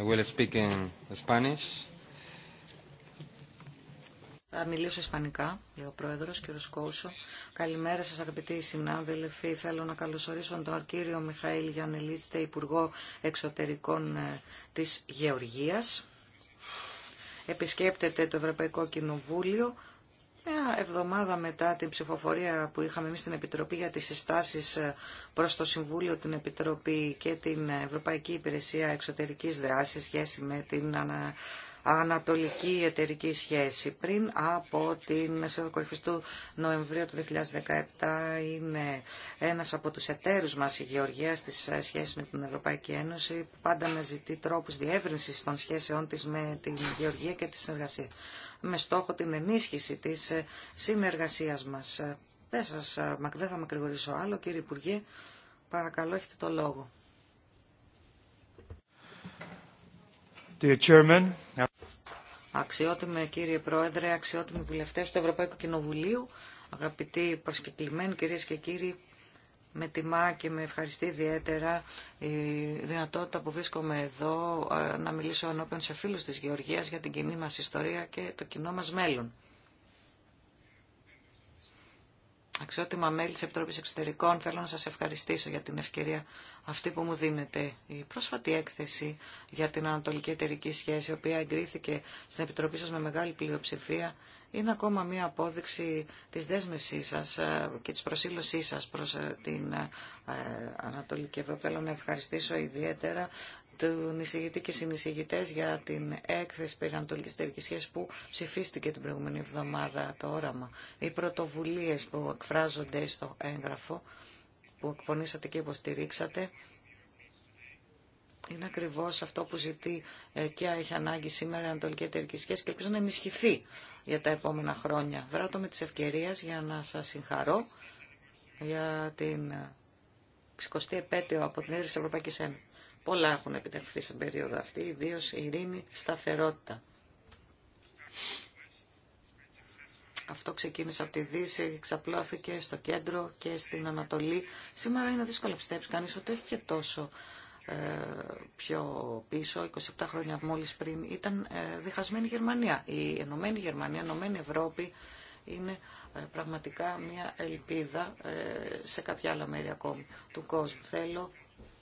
I Θα μιλήσω ισπανικά, λέει ο πρόεδρο, κύριο Κόουσο. Καλημέρα σα, αγαπητοί συνάδελφοι. Θέλω να καλωσορίσω τον κύριο Μιχαήλ Γιανελίτστε, Υπουργό Εξωτερικών ε, τη Γεωργία. Επισκέπτεται το Ευρωπαϊκό Κοινοβούλιο μια εβδομάδα μετά την ψηφοφορία που είχαμε εμείς στην Επιτροπή για τις συστάσεις ε, προς το Συμβούλιο, την Επιτροπή και την Ευρωπαϊκή Υπηρεσία Εξωτερικής Δράσης σχέση με την Ανατολική Εταιρική Σχέση. Πριν από την Σύνοδο του Νοεμβρίου του 2017 είναι ένας από τους εταίρους μας η Γεωργία στις ε, σχέσεις με την Ευρωπαϊκή Ένωση που πάντα αναζητεί τρόπους διεύρυνσης των σχέσεών της με την Γεωργία και τη συνεργασία με στόχο την ενίσχυση της ε, συνεργασίας μας. Ε, δεν, σας, ε, δεν θα άλλο, κύριε Υπουργέ. Παρακαλώ, έχετε το λόγο. Αξιότιμε κύριε Πρόεδρε, αξιότιμοι βουλευτές του Ευρωπαϊκού Κοινοβουλίου, αγαπητοί προσκεκλημένοι κυρίες και κύριοι, με τιμά και με ευχαριστεί ιδιαίτερα η δυνατότητα που βρίσκομαι εδώ ε, να μιλήσω ενώπιον σε φίλους της Γεωργίας για την κοινή μας ιστορία και το κοινό μας μέλλον. Αξιότιμα μέλη της Επιτροπής Εξωτερικών, θέλω να σας ευχαριστήσω για την ευκαιρία αυτή που μου δίνεται. Η πρόσφατη έκθεση για την Ανατολική Εταιρική Σχέση, η οποία εγκρίθηκε στην Επιτροπή σας με μεγάλη πλειοψηφία, είναι ακόμα μία απόδειξη της δέσμευσής σας ε, και της προσήλωσής σας προς ε, την ε, Ανατολική Ευρώπη. Θέλω να ευχαριστήσω ιδιαίτερα του νησηγητή και συνεισηγητέ για την έκθεση περί Ανατολική Εταιρική Σχέση που ψηφίστηκε την προηγούμενη εβδομάδα το όραμα. Οι πρωτοβουλίε που εκφράζονται στο έγγραφο που εκπονήσατε και υποστηρίξατε είναι ακριβώ αυτό που ζητεί και έχει ανάγκη σήμερα η Ανατολική Εταιρική Σχέση και ελπίζω να ενισχυθεί για τα επόμενα χρόνια. Δράτω με τις ευκαιρίες για να σας συγχαρώ για την 60η επέτειο από την ίδρυση Ευρωπαϊκής Ένωσης. Πολλά έχουν επιτευχθεί στην περίοδο αυτή, ιδίω ειρήνη, σταθερότητα. Αυτό ξεκίνησε από τη Δύση, ξαπλώθηκε στο κέντρο και στην Ανατολή. Σήμερα είναι δύσκολο να πιστέψει κανείς ότι έχει και τόσο ε, πιο πίσω, 27 χρόνια μόλις πριν, ήταν ε, διχασμένη Γερμανία. Η Ενωμένη Γερμανία, η Ενωμένη Ευρώπη είναι ε, πραγματικά μια ελπίδα σε κάποια άλλα μέρη ακόμη του κόσμου. Θέλω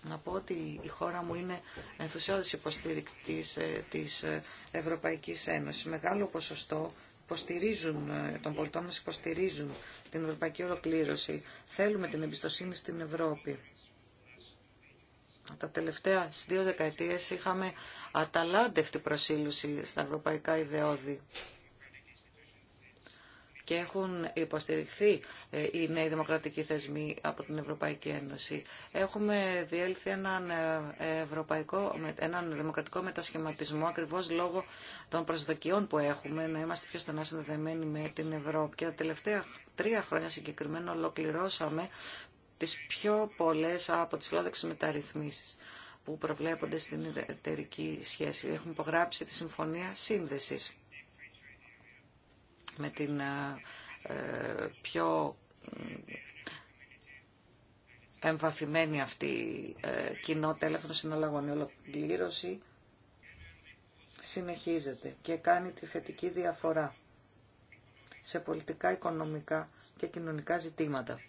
να πω ότι η χώρα μου είναι ενθουσιώδης υποστήρικτης της Ευρωπαϊκής Ένωσης. Μεγάλο ποσοστό υποστηρίζουν, των πολιτών μας υποστηρίζουν την ευρωπαϊκή ολοκλήρωση. Θέλουμε την εμπιστοσύνη στην Ευρώπη τα τελευταία δύο δεκαετίες είχαμε αταλάντευτη προσήλωση στα ευρωπαϊκά ιδεώδη και έχουν υποστηριχθεί ε, οι νέοι δημοκρατικοί θεσμοί από την Ευρωπαϊκή Ένωση. Έχουμε διέλθει έναν, ε, ευρωπαϊκό, έναν δημοκρατικό μετασχηματισμό ακριβώς λόγω των προσδοκιών που έχουμε να είμαστε πιο στενά συνδεδεμένοι με την Ευρώπη. Και τα τελευταία τρία χρόνια συγκεκριμένα ολοκληρώσαμε τις πιο πολλές από τις φιλόδοξες μεταρρυθμίσεις που προβλέπονται στην εταιρική σχέση. έχουν υπογράψει τη Συμφωνία Σύνδεσης με την ε, πιο ε, εμβαθυμένη αυτή ε, κοινότητα ελεύθερων συναλλαγών. Η ολοκλήρωση συνεχίζεται και κάνει τη θετική διαφορά σε πολιτικά, οικονομικά και κοινωνικά ζητήματα.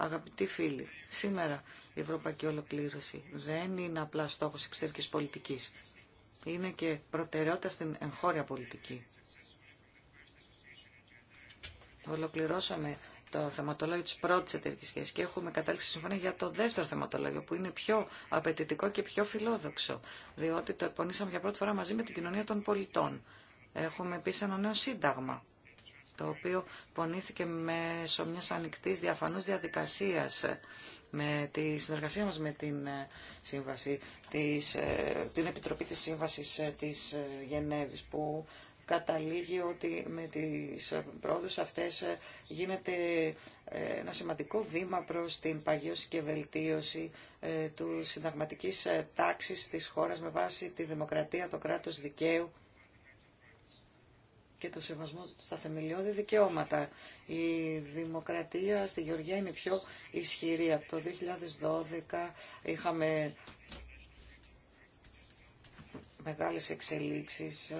Αγαπητοί φίλοι, σήμερα η ευρωπαϊκή ολοκλήρωση δεν είναι απλά στόχος εξωτερικής πολιτικής. Είναι και προτεραιότητα στην εγχώρια πολιτική. Ολοκληρώσαμε το θεματολόγιο της πρώτης εταιρική σχέση και έχουμε κατάληξη συμφωνία για το δεύτερο θεματολόγιο, που είναι πιο απαιτητικό και πιο φιλόδοξο, διότι το εκπονήσαμε για πρώτη φορά μαζί με την κοινωνία των πολιτών. Έχουμε επίση ένα νέο σύνταγμα το οποίο πονήθηκε μέσω μιας ανοιχτής διαφανούς διαδικασίας με τη συνεργασία μας με την, ε, σύμβαση, της, ε, την Επιτροπή της Σύμβασης ε, της Γενέβης που καταλήγει ότι με τις πρόοδους αυτές γίνεται ένα σημαντικό βήμα προς την παγίωση και βελτίωση του συνταγματικής τάξης της χώρας με βάση τη δημοκρατία, το κράτος δικαίου και το σεβασμό στα θεμελιώδη δικαιώματα. Η δημοκρατία στη Γεωργία είναι πιο ισχυρή. Από το 2012 είχαμε μεγάλες εξελίξεις.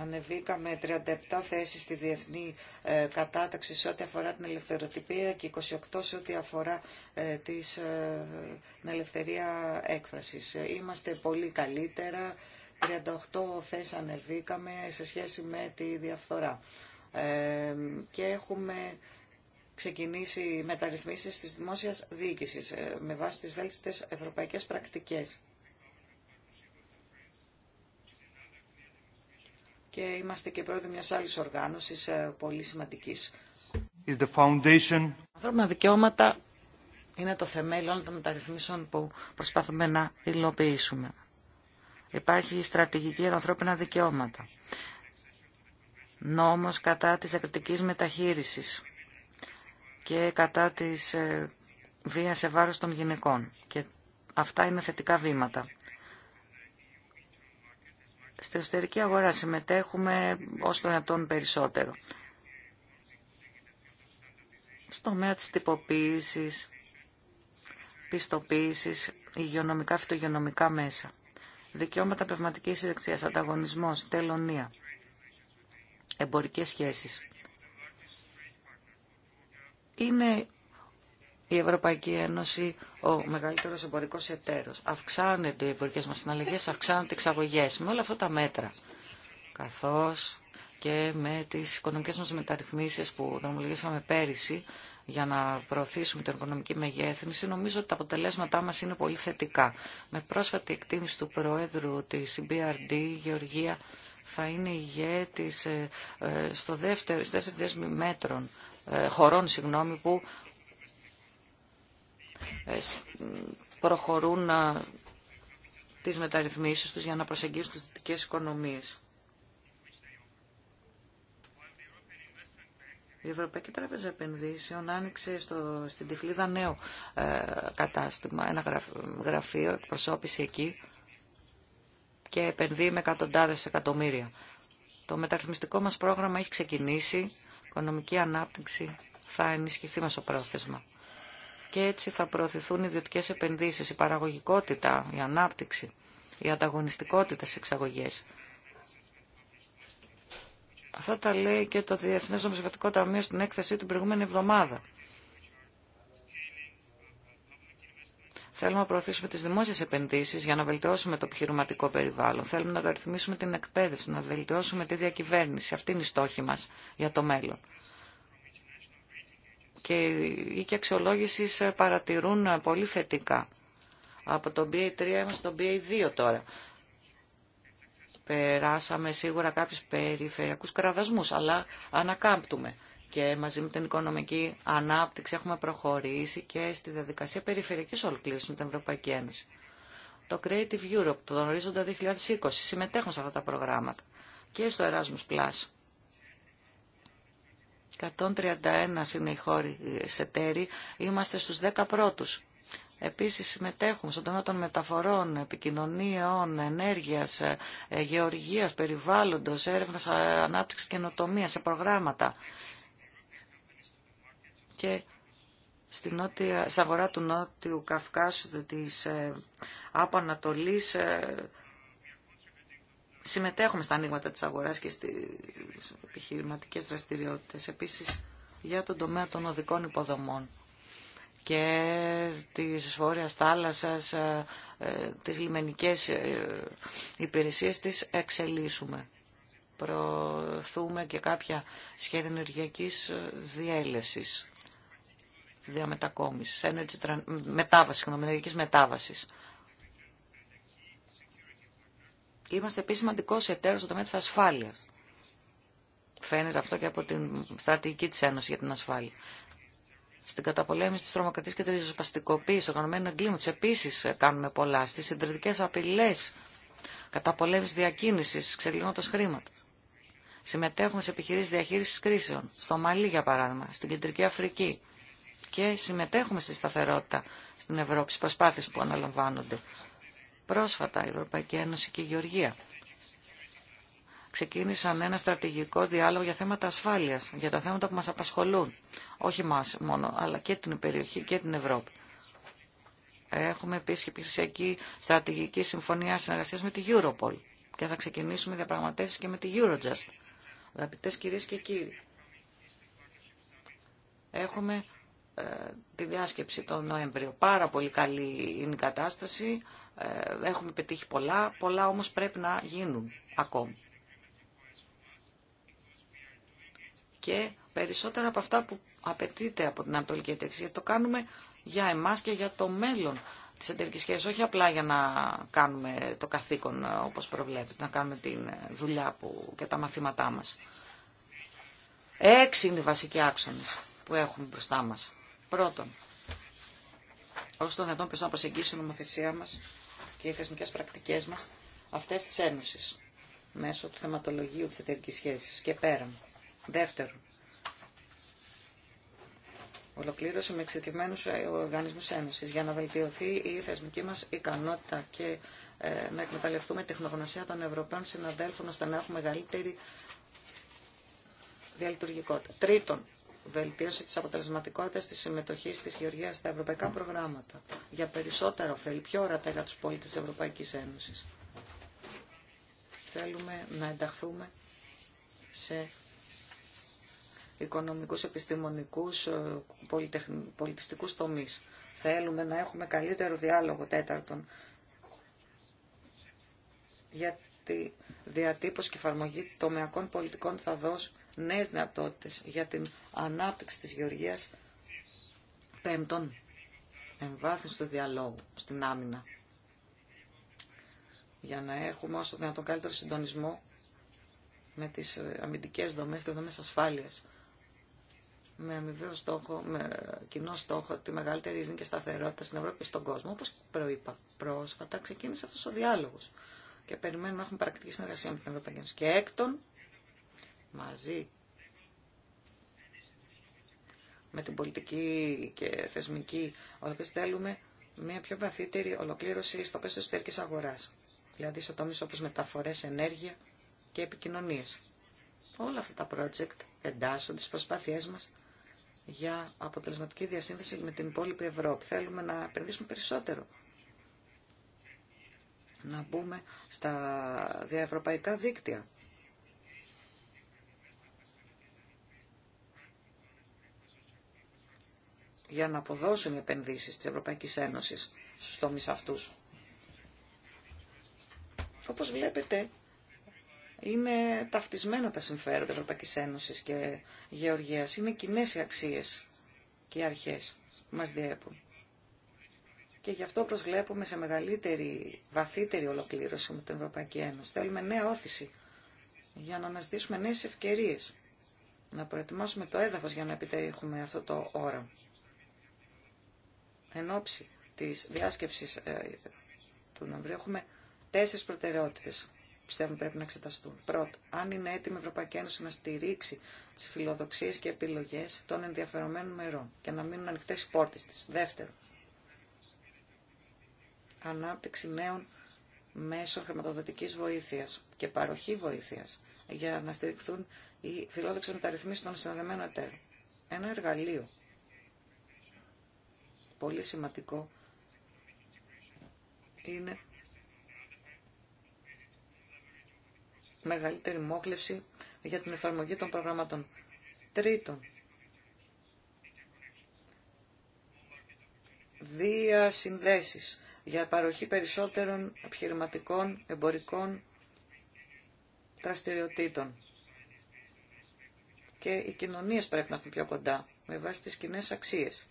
Ανεβήκαμε 37 θέσεις στη διεθνή ε, κατάταξη σε ό,τι αφορά την ελευθεροτυπία και 28 σε ό,τι αφορά ε, ε, την ελευθερία έκφρασης. Είμαστε πολύ καλύτερα 38 θέσεις ανεβήκαμε σε σχέση με τη διαφθορά. Ε, και έχουμε ξεκινήσει μεταρρυθμίσεις της δημόσιας διοίκησης ε, με βάση τις βέλτιστες ευρωπαϊκές πρακτικές. Και είμαστε και πρόεδροι μιας άλλης οργάνωσης ε, πολύ σημαντικής. Is foundation... Ανθρώπινα δικαιώματα είναι το θεμέλιο όλων των μεταρρυθμίσεων που προσπαθούμε να υλοποιήσουμε. Υπάρχει στρατηγική για ανθρώπινα δικαιώματα. Νόμος κατά της ακριτικής μεταχείρισης και κατά της ε, βίας σε βάρος των γυναικών. Και αυτά είναι θετικά βήματα. Στη εσωτερική αγορά συμμετέχουμε ως τον δυνατόν περισσότερο. Στο τομέα της τυποποίησης, πιστοποίησης, υγειονομικά, φυτογειονομικά μέσα δικαιώματα πνευματική ειδεξία, ανταγωνισμό, τελωνία, Εμπορικέ σχέσεις. Είναι η Ευρωπαϊκή Ένωση ο μεγαλύτερος εμπορικό εταίρος. αυξάνεται οι εμπορικέ μας συναλλαγέ, αυξάνονται οι εξαγωγές με όλα αυτά τα μέτρα. Καθώς και με τις οικονομικέ μα μεταρρυθμίσεις που δρομολογήσαμε πέρυσι, για να προωθήσουμε την οικονομική μεγέθυνση, νομίζω ότι τα αποτελέσματά μας είναι πολύ θετικά. Με πρόσφατη εκτίμηση του Προέδρου της BRD, η Γεωργία θα είναι ηγέτης ε, ε, στο δεύτερο, στο δεύτερη μέτρων, ε, χωρών συγγνώμη, που προχωρούν τις μεταρρυθμίσεις τους για να προσεγγίσουν τις δυτικές οικονομίες. Η Ευρωπαϊκή Τράπεζα Επενδύσεων άνοιξε στο, στην Τυφλίδα νέο ε, κατάστημα, ένα γραφείο, εκπροσώπηση εκεί και επενδύει με εκατοντάδες εκατομμύρια. Το μεταρρυθμιστικό μας πρόγραμμα έχει ξεκινήσει, η οικονομική ανάπτυξη θα ενισχυθεί πρόθεσμα Και έτσι θα προωθηθούν οι ιδιωτικές επενδύσεις, η παραγωγικότητα, η ανάπτυξη, η ανταγωνιστικότητα στις εξαγωγές. Αυτά τα λέει και το διεθνέ Νομισματικό Ταμείο στην έκθεσή του προηγούμενη εβδομάδα. Θέλουμε να προωθήσουμε τι δημόσιες επενδύσει για να βελτιώσουμε το επιχειρηματικό περιβάλλον. Θέλουμε να ρυθμίσουμε την εκπαίδευση, να βελτιώσουμε τη διακυβέρνηση. Αυτή είναι η στόχη μα για το μέλλον. Και οι οίκοι αξιολόγηση παρατηρούν πολύ θετικά. Από το BA3 είμαστε στο BA2 τώρα περάσαμε σίγουρα κάποιους περιφερειακούς κραδασμούς, αλλά ανακάμπτουμε. Και μαζί με την οικονομική ανάπτυξη έχουμε προχωρήσει και στη διαδικασία περιφερειακής ολοκλήρωσης με την Ευρωπαϊκή Ένωση. Το Creative Europe, το ορίζοντα 2020, συμμετέχουν σε αυτά τα προγράμματα και στο Erasmus Plus. 131 είναι οι χώροι εταίροι, είμαστε στους 10 πρώτους Επίσης συμμετέχουμε στον τομέα των μεταφορών, επικοινωνίων, ενέργειας, ε, ε, γεωργίας, περιβάλλοντος, έρευνας, ε, ανάπτυξης καινοτομία σε προγράμματα. Και στην νότια, αγορά του Νότιου Καυκάσου της ε, συμμετέχουμε στα ανοίγματα της αγοράς και στις επιχειρηματικές δραστηριότητες. Επίσης για τον τομέα των οδικών υποδομών και της Βόρειας Θάλασσας, ε, ε, τις λιμενικές ε, υπηρεσίες τις εξελίσσουμε. Προωθούμε και κάποια σχέδια ενεργειακής διέλευσης, διαμετακόμισης, energy, μετάβασης, ενεργειακής μετάβασης. Είμαστε επίσημα σημαντικός εταίρος στο τομέα της ασφάλειας. Φαίνεται αυτό και από την στρατηγική της Ένωση για την ασφάλεια στην καταπολέμηση τη τρομοκρατία και τη ριζοσπαστικοποίηση, οργανωμένων εγκλήματο. Επίση, ε, κάνουμε πολλά στι συντηρητικέ απειλέ, καταπολέμηση διακίνηση, ξεγλυνόντο χρήματα. Συμμετέχουμε σε επιχειρήσει διαχείριση κρίσεων, στο Μαλί, για παράδειγμα, στην Κεντρική Αφρική. Και συμμετέχουμε στη σταθερότητα στην Ευρώπη, στι προσπάθειε που αναλαμβάνονται. Πρόσφατα, η Ευρωπαϊκή Ένωση και η Γεωργία ξεκίνησαν ένα στρατηγικό διάλογο για θέματα ασφάλειας, για τα θέματα που μας απασχολούν. Όχι μας μόνο, αλλά και την περιοχή και την Ευρώπη. Έχουμε επίσης και πλησιακή στρατηγική συμφωνία συνεργασία με τη Europol και θα ξεκινήσουμε διαπραγματεύσεις και με τη Eurojust. Αγαπητέ κυρίες και κύριοι, έχουμε ε, τη διάσκεψη τον Νοέμβριο. Πάρα πολύ καλή είναι η κατάσταση, ε, έχουμε πετύχει πολλά, πολλά όμω πρέπει να γίνουν ακόμα. και περισσότερα από αυτά που απαιτείται από την Ανατολική Εταιρεία, Γιατί το κάνουμε για εμάς και για το μέλλον της εταιρικής σχέσης, όχι απλά για να κάνουμε το καθήκον ε, όπως προβλέπεται, να κάνουμε τη ε, δουλειά που, και τα μαθήματά μας. Έξι είναι οι βασικοί άξονες που έχουμε μπροστά μας. Πρώτον, όσο το δυνατόν να προσεγγίσει η νομοθεσία μας και οι θεσμικέ πρακτικές μας αυτές τις ένωσης μέσω του θεματολογίου της εταιρικής σχέσης και πέραν. Δεύτερον, ολοκλήρωση με εξειδικευμένου οργανισμού Ένωση για να βελτιωθεί η θεσμική μα ικανότητα και ε, να εκμεταλλευτούμε τεχνογνωσία των Ευρωπαίων συναδέλφων ώστε να έχουμε μεγαλύτερη διαλειτουργικότητα. Τρίτον, βελτίωση τη αποτελεσματικότητα τη συμμετοχή τη Γεωργία στα ευρωπαϊκά προγράμματα για περισσότερα ωφέλη, πιο ορατά για του πολίτε τη Ευρωπαϊκή Ένωση. Θέλουμε να ενταχθούμε σε οικονομικούς, επιστημονικούς, ε, πολιτιστικούς τομείς. Θέλουμε να έχουμε καλύτερο διάλογο τέταρτον για τη διατύπωση και εφαρμογή τομεακών πολιτικών θα δώσει νέες δυνατότητες για την ανάπτυξη της γεωργίας πέμπτον εμβάθυνση του διαλόγου στην άμυνα για να έχουμε όσο δυνατόν καλύτερο συντονισμό με τις ε, αμυντικές δομές και δομές ασφάλειας με αμοιβαίο στόχο, με κοινό στόχο τη μεγαλύτερη ειρήνη και σταθερότητα στην Ευρώπη και στον κόσμο. όπω προείπα πρόσφατα, ξεκίνησε αυτό ο διάλογο. και περιμένουμε να έχουμε πρακτική συνεργασία με την Ευρωπαϊκή Ένωση. Και έκτον, μαζί με την πολιτική και θεσμική ολοκλήρωση θέλουμε μια πιο βαθύτερη ολοκλήρωση στο πέσο τη εσωτερικής αγορά, Δηλαδή σε τομεί όπω μεταφορέ ενέργεια και επικοινωνίες. Όλα αυτά τα project εντάσσονται στις προσπάθειές μας για αποτελεσματική διασύνδεση με την υπόλοιπη Ευρώπη. Θέλουμε να επενδύσουμε περισσότερο. Να μπούμε στα διαευρωπαϊκά δίκτυα. για να αποδώσουν οι επενδύσεις της Ευρωπαϊκής Ένωσης στους τομείς αυτούς. Όπως βλέπετε, είναι ταυτισμένα τα συμφέροντα Ευρωπαϊκή Ένωση και Γεωργίας. Είναι κοινέ οι αξίες και οι αρχές που μας διέπουν. Και γι' αυτό προσβλέπουμε σε μεγαλύτερη, βαθύτερη ολοκλήρωση με την Ευρωπαϊκή Ένωση. Θέλουμε νέα όθηση για να αναζητήσουμε νέες ευκαιρίε, Να προετοιμάσουμε το έδαφος για να επιτύχουμε αυτό το όραμα. Εν ώψη της διάσκεψη ε, του Νοεμβρίου έχουμε τέσσερι προτεραιότητε πιστεύουμε πρέπει να εξεταστούν. Πρώτο, αν είναι έτοιμη η Ευρωπαϊκή Ένωση να στηρίξει τι φιλοδοξίε και επιλογέ των ενδιαφερομένων μερών και να μείνουν ανοιχτέ οι πόρτε τη. Δεύτερο, ανάπτυξη νέων μέσων χρηματοδοτική βοήθεια και παροχή βοήθεια για να στηριχθούν οι φιλόδοξε μεταρρυθμίσει των συνδεδεμένων εταίρων. Ένα εργαλείο πολύ σημαντικό είναι μεγαλύτερη μόχλευση για την εφαρμογή των προγραμμάτων. Τρίτον, συνδέσεις για παροχή περισσότερων επιχειρηματικών, εμπορικών δραστηριοτήτων. Και οι κοινωνίες πρέπει να έχουν πιο κοντά, με βάση τις κοινέ αξίες.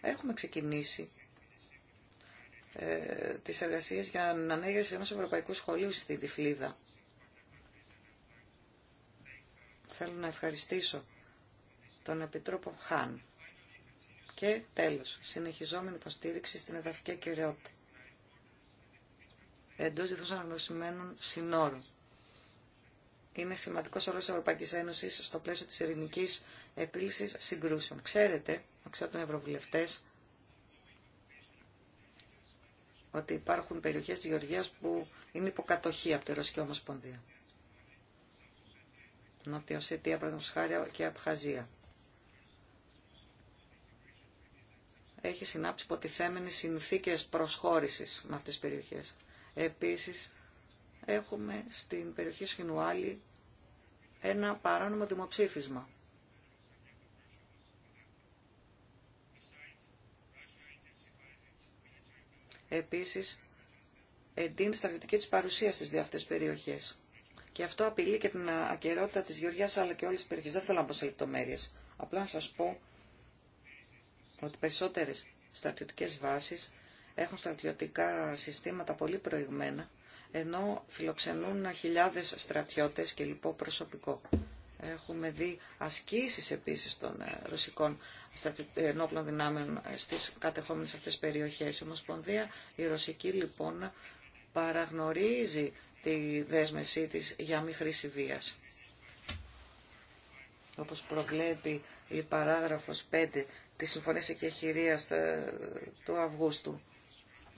Έχουμε ξεκινήσει ε, τις εργασίες για ανέγερση ενός ευρωπαϊκού σχολείου στη Τυφλίδα. Θέλω να ευχαριστήσω τον Επιτρόπο Χάν. Και τέλος, συνεχιζόμενη υποστήριξη στην εδαφική κυριότητα εντός διεθνώς αναγνωσιμένων συνόρων. Είναι σημαντικό ο ρόλο τη Ευρωπαϊκή Ένωση στο πλαίσιο τη ειρηνική επίλυση συγκρούσεων. Ξέρετε, αξιότιμοι ευρωβουλευτέ, ότι υπάρχουν περιοχές της Γεωργίας που είναι υποκατοχή από τη Ρωσική Ομοσπονδία. Νότια Οσετία, Πραγματοσχάρια και Απχαζία. Έχει συνάψει υποτιθέμενε συνθήκες προσχώρησης με αυτές τις περιοχές. Επίσης, έχουμε στην περιοχή Σχοινουάλη ένα παράνομο δημοψήφισμα επίσης εντείνει στρατιωτική της παρουσία στις δύο αυτές περιοχές. Και αυτό απειλεί και την ε, ακαιρεότητα της Γεωργίας αλλά και όλες τις περιοχές. Δεν θέλω να πω σε λεπτομέρειες. Απλά να σας πω ότι περισσότερες στρατιωτικές βάσεις έχουν στρατιωτικά συστήματα πολύ προηγμένα, ενώ φιλοξενούν χιλιάδες στρατιώτες και λοιπό προσωπικό. Έχουμε δει ασκήσεις επίσης των ε, ρωσικών ε, ενόπλων δυνάμεων ε, στις κατεχόμενες αυτές περιοχές. Η Ομοσπονδία, η Ρωσική λοιπόν παραγνωρίζει τη δέσμευσή της για μη χρήση βίας. Όπως προβλέπει η παράγραφος 5 της Συμφωνίας Εκεχηρίας του Αυγούστου.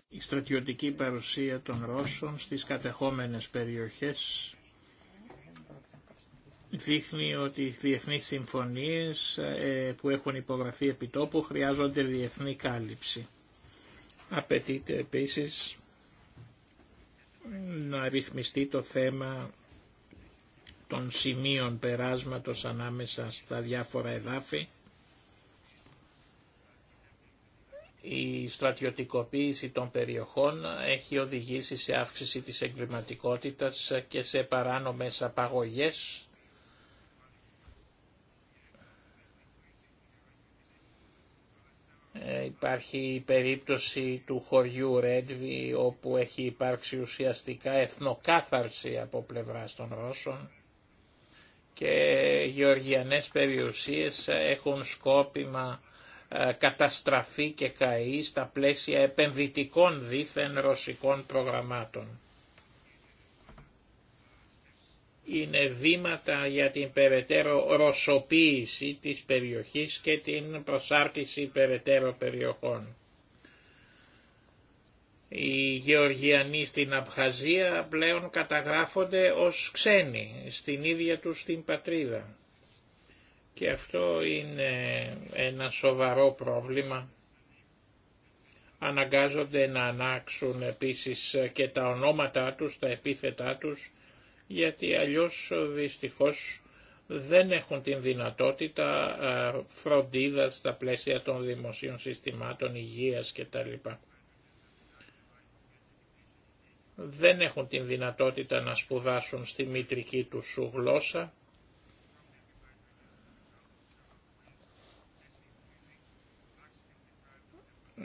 Η στρατιωτική παρουσία των Ρώσων στις κατεχόμενες περιοχές δείχνει ότι οι διεθνείς συμφωνίες ε, που έχουν υπογραφεί επιτόπου χρειάζονται διεθνή κάλυψη. Απαιτείται επίσης να ρυθμιστεί το θέμα των σημείων περάσματος ανάμεσα στα διάφορα εδάφη. Η στρατιωτικοποίηση των περιοχών έχει οδηγήσει σε αύξηση της εγκληματικότητας και σε παράνομες απαγωγές Υπάρχει η περίπτωση του χωριού Ρέντβι όπου έχει υπάρξει ουσιαστικά εθνοκάθαρση από πλευράς των Ρώσων και γεωργιανές περιουσίες έχουν σκόπιμα ε, καταστραφή και καεί στα πλαίσια επενδυτικών δίθεν ρωσικών προγραμμάτων είναι βήματα για την περαιτέρω ρωσοποίηση της περιοχής και την προσάρτηση περαιτέρω περιοχών. Οι Γεωργιανοί στην Απχαζία πλέον καταγράφονται ως ξένοι στην ίδια τους την πατρίδα. Και αυτό είναι ένα σοβαρό πρόβλημα. Αναγκάζονται να ανάξουν επίσης και τα ονόματά τους, τα επίθετά τους, γιατί αλλιώς ε, δυστυχώς δεν έχουν την δυνατότητα ε, φροντίδας στα πλαίσια των δημοσίων συστημάτων υγείας κτλ. Δεν έχουν την δυνατότητα να σπουδάσουν στη μητρική του γλώσσα,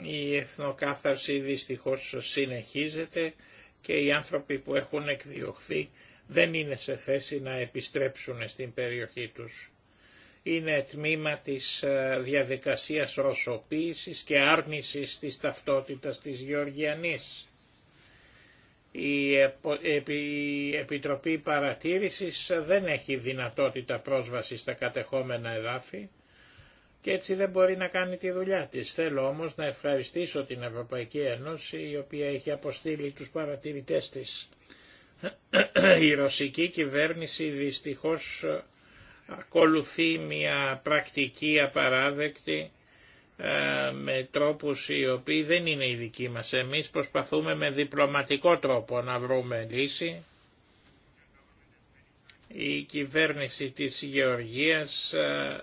Η εθνοκάθαρση δυστυχώς συνεχίζεται και οι άνθρωποι που έχουν εκδιωχθεί δεν είναι σε θέση να επιστρέψουν στην περιοχή τους. Είναι τμήμα της ε, διαδικασίας ρωσοποίησης και άρνησης της ταυτότητας της Γεωργιανής. Η Επιτροπή Παρατήρησης δεν έχει δυνατότητα πρόσβαση στα κατεχόμενα εδάφη και έτσι δεν μπορεί να κάνει τη δουλειά της. Θέλω όμως να ευχαριστήσω την Ευρωπαϊκή Ένωση η οποία έχει αποστείλει τους παρατηρητές της η ρωσική κυβέρνηση δυστυχώς ακολουθεί μια πρακτική απαράδεκτη ε, με τρόπους οι οποίοι δεν είναι οι δικοί μας. Εμείς προσπαθούμε με διπλωματικό τρόπο να βρούμε λύση. Η κυβέρνηση της Γεωργίας ε,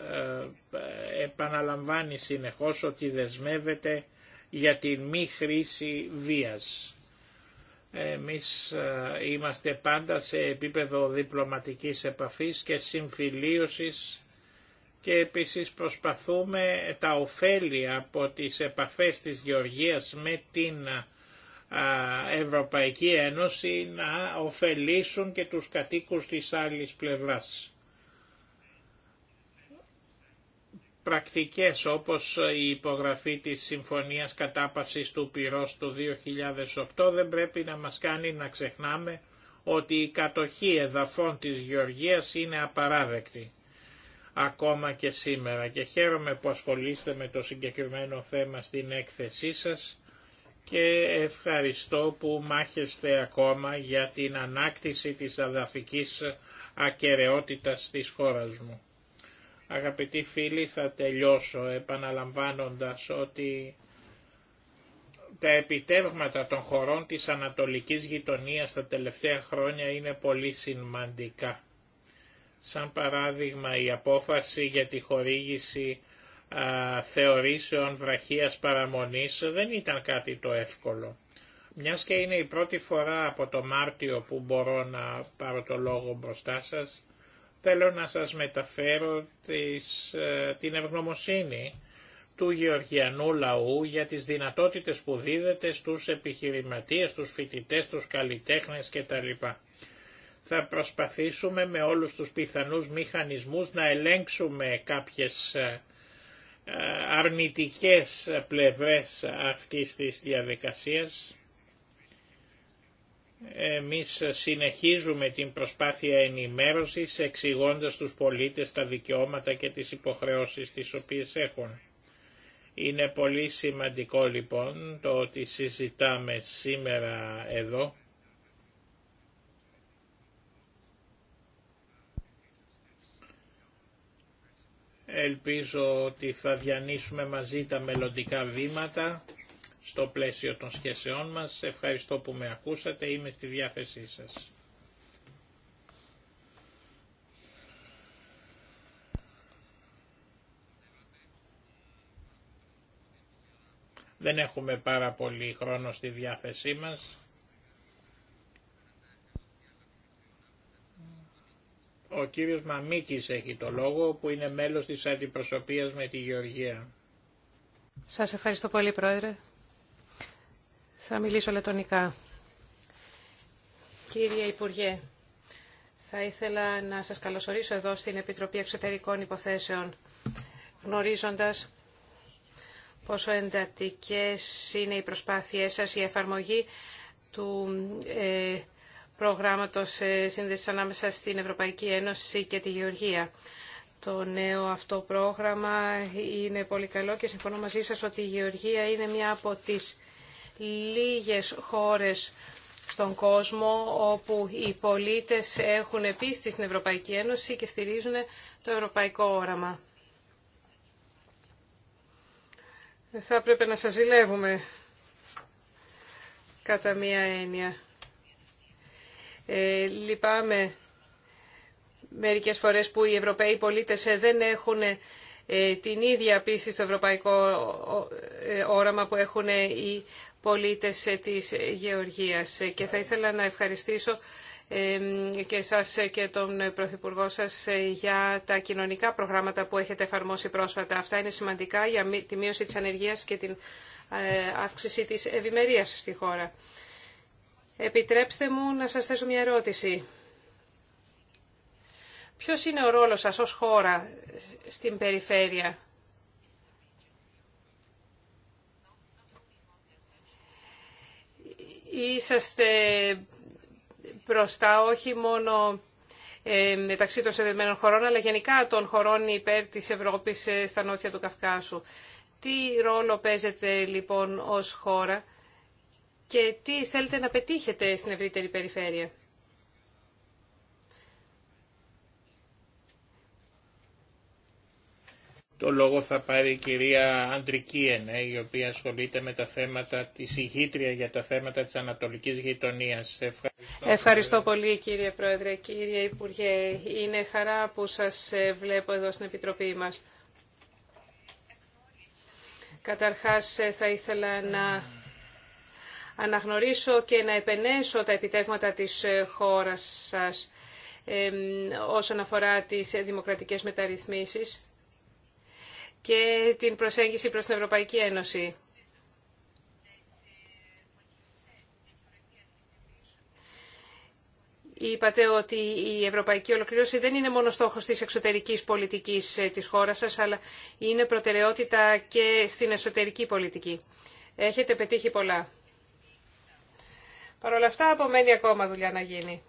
ε, επαναλαμβάνει συνεχώς ότι δεσμεύεται για την μη χρήση βίας. Εμείς ε, είμαστε πάντα σε επίπεδο διπλωματικής επαφής και συμφιλίωσης και επίσης προσπαθούμε τα ωφέλη από τις επαφές της Γεωργίας με την ε, Ευρωπαϊκή Ένωση να ωφελήσουν και τους κατοίκους της άλλης πλευράς. πρακτικές όπως η υπογραφή της Συμφωνίας Κατάπασης του Πυρός του 2008 δεν πρέπει να μας κάνει να ξεχνάμε ότι η κατοχή εδαφών της Γεωργίας είναι απαράδεκτη ακόμα και σήμερα και χαίρομαι που ασχολείστε με το συγκεκριμένο θέμα στην έκθεσή σας και ευχαριστώ που μάχεστε ακόμα για την ανάκτηση της αδαφικής ακαιρεότητας της χώρας μου. Αγαπητοί φίλοι, θα τελειώσω επαναλαμβάνοντας ότι τα επιτεύγματα των χωρών της Ανατολικής Γειτονίας τα τελευταία χρόνια είναι πολύ σημαντικά. Σαν παράδειγμα η απόφαση για τη χορήγηση θεωρήσεων βραχίας παραμονής δεν ήταν κάτι το εύκολο. Μιας και είναι η πρώτη φορά από το Μάρτιο που μπορώ να πάρω το λόγο μπροστά σας, Θέλω να σας μεταφέρω τις, ε, την ευγνωμοσύνη του γεωργιανού λαού για τις δυνατότητες που δίδεται στους επιχειρηματίες, στους φοιτητές, τους καλλιτέχνες κτλ. Θα προσπαθήσουμε με όλους τους πιθανούς μηχανισμούς να ελέγξουμε κάποιες ε, ε, αρνητικές πλευρές αυτής της διαδικασίας εμείς συνεχίζουμε την προσπάθεια ενημέρωσης εξηγώντας τους πολίτες τα δικαιώματα και τις υποχρεώσεις τις οποίες έχουν. Είναι πολύ σημαντικό λοιπόν το ότι συζητάμε σήμερα εδώ Ελπίζω ότι θα διανύσουμε μαζί τα μελλοντικά βήματα στο πλαίσιο των σχέσεών μας. Ευχαριστώ που με ακούσατε, είμαι στη διάθεσή σας. Δεν έχουμε πάρα πολύ χρόνο στη διάθεσή μας. Ο κύριος Μαμίκης έχει το λόγο που είναι μέλος της αντιπροσωπείας με τη Γεωργία. Σας ευχαριστώ πολύ Πρόεδρε. Θα μιλήσω λετωνικά. Κύριε Υπουργέ, θα ήθελα να σας καλωσορίσω εδώ στην Επιτροπή Εξωτερικών Υποθέσεων, γνωρίζοντας πόσο εντατικές είναι οι προσπάθειές σας, η εφαρμογή του ε, προγράμματος ε, σύνδεσης ανάμεσα στην Ευρωπαϊκή Ένωση και τη Γεωργία. Το νέο αυτό πρόγραμμα είναι πολύ καλό και συμφωνώ μαζί σας ότι η Γεωργία είναι μια από τις λίγες χώρες στον κόσμο όπου οι πολίτες έχουν πίστη στην Ευρωπαϊκή Ένωση και στηρίζουν το ευρωπαϊκό όραμα. Θα έπρεπε να σας ζηλεύουμε κατά μία έννοια. Ε, λυπάμαι μερικές φορές που οι Ευρωπαίοι πολίτες ε, δεν έχουν ε, την ίδια πίστη στο ευρωπαϊκό ε, όραμα που έχουν οι πολίτες της Γεωργίας. Και θα ήθελα να ευχαριστήσω και εσάς και τον Πρωθυπουργό σας ε, για τα κοινωνικά προγράμματα που έχετε εφαρμόσει πρόσφατα. Αυτά είναι σημαντικά για τη μείωση της ανεργίας και την ε, αύξηση της ευημερία στη χώρα. Επιτρέψτε μου να σας θέσω μια ερώτηση. Ποιος είναι ο ρόλος σας ως χώρα στην περιφέρεια είσαστε μπροστά όχι μόνο ε, μεταξύ των συνδεδεμένων χωρών, αλλά γενικά των χωρών υπέρ της Ευρώπης ε, στα νότια του Καυκάσου. Τι ρόλο παίζετε λοιπόν ως χώρα και τι θέλετε να πετύχετε στην ευρύτερη περιφέρεια. Το λόγο θα πάρει η κυρία Αντρικίεν, ε, η οποία ασχολείται με τα θέματα τη ηγήτρια για τα θέματα της Ανατολικής Γειτονίας. Ευχαριστώ, πολύ κύριε Πρόεδρε, κύριε Υπουργέ. Είναι χαρά που σας ε, βλέπω εδώ στην Επιτροπή μας. Καταρχάς ε, θα ήθελα να αναγνωρίσω και να επενέσω τα επιτεύγματα της χώρας σας όσον αφορά τις δημοκρατικές μεταρρυθμίσεις και την προσέγγιση προς την Ευρωπαϊκή Ένωση. Είπατε ότι η ευρωπαϊκή ολοκλήρωση δεν είναι μόνο στόχος της εξωτερικής πολιτικής ε, της χώρας σας, αλλά είναι προτεραιότητα και στην εσωτερική πολιτική. Έχετε πετύχει πολλά. Παρ' όλα αυτά απομένει ακόμα δουλειά να γίνει.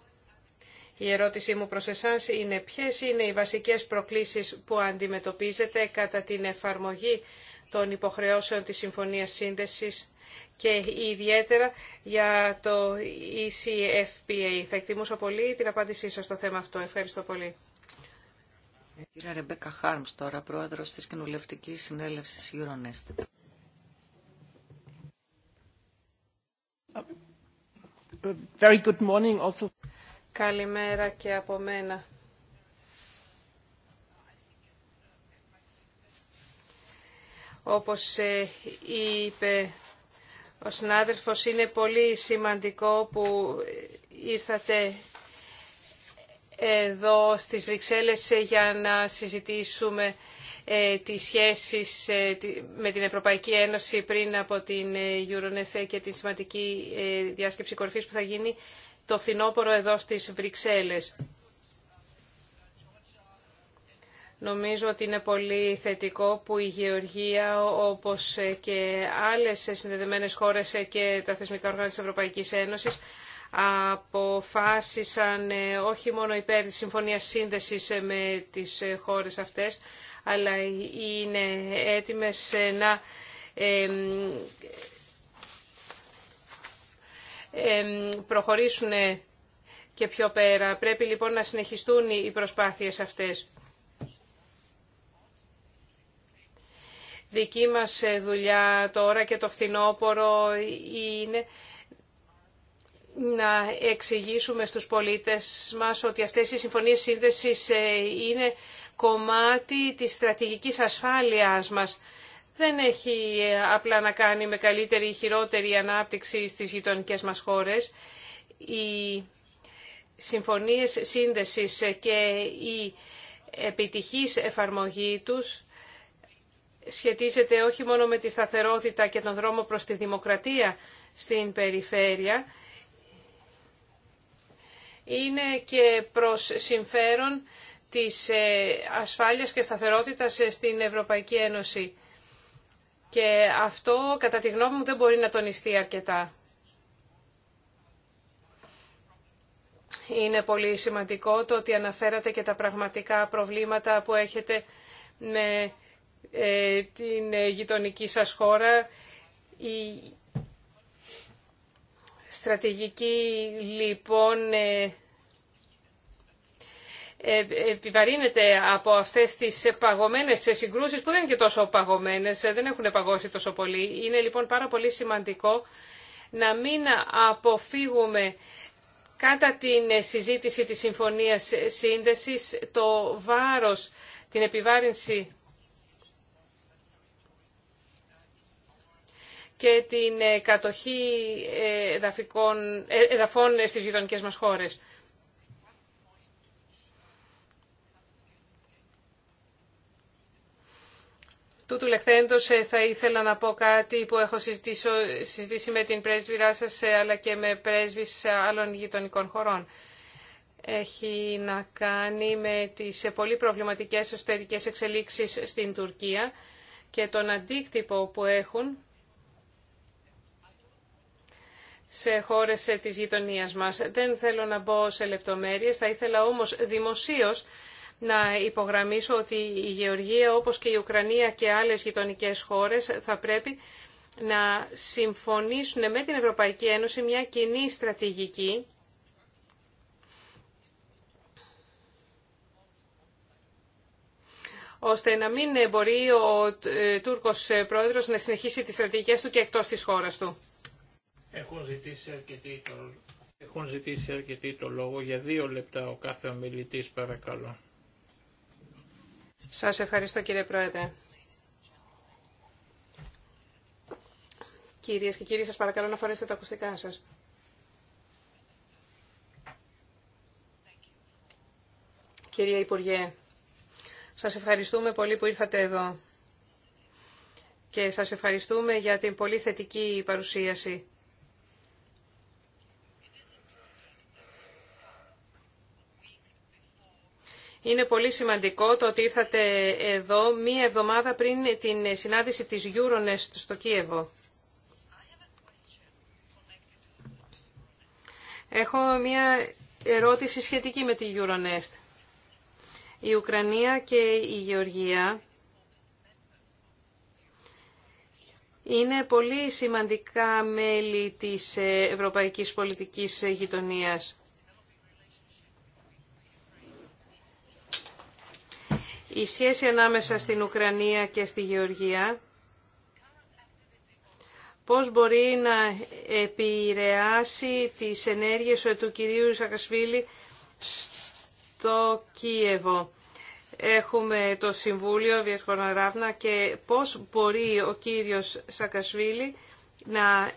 Η ερώτησή μου προς εσάς είναι ποιες είναι οι βασικές προκλήσεις που αντιμετωπίζετε κατά την εφαρμογή των υποχρεώσεων της Συμφωνίας Σύνδεσης και ιδιαίτερα για το ECFPA. Θα εκτιμούσα πολύ την απάντησή σας στο θέμα αυτό. Ευχαριστώ πολύ. Κύριε Ρεμπέκα Χάρμς τώρα, πρόεδρος της Κοινοβουλευτικής Συνέλευσης Euronest. Καλημέρα και από μένα. Όπως ε, είπε ο συνάδελφος, είναι πολύ σημαντικό που ε, ήρθατε εδώ στις Βρυξέλλες ε, για να συζητήσουμε τις σχέσεις με την Ευρωπαϊκή Ένωση πριν από την Euronest και τη σημαντική διάσκεψη κορφής που θα γίνει το φθινόπωρο εδώ στις Βρυξέλλες. Νομίζω ότι είναι πολύ θετικό που η Γεωργία, όπως και άλλες συνδεδεμένες χώρες και τα θεσμικά οργάνα της Ευρωπαϊκής Ένωσης, αποφάσισαν ε, όχι μόνο υπέρ της συμφωνίας σύνδεσης ε, με τις ε, χώρες αυτές, αλλά είναι έτοιμες να προχωρήσουν και πιο πέρα. Πρέπει λοιπόν να συνεχιστούν οι προσπάθειες αυτές. Δική μας ε, δουλειά τώρα και το φθινόπωρο είναι να εξηγήσουμε στους πολίτες μας ότι αυτές οι συμφωνίες σύνδεσης ε, είναι κομμάτι της στρατηγικής ασφάλειάς μας δεν έχει ε, απλά να κάνει με καλύτερη ή χειρότερη ανάπτυξη στις γειτονικές μας χώρες. Οι συμφωνίες σύνδεσης και η επιτυχής εφαρμογή τους σχετίζεται όχι μόνο με τη σταθερότητα και τον δρόμο προς τη δημοκρατία στην περιφέρεια, είναι και προς συμφέρον της ε, ασφάλειας και σταθερότητας ε, στην Ευρωπαϊκή Ένωση. Και αυτό, κατά τη γνώμη μου, δεν μπορεί να τονιστεί αρκετά. Είναι πολύ σημαντικό το ότι αναφέρατε και τα πραγματικά προβλήματα που έχετε με ε, την γειτονική σας χώρα. Η στρατηγική, λοιπόν, ε, ε, επιβαρύνεται από αυτές τις παγωμένες συγκρούσεις που δεν είναι και τόσο παγωμένες, ε, δεν έχουν παγώσει τόσο πολύ. Είναι λοιπόν πάρα πολύ σημαντικό να μην αποφύγουμε κατά την συζήτηση της Συμφωνίας Σύνδεσης το βάρος, την επιβάρυνση και την ε, κατοχή εδαφών στις γειτονικές μας χώρες. Τούτου λεχθέντος ε, θα ήθελα να πω κάτι που έχω συζητήσει με την πρέσβηρά σας ε, αλλά και με πρέσβεις άλλων γειτονικών χωρών. Έχει να κάνει με τις ε, πολύ προβληματικές εσωτερικές εξελίξεις στην Τουρκία και τον αντίκτυπο που έχουν σε χώρες της γειτονίας μας. Δεν θέλω να μπω σε λεπτομέρειες, θα ήθελα όμως δημοσίως να υπογραμμίσω ότι η Γεωργία όπως και η Ουκρανία και άλλες γειτονικές χώρες θα πρέπει να συμφωνήσουν με την Ευρωπαϊκή Ένωση μια κοινή στρατηγική ώστε να μην μπορεί ο ε, Τούρκος ε, πρόεδρος να συνεχίσει τις στρατηγικές του και εκτός της χώρας του. Έχουν ζητήσει αρκετή το, ζητήσει αρκετή λόγο για δύο λεπτά ο κάθε ομιλητής παρακαλώ. Σας ευχαριστώ κύριε Πρόεδρε. Κυρίες και κύριοι, σας παρακαλώ να φορέσετε τα ακουστικά σας. Κυρία Υπουργέ, σας ευχαριστούμε πολύ που ήρθατε εδώ και σας ευχαριστούμε για την πολύ θετική παρουσίαση. Είναι πολύ σημαντικό το ότι ήρθατε εδώ μία εβδομάδα πριν την συνάντηση της Euronest στο Κίεβο. Έχω μία ερώτηση σχετική με τη Euronest. Η Ουκρανία και η Γεωργία είναι πολύ σημαντικά μέλη της ευρωπαϊκής πολιτικής γειτονίας. Η σχέση ανάμεσα στην Ουκρανία και στη Γεωργία πώς μπορεί να επηρεάσει τις ενέργειες του κυρίου Σακασβίλη στο Κίεβο. Έχουμε το Συμβούλιο Βιετχόνα και πώς μπορεί ο κύριος Σακασβίλη να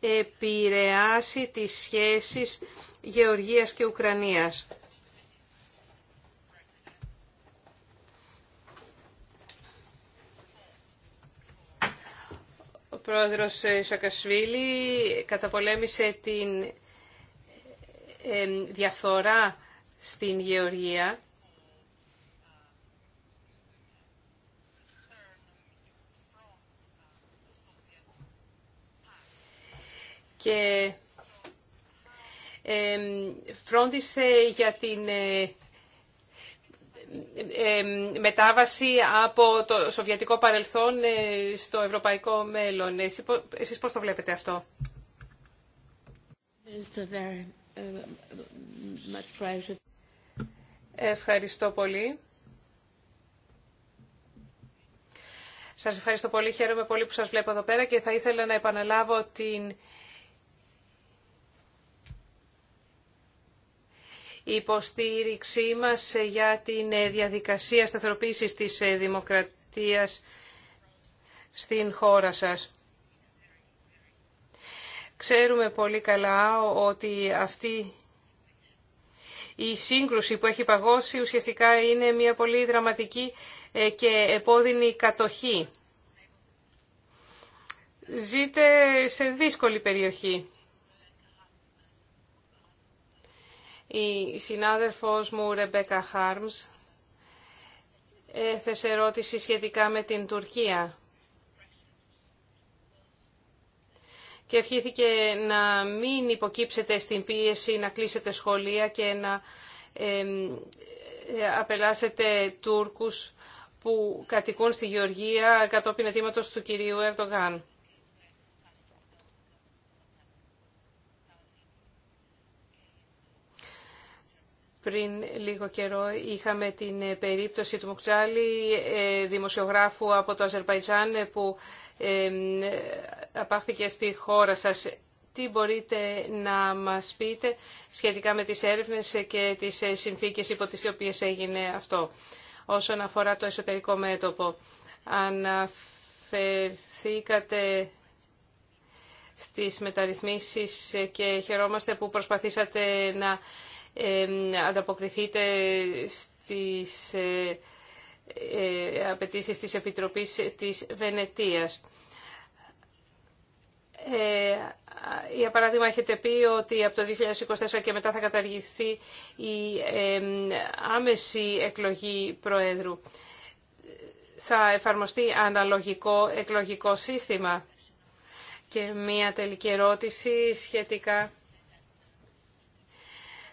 επηρεάσει τις σχέσεις Γεωργίας και Ουκρανίας. πρόεδρος Σακασβίλη καταπολέμησε την ε, διαφθορά στην Γεωργία. Και ε, φρόντισε για την ε, μετάβαση από το σοβιετικό παρελθόν ε, στο ευρωπαϊκό μέλλον. Εσείς πώς το βλέπετε αυτό. Uh, ευχαριστώ πολύ. Σας ευχαριστώ πολύ. Χαίρομαι πολύ που σας βλέπω εδώ πέρα και θα ήθελα να επαναλάβω την υποστήριξή μας για την ε, διαδικασία σταθεροποίησης της ε, δημοκρατίας στην χώρα σας. Ξέρουμε πολύ καλά ότι αυτή η σύγκρουση που έχει παγώσει ουσιαστικά είναι μια πολύ δραματική ε, και επώδυνη κατοχή. Ζείτε σε δύσκολη περιοχή. Η συνάδελφός μου Ρεμπέκα Χάρμς έθεσε ερώτηση σχετικά με την Τουρκία. Και ευχήθηκε να μην υποκύψετε στην πίεση, να κλείσετε σχολεία και να απελάσετε Τούρκους που κατοικούν στη Γεωργία κατόπιν αιτήματος του κυρίου Ερντογάν. Πριν λίγο καιρό είχαμε την ε, περίπτωση του Μουκτζάλη, ε, δημοσιογράφου από το Αζερβαϊτζάν ε, που απάχθηκε στη χώρα σας. Τι μπορείτε να μας πείτε σχετικά με τις έρευνες και τις συνθήκες υπό τις οποίες έγινε αυτό. Όσον αφορά το εσωτερικό μέτωπο, αναφερθήκατε στις μεταρρυθμίσεις και χαιρόμαστε που προσπαθήσατε να ανταποκριθείτε στις ε, ε, απαιτήσεις της Επιτροπής της Βενετίας. Ε, για παράδειγμα, έχετε πει ότι από το 2024 και μετά θα καταργηθεί η άμεση εκλογή Προέδρου. Θα εφαρμοστεί αναλογικό εκλογικό σύστημα. Και μία τελική ερώτηση σχετικά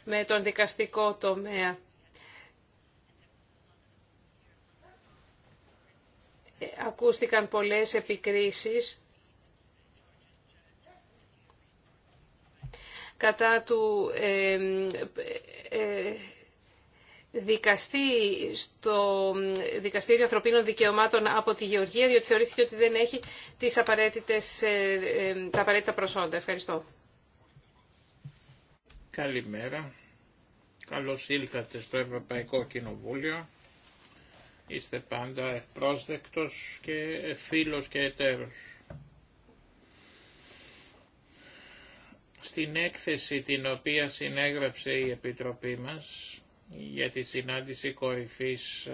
με τον δικαστικό τομέα. Ε, ακούστηκαν πολλές επικρίσεις κατά του ε, ε, δικαστή στο Δικαστήριο Ανθρωπίνων Δικαιωμάτων από τη Γεωργία, διότι θεωρήθηκε ότι δεν έχει τις απαραίτητες, ε, τα απαραίτητα προσόντα. Ευχαριστώ. Καλημέρα. Καλώς ήλθατε στο Ευρωπαϊκό Κοινοβούλιο. Είστε πάντα ευπρόσδεκτος και φίλος και εταίρος. Στην έκθεση την οποία συνέγραψε η Επιτροπή μας για τη συνάντηση κορυφής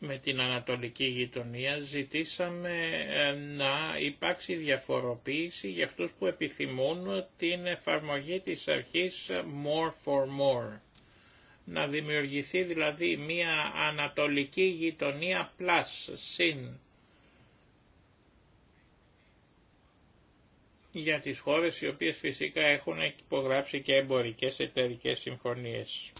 με την Ανατολική Γειτονία ζητήσαμε ε, να υπάρξει διαφοροποίηση για αυτούς που επιθυμούν την εφαρμογή της αρχής more for more. Να δημιουργηθεί δηλαδή μια Ανατολική Γειτονία plus, συν, για τις χώρες οι οποίες φυσικά έχουν υπογράψει και εμπορικές εταιρικές συμφωνίες.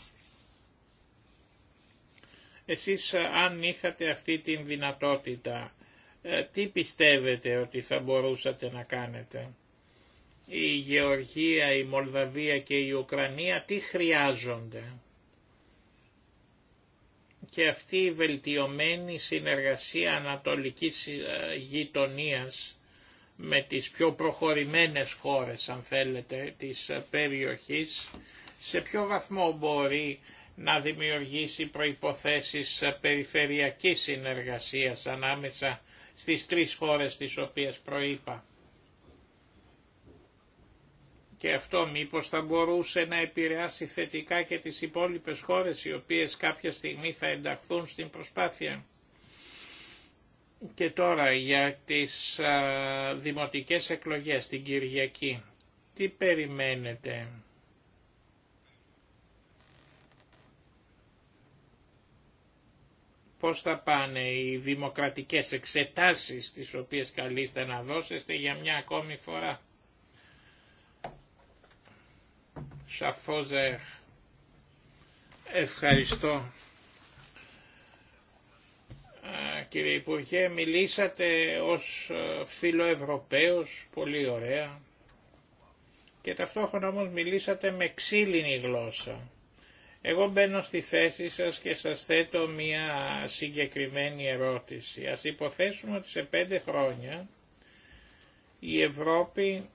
Εσείς ε, αν είχατε αυτή την δυνατότητα, ε, τι πιστεύετε ότι θα μπορούσατε να κάνετε. Η Γεωργία, η Μολδαβία και η Ουκρανία τι χρειάζονται. Και αυτή η βελτιωμένη συνεργασία ανατολικής ε, γειτονίας με τις πιο προχωρημένες χώρες, αν θέλετε, της περιοχής, σε ποιο βαθμό μπορεί να δημιουργήσει προϋποθέσεις περιφερειακής συνεργασίας ανάμεσα στις τρεις χώρες τις οποίες προείπα. Και αυτό μήπως θα μπορούσε να επηρεάσει θετικά και τις υπόλοιπες χώρες οι οποίες κάποια στιγμή θα ενταχθούν στην προσπάθεια. Και τώρα για τις δημοτικές εκλογές την Κυριακή. Τι περιμένετε πώς θα πάνε οι δημοκρατικές εξετάσεις τις οποίες καλείστε να δώσετε για μια ακόμη φορά. Σαφόζερ, ευχαριστώ. Κύριε Υπουργέ, μιλήσατε ως ε, φιλοευρωπαίος πολύ ωραία. Και ταυτόχρονα όμως μιλήσατε με ξύλινη γλώσσα. Εγώ μπαίνω στη θέση σας και σας θέτω μία συγκεκριμένη ερώτηση. Ας υποθέσουμε ότι σε πέντε χρόνια η Ευρώπη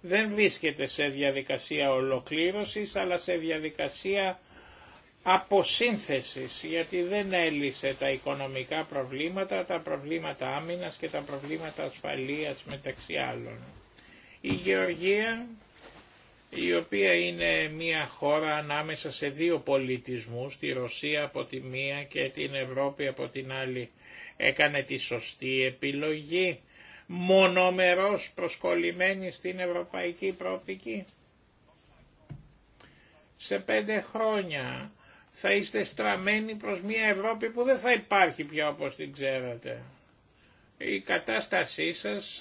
δεν βρίσκεται σε διαδικασία ολοκλήρωσης αλλά σε διαδικασία αποσύνθεσης γιατί δεν έλυσε τα οικονομικά προβλήματα, τα προβλήματα άμυνας και τα προβλήματα ασφαλείας μεταξύ άλλων. Η Γεωργία η οποία είναι μια χώρα ανάμεσα σε δύο πολιτισμούς, τη Ρωσία από τη μία και την Ευρώπη από την άλλη. Έκανε τη σωστή επιλογή, μονομερός προσκολλημένη στην ευρωπαϊκή προοπτική. Σε πέντε χρόνια θα είστε στραμμένοι προς μια Ευρώπη που δεν θα υπάρχει πια όπως την ξέρατε. Η κατάστασή σας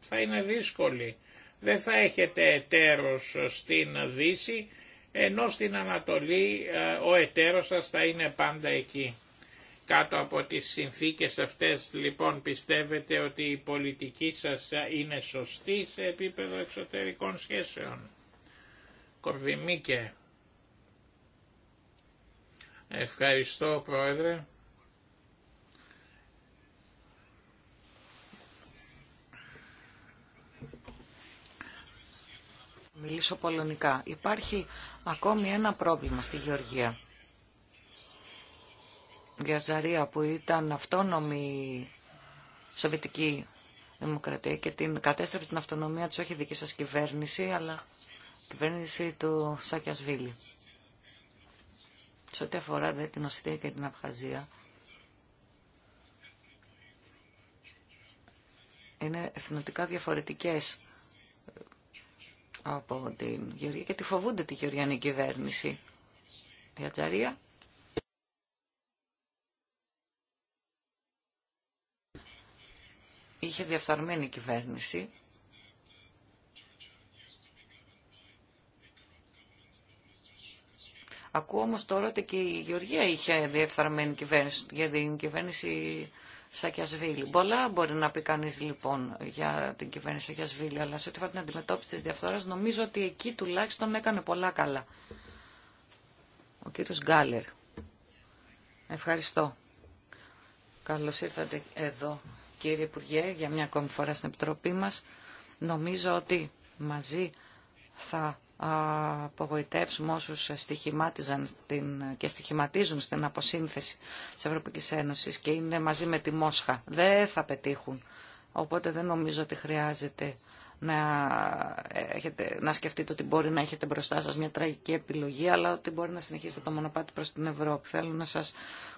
θα είναι δύσκολη δεν θα έχετε εταίρος στην Δύση, ενώ στην Ανατολή ε, ο εταίρος σας θα είναι πάντα εκεί. Κάτω από τις συνθήκες αυτές λοιπόν πιστεύετε ότι η πολιτική σας είναι σωστή σε επίπεδο εξωτερικών σχέσεων. Κορβιμίκε. Ευχαριστώ Πρόεδρε. μιλήσω πολωνικά. Υπάρχει ακόμη ένα πρόβλημα στη Γεωργία. Γιαζαρία που ήταν αυτόνομη Σοβιτική Δημοκρατία και την κατέστρεψε την αυτονομία της όχι δική σας κυβέρνηση, αλλά κυβέρνηση του Βίλη. Σε ό,τι αφορά την Οσυρία και την Απχαζία, είναι εθνοτικά διαφορετικές από την Γεωργία και τη φοβούνται τη γεωργιανή κυβέρνηση. Η Ατζαρία. Είχε διαφθαρμένη κυβέρνηση. Ακούω όμως τώρα ότι και η Γεωργία είχε διεφθαρμένη κυβέρνηση, γιατί η κυβέρνηση Σακιασβίλη. Πολλά μπορεί να πει κανεί λοιπόν για την κυβέρνηση Σακιασβίλη, αλλά σε ό,τι αφορά την αντιμετώπιση τη διαφθορά, νομίζω ότι εκεί τουλάχιστον έκανε πολλά καλά. Ο κύριος Γκάλερ. Ευχαριστώ. Καλώς ήρθατε εδώ, κύριε Υπουργέ, για μια ακόμη φορά στην Επιτροπή μας. Νομίζω ότι μαζί θα απογοητεύσουμε όσους στοιχημάτιζαν και στοιχηματίζουν στην αποσύνθεση της Ευρωπαϊκής Ένωσης και είναι μαζί με τη Μόσχα. Δεν θα πετύχουν. Οπότε δεν νομίζω ότι χρειάζεται να, έχετε, να σκεφτείτε ότι μπορεί να έχετε μπροστά σας μια τραγική επιλογή, αλλά ότι μπορεί να συνεχίσετε το μονοπάτι προς την Ευρώπη. Θέλω να σας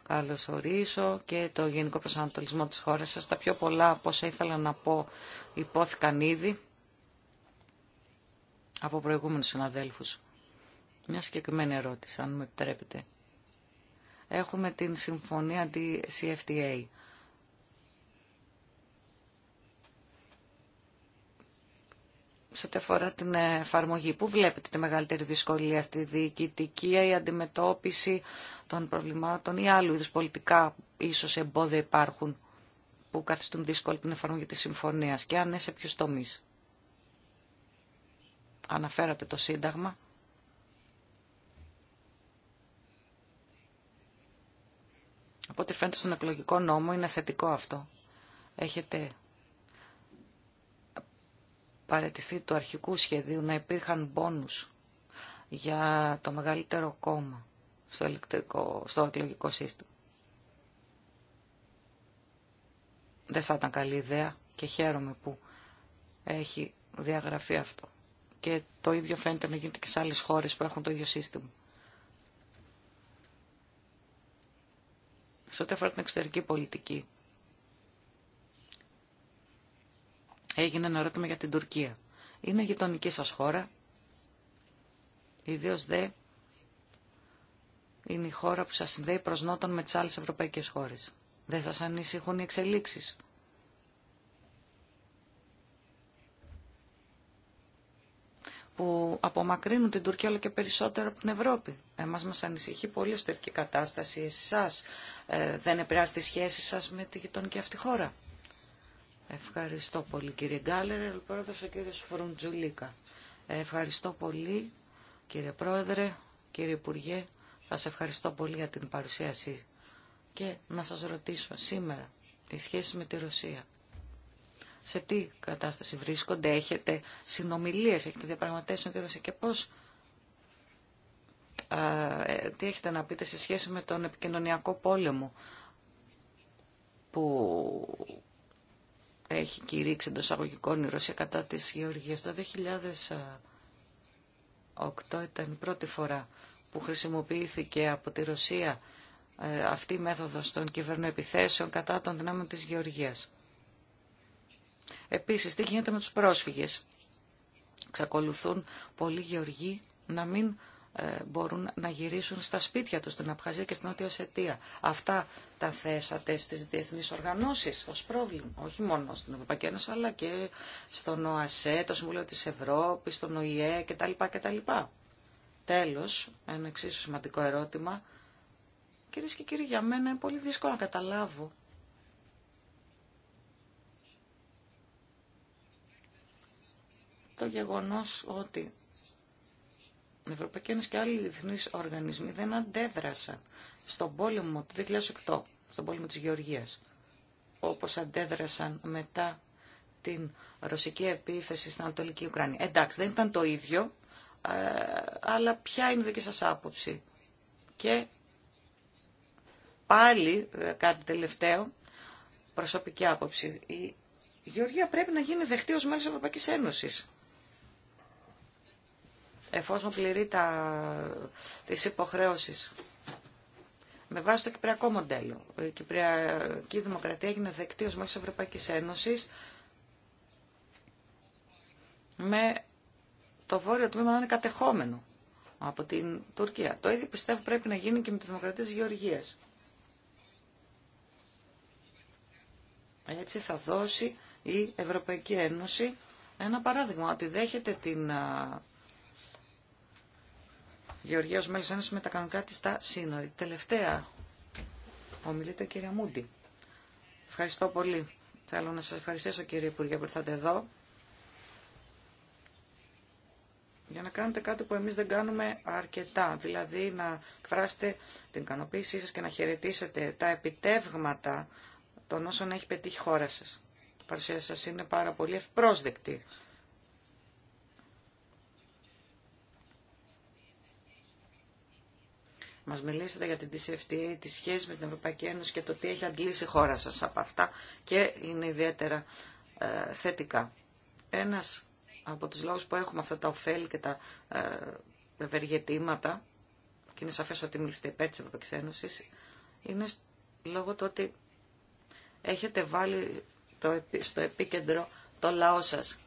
καλωσορίσω και το γενικό προσανατολισμό της χώρας σας. Τα πιο πολλά από όσα ήθελα να πω υπόθηκαν ήδη από προηγούμενους συναδέλφους. Μια συγκεκριμένη ερώτηση, αν μου επιτρέπετε. Έχουμε την συμφωνία τη CFTA. Σε ό,τι αφορά την εφαρμογή, πού βλέπετε τη μεγαλύτερη δυσκολία στη διοικητική, η αντιμετώπιση των προβλημάτων ή άλλου είδους πολιτικά ίσως εμπόδια υπάρχουν που καθιστούν δύσκολη την εφαρμογή της συμφωνίας και αν ναι, σε ποιους τομείς. Αναφέρατε το Σύνταγμα. Από ό,τι φαίνεται στον εκλογικό νόμο είναι θετικό αυτό. Έχετε παρετηθεί του αρχικού σχεδίου να υπήρχαν πόνους για το μεγαλύτερο κόμμα στο, ηλεκτρικό, στο εκλογικό σύστημα. Δεν θα ήταν καλή ιδέα και χαίρομαι που έχει διαγραφεί αυτό και το ίδιο φαίνεται να γίνεται και σε άλλες χώρες που έχουν το ίδιο σύστημα. Σε ό,τι αφορά την εξωτερική πολιτική. Έγινε ένα ερώτημα για την Τουρκία. Είναι γειτονική σας χώρα, ιδίως δε είναι η χώρα που σας συνδέει προς νότον με τις άλλες ευρωπαϊκές χώρες. Δεν σας ανησυχούν οι εξελίξεις που απομακρύνουν την Τουρκία όλο και περισσότερο από την Ευρώπη. Εμάς μας ανησυχεί πολύ η κατάσταση. Εσάς ε, δεν επηρεάζει τη σχέση σας με τη γειτονική αυτή χώρα. Ευχαριστώ πολύ κύριε Γκάλερ. Ελπρόεδρος ο κύριος Φρουντζουλίκα. Ευχαριστώ πολύ κύριε Πρόεδρε, κύριε Υπουργέ. Σας ευχαριστώ πολύ για την παρουσίαση. Και να σας ρωτήσω σήμερα οι σχέσεις με τη Ρωσία σε τι κατάσταση βρίσκονται, έχετε συνομιλίες, έχετε διαπραγματεύσει με τη Ρωσία και πώς, ε, τι έχετε να πείτε σε σχέση με τον επικοινωνιακό πόλεμο που έχει κηρύξει εντό αγωγικών η Ρωσία κατά της Γεωργίας. Το 2008 ήταν η πρώτη φορά που χρησιμοποιήθηκε από τη Ρωσία ε, αυτή η μέθοδος των κυβερνοεπιθέσεων κατά των δυνάμεων της Γεωργίας. Επίσης, τι γίνεται με τους πρόσφυγες. Ξακολουθούν πολλοί γεωργοί να μην ε, μπορούν να γυρίσουν στα σπίτια τους στην Απχαζία και στην Νότια Σετία. Αυτά τα θέσατε στις διεθνείς οργανώσεις ως πρόβλημα, όχι μόνο στην Ευρωπαϊκή Ένωση, αλλά και στον ΟΑΣΕ, το Συμβουλίο της Ευρώπης, στον ΟΗΕ κτλ. κτλ. Τέλος, ένα εξίσου σημαντικό ερώτημα. Κυρίε και κύριοι, για μένα είναι πολύ δύσκολο να καταλάβω το γεγονός ότι η Ευρωπαϊκή Ένωση και άλλοι διεθνείς οργανισμοί δεν αντέδρασαν στον πόλεμο του 2008, στον πόλεμο της Γεωργίας, όπως αντέδρασαν μετά την ρωσική επίθεση στην Ανατολική Ουκρανία. Εντάξει, δεν ήταν το ίδιο, ε, αλλά ποια είναι η δική σας άποψη. Και πάλι ε, κάτι τελευταίο, προσωπική άποψη. Η Γεωργία πρέπει να γίνει δεχτή ως μέλος της Ευρωπαϊκής Ένωσης εφόσον πληρεί τα, τις υποχρεώσεις. Με βάση το κυπριακό μοντέλο. Η κυπριακή δημοκρατία έγινε δεκτή ως μέλος της Ευρωπαϊκής Ένωσης με το βόρειο τμήμα να είναι κατεχόμενο από την Τουρκία. Το ίδιο πιστεύω πρέπει να γίνει και με τη δημοκρατία της Γεωργίας. Έτσι θα δώσει η Ευρωπαϊκή Ένωση ένα παράδειγμα ότι δέχεται την Γεωργία ως μέλος Ένωσης με τα κανονικά της στα σύνορη. Τελευταία ομιλείται κυρία Μούντι. Ευχαριστώ πολύ. Θέλω να σας ευχαριστήσω κύριε Υπουργέ που ήρθατε εδώ για να κάνετε κάτι που εμείς δεν κάνουμε αρκετά, δηλαδή να εκφράσετε την ικανοποίησή σας και να χαιρετήσετε τα επιτεύγματα των όσων έχει πετύχει η χώρα σας. Η παρουσία σας είναι πάρα πολύ ευπρόσδεκτη μας μιλήσετε για την DCFTA, τη σχέση με την Ευρωπαϊκή Ένωση και το τι έχει αντλήσει η χώρα σας από αυτά και είναι ιδιαίτερα ε, θετικά. Ένας από τους λόγους που έχουμε αυτά τα ωφέλη και τα ε, ευεργετήματα, και είναι σαφές ότι μιλήσετε υπέρ τη Ευρωπαϊκής Ένωσης, είναι λόγω του ότι έχετε βάλει το, στο επίκεντρο το λαό σας.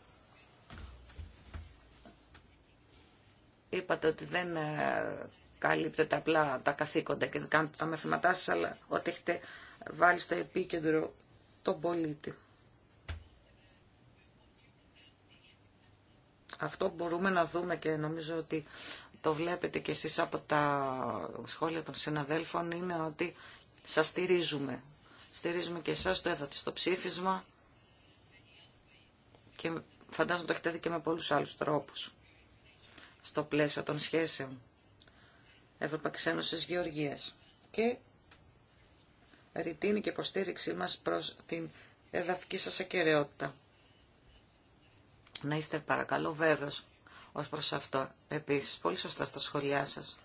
Είπατε ότι δεν ε, Καλύπτεται απλά τα καθήκοντα και κάνετε τα μαθήματά σα, αλλά ότι έχετε βάλει στο επίκεντρο τον πολίτη. Αυτό μπορούμε να δούμε και νομίζω ότι το βλέπετε και εσείς από τα σχόλια των συναδέλφων είναι ότι σας στηρίζουμε. Στηρίζουμε και εσάς, το έδατε στο ψήφισμα και φαντάζομαι το έχετε δει και με πολλούς άλλους τρόπους στο πλαίσιο των σχέσεων Ευρωπαξένωσης Ένωση Γεωργίας. Και ρητίνη και υποστήριξή μας προς την εδαφική σας ακεραιότητα. Να είστε παρακαλώ βέβαιος ως προς αυτό. Επίσης, πολύ σωστά στα σχολιά σας.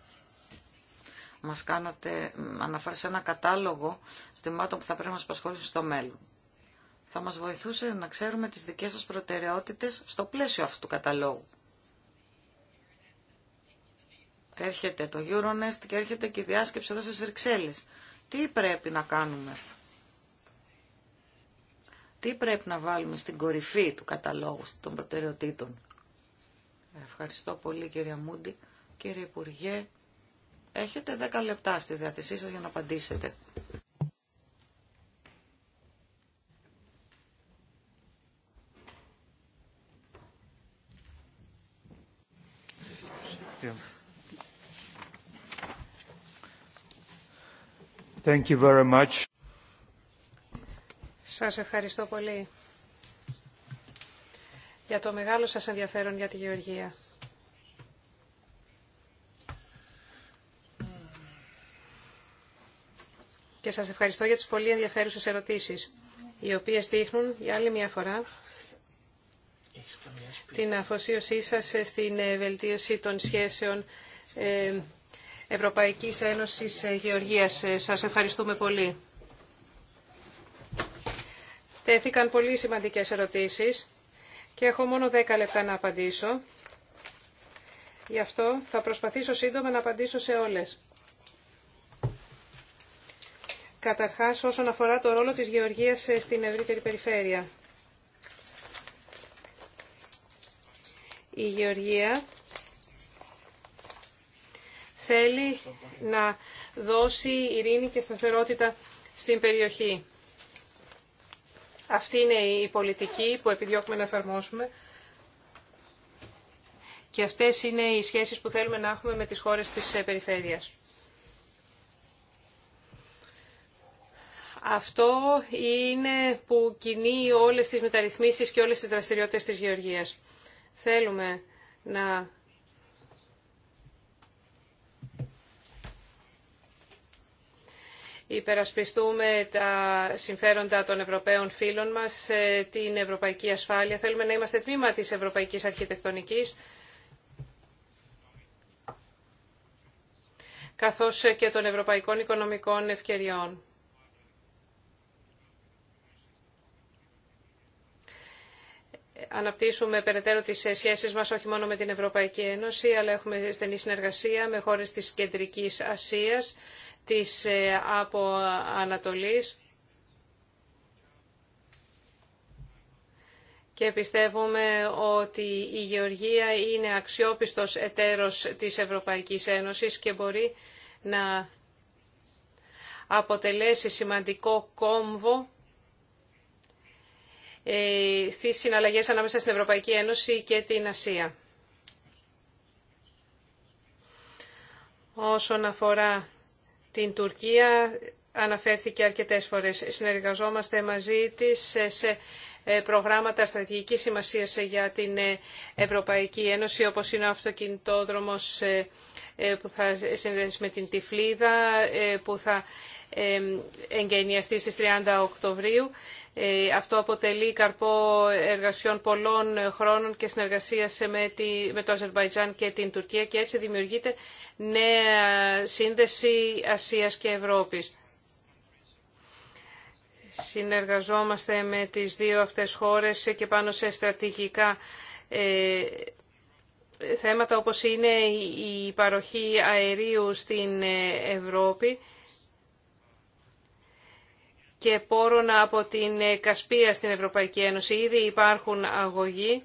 Μας κάνατε, αναφέρει ένα κατάλογο στιγμάτων που θα πρέπει να μας απασχολήσουν στο μέλλον. Θα μας βοηθούσε να ξέρουμε τις δικές σας προτεραιότητες στο πλαίσιο αυτού του καταλόγου. Έρχεται το Euronest και έρχεται και η διάσκεψη εδώ στις Βρυξέλλες. Τι πρέπει να κάνουμε. Τι πρέπει να βάλουμε στην κορυφή του καταλόγου των προτεραιοτήτων. Ευχαριστώ πολύ κύριε Μούντι. Κύριε Υπουργέ, έχετε 10 λεπτά στη διάθεσή σας για να απαντήσετε. Thank Σας ευχαριστώ πολύ για το μεγάλο σας ενδιαφέρον για τη Γεωργία. Και σας ευχαριστώ για τις πολύ ενδιαφέρουσες ερωτήσεις, οι οποίες δείχνουν για άλλη μια φορά την αφοσίωσή σας στην ε, βελτίωση των σχέσεων ε, Ευρωπαϊκής Ένωσης ε, Γεωργίας. Ε, σας ευχαριστούμε πολύ. Τέθηκαν πολύ σημαντικές ερωτήσεις και έχω μόνο 10 λεπτά να απαντήσω. Γι' αυτό θα προσπαθήσω σύντομα να απαντήσω σε όλες. Καταρχάς όσον αφορά το ρόλο της γεωργίας ε, στην ευρύτερη περιφέρεια. Η γεωργία θέλει να δώσει ειρήνη και σταθερότητα στην περιοχή. Αυτή είναι η πολιτική που επιδιώκουμε να εφαρμόσουμε και αυτές είναι οι σχέσεις που θέλουμε να έχουμε με τις χώρες της ε, περιφέρειας. Αυτό είναι που κινεί όλες τις μεταρρυθμίσεις και όλες τις δραστηριότητες της Γεωργίας. Θέλουμε να υπερασπιστούμε τα συμφέροντα των Ευρωπαίων φίλων μας, ε, την ευρωπαϊκή ασφάλεια. Θέλουμε να είμαστε τμήμα της ευρωπαϊκής αρχιτεκτονικής, καθώς και των ευρωπαϊκών οικονομικών ευκαιριών. αναπτύσσουμε περαιτέρω τις σχέσεις μας όχι μόνο με την Ευρωπαϊκή Ένωση, αλλά έχουμε στενή συνεργασία με χώρες της Κεντρικής Ασίας της ε, από Ανατολής και πιστεύουμε ότι η Γεωργία είναι αξιόπιστος εταίρος της Ευρωπαϊκής Ένωσης και μπορεί να αποτελέσει σημαντικό κόμβο ε, στις συναλλαγές ανάμεσα στην Ευρωπαϊκή Ένωση και την Ασία. Όσον αφορά την Τουρκία αναφέρθηκε αρκετές φορές. Συνεργαζόμαστε μαζί της σε ε, προγράμματα στρατηγικής σημασίας για την ε, Ευρωπαϊκή Ένωση, όπως είναι ο αυτοκινητόδρομος ε, που θα συνδέσει με την Τυφλίδα, που θα εγκαινιαστεί στις 30 Οκτωβρίου. Ε, αυτό αποτελεί καρπό εργασιών πολλών χρόνων και συνεργασίας με το Αζερβαϊτζάν και την Τουρκία και έτσι δημιουργείται νέα σύνδεση Ασίας και Ευρώπης. Συνεργαζόμαστε με τις δύο αυτές χώρες και πάνω σε στρατηγικά ε, θέματα όπως είναι η παροχή αερίου στην ε, Ευρώπη και πόρων από την Κασπία στην Ευρωπαϊκή Ένωση. Ήδη υπάρχουν αγωγοί,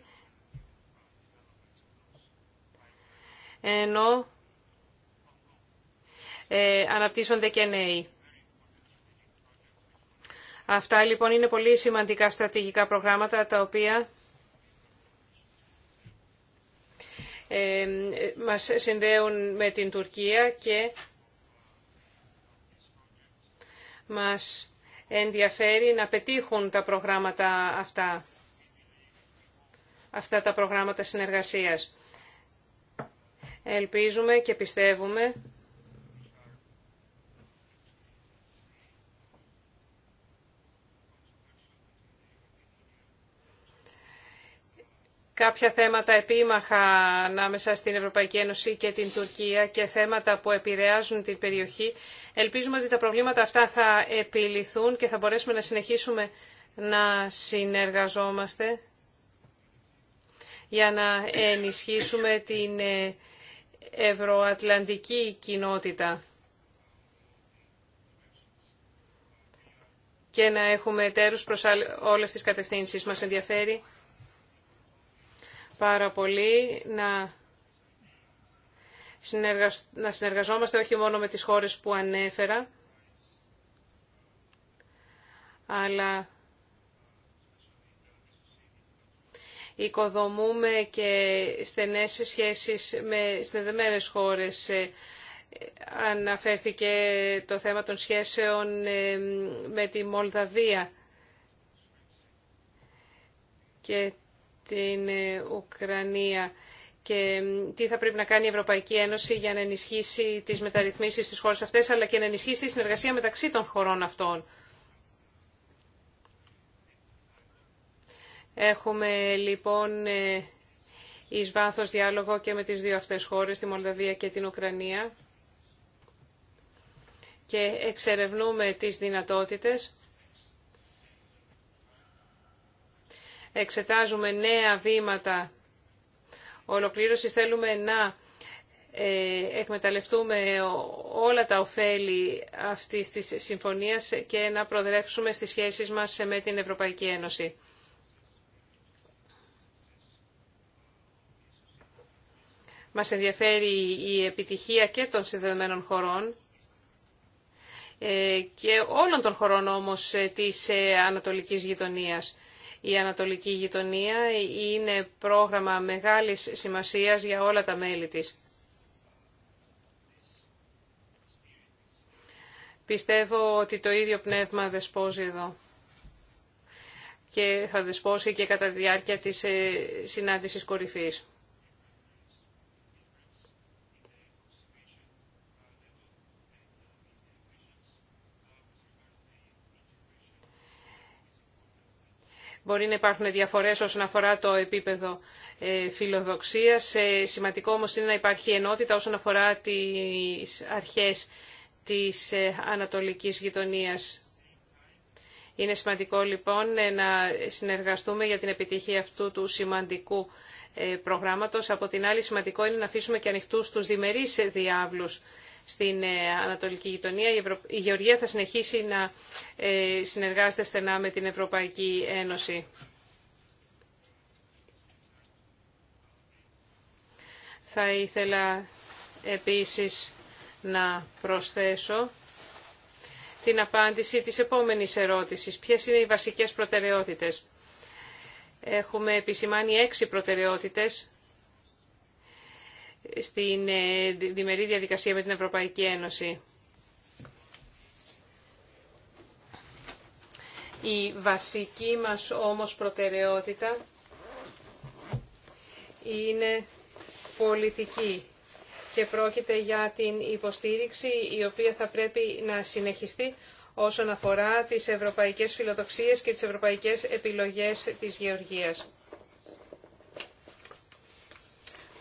ενώ ε, αναπτύσσονται και νέοι. Αυτά λοιπόν είναι πολύ σημαντικά στρατηγικά προγράμματα τα οποία ε, μας συνδέουν με την Τουρκία και μας ενδιαφέρει να πετύχουν τα προγράμματα αυτά, αυτά τα προγράμματα συνεργασίας. Ελπίζουμε και πιστεύουμε κάποια θέματα επίμαχα ανάμεσα στην Ευρωπαϊκή Ένωση και την Τουρκία και θέματα που επηρεάζουν την περιοχή. Ελπίζουμε ότι τα προβλήματα αυτά θα επιληθούν και θα μπορέσουμε να συνεχίσουμε να συνεργαζόμαστε για να ενισχύσουμε την ε, ευρωατλαντική κοινότητα και να έχουμε τέρους προς όλες τις κατευθύνσεις. Μας ενδιαφέρει πάρα πολύ να, συνεργασ... να συνεργαζόμαστε όχι μόνο με τις χώρες που ανέφερα, αλλά οικοδομούμε και στενές σχέσεις με συνδεδεμένες χώρες. Ε, αναφέρθηκε το θέμα των σχέσεων ε, με τη Μολδαβία και την ε, Ουκρανία και τι θα πρέπει να κάνει η Ευρωπαϊκή Ένωση για να ενισχύσει τις μεταρρυθμίσεις στις χώρες αυτές, αλλά και να ενισχύσει τη συνεργασία μεταξύ των χωρών αυτών. Έχουμε λοιπόν ε, εις βάθος διάλογο και με τις δύο αυτές χώρες, τη Μολδαβία και την Ουκρανία και εξερευνούμε τις δυνατότητες εξετάζουμε νέα βήματα Ολοκλήρωση Θέλουμε να ε, εκμεταλλευτούμε όλα τα ωφέλη αυτής της συμφωνίας και να προδρεύσουμε στις σχέσεις μας με την Ευρωπαϊκή Ένωση. Μας ενδιαφέρει η επιτυχία και των συνδεδεμένων χωρών ε, και όλων των χωρών όμως ε, της ανατολικής γειτονίας. Η Ανατολική Γειτονία είναι πρόγραμμα μεγάλης σημασίας για όλα τα μέλη της. Πιστεύω ότι το ίδιο πνεύμα δεσπόζει εδώ και θα δεσπόσει και κατά τη διάρκεια της ε, συνάντησης κορυφής. Μπορεί να υπάρχουν διαφορές όσον αφορά το επίπεδο ε, φιλοδοξίας. Ε, σημαντικό όμως είναι να υπάρχει ενότητα όσον αφορά τις αρχές της ε, ανατολικής γειτονίας. Είναι σημαντικό λοιπόν να συνεργαστούμε για την επιτυχία αυτού του σημαντικού προγράμματος. Από την άλλη σημαντικό είναι να αφήσουμε και ανοιχτούς τους διμερείς διάβλους στην ε, Ανατολική Γειτονία. Η Γεωργία θα συνεχίσει να ε, συνεργάζεται στενά με την Ευρωπαϊκή Ένωση. Θα ήθελα επίσης να προσθέσω την απάντηση της επόμενης ερώτησης. Ποιες είναι οι βασικές προτεραιότητες. Έχουμε επισημάνει έξι προτεραιότητες στην ε, διμερή διαδικασία με την Ευρωπαϊκή Ένωση. Η βασική μας όμως προτεραιότητα είναι πολιτική και πρόκειται για την υποστήριξη η οποία θα πρέπει να συνεχιστεί όσον αφορά τις ευρωπαϊκές φιλοδοξίες και τις ευρωπαϊκές επιλογές της γεωργίας.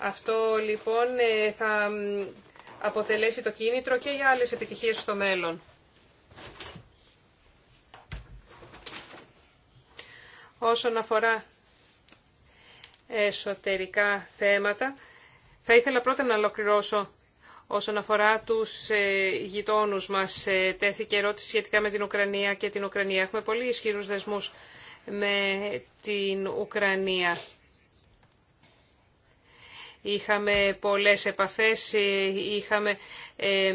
Αυτό λοιπόν ε, θα αποτελέσει το κίνητρο και για άλλες επιτυχίες στο μέλλον. Όσον αφορά εσωτερικά θέματα, θα ήθελα πρώτα να ολοκληρώσω όσον αφορά τους ε, γειτόνους μας. Ε, τέθηκε ερώτηση σχετικά με την Ουκρανία και την Ουκρανία. Έχουμε πολύ ισχυρούς δεσμούς με την Ουκρανία. Είχαμε πολλές επαφές, είχαμε ε,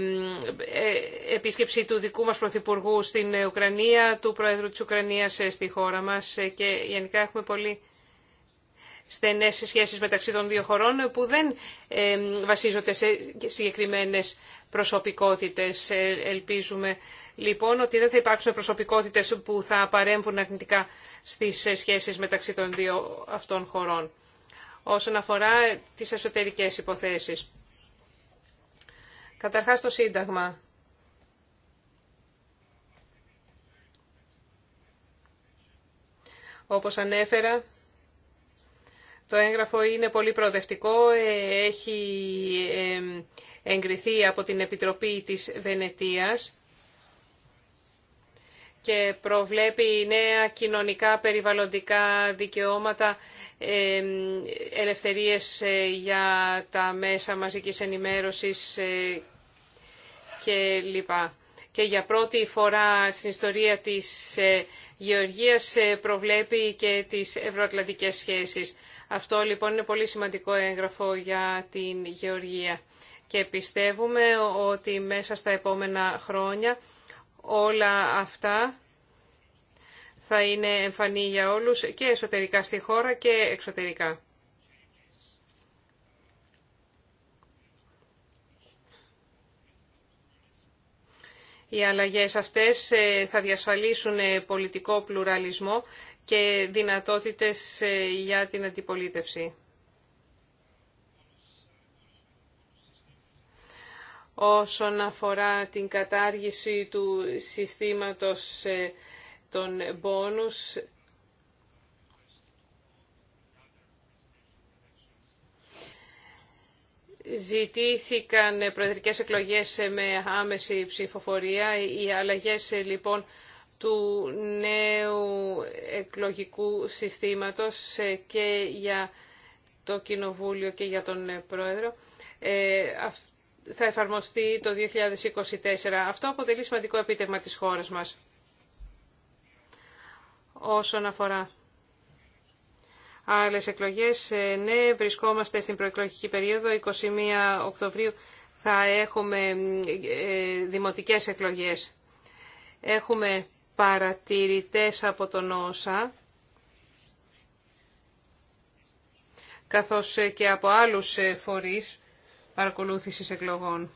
επίσκεψη του δικού μας Πρωθυπουργού στην Ουκρανία, του Πρόεδρου της Ουκρανίας ε, στη χώρα μας ε, και γενικά έχουμε πολύ στενές σχέσεις μεταξύ των δύο χωρών που δεν βασίζονται σε συγκεκριμένες προσωπικότητες. Ελπίζουμε λοιπόν ότι δεν θα υπάρξουν προσωπικότητες που θα παρέμβουν αρνητικά στις σχέσεις μεταξύ των δύο αυτών χωρών όσον αφορά τις εσωτερικές υποθέσεις. Καταρχάς το Σύνταγμα. Όπως ανέφερα, το έγγραφο είναι πολύ προοδευτικό, ε, έχει ε, εγκριθεί από την Επιτροπή της Βενετίας και προβλέπει νέα κοινωνικά περιβαλλοντικά δικαιώματα, ελευθερίες ε, για τα μέσα μαζικής ενημέρωσης ε, και λοιπά. Και για πρώτη φορά στην ιστορία της ε, Γεωργίας προβλέπει και τις ευρωατλαντικές σχέσεις. Αυτό λοιπόν είναι πολύ σημαντικό έγγραφο για την Γεωργία. Και πιστεύουμε ότι μέσα στα επόμενα χρόνια όλα αυτά θα είναι εμφανή για όλους και εσωτερικά στη χώρα και εξωτερικά. Οι αλλαγές αυτές ε, θα διασφαλίσουν ε, πολιτικό πλουραλισμό και δυνατότητες ε, για την αντιπολίτευση. όσον αφορά την κατάργηση του συστήματος ε, των μπόνους Ζητήθηκαν προεδρικές εκλογές ε, με άμεση ψηφοφορία. Οι αλλαγές ε, λοιπόν του νέου εκλογικού συστήματος και για το Κοινοβούλιο και για τον Πρόεδρο. Ε, θα εφαρμοστεί το 2024. Αυτό αποτελεί σημαντικό επίτευγμα της χώρας μας. Όσον αφορά άλλες εκλογές, ε, ναι, βρισκόμαστε στην προεκλογική περίοδο. 21 Οκτωβρίου θα έχουμε ε, δημοτικές εκλογές. Έχουμε παρατηρητές από τον ΩΣΑ, καθώς και από άλλους ε, φορείς παρακολούθησης εκλογών.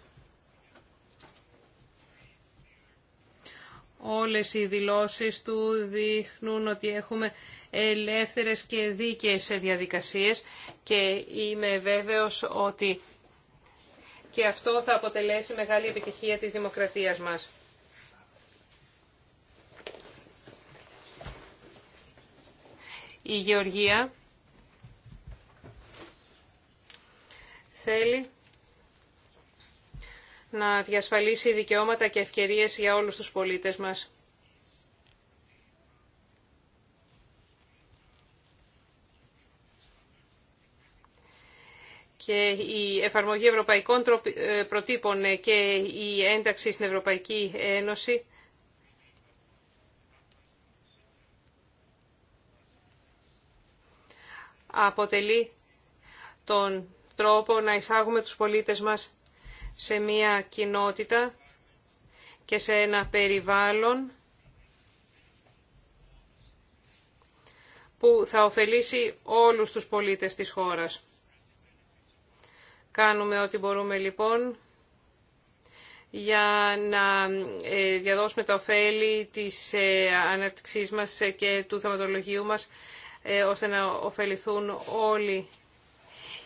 Όλες οι δηλώσεις του δείχνουν ότι έχουμε ελεύθερες και δίκαιες διαδικασίες και είμαι βέβαιος ότι και αυτό θα αποτελέσει μεγάλη επιτυχία της δημοκρατίας μας. Η Γεωργία θέλει να διασφαλίσει δικαιώματα και ευκαιρίες για όλους τους πολίτες μας. και η εφαρμογή ευρωπαϊκών ε, προτύπων ε, και η ένταξη στην Ευρωπαϊκή Ένωση αποτελεί τον τρόπο να εισάγουμε τους πολίτες μας σε μια κοινότητα και σε ένα περιβάλλον που θα ωφελήσει όλους τους πολίτες της χώρας. Κάνουμε ό,τι μπορούμε λοιπόν για να ε, διαδώσουμε τα ωφέλη της ε, ανάπτυξής μας και του θεματολογίου μας, ε, ώστε να ωφεληθούν όλοι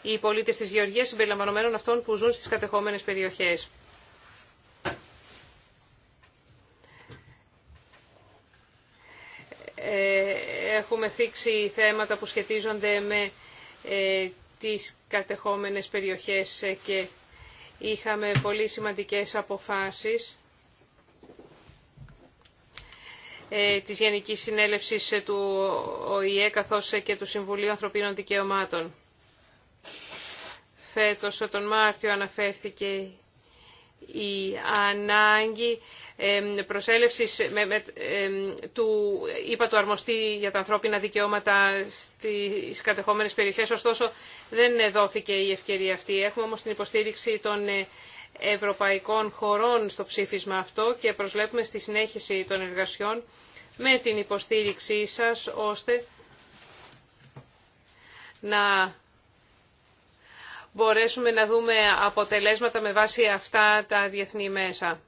οι πολίτες της Γεωργίας συμπεριλαμβανομένων αυτών που ζουν στις κατεχόμενες περιοχές. Ε, έχουμε θίξει θέματα που σχετίζονται με ε, τις κατεχόμενες περιοχές ε, και είχαμε πολύ σημαντικές αποφάσεις της Γενικής Συνέλευσης του ΟΗΕ καθώς και του Συμβουλίου Ανθρωπίνων Δικαιωμάτων φέτος τον Μάρτιο αναφέρθηκε η ανάγκη προσέλευσης του είπα του αρμοστή για τα ανθρώπινα δικαιώματα στις κατεχόμενες περιοχές. Ωστόσο δεν δόθηκε η ευκαιρία αυτή. Έχουμε όμως την υποστήριξη των ε, ευρωπαϊκών χωρών στο ψήφισμα αυτό και προσβλέπουμε στη συνέχιση των εργασιών με την υποστήριξή σας ώστε να μπορέσουμε να δούμε αποτελέσματα με βάση αυτά τα διεθνή μέσα.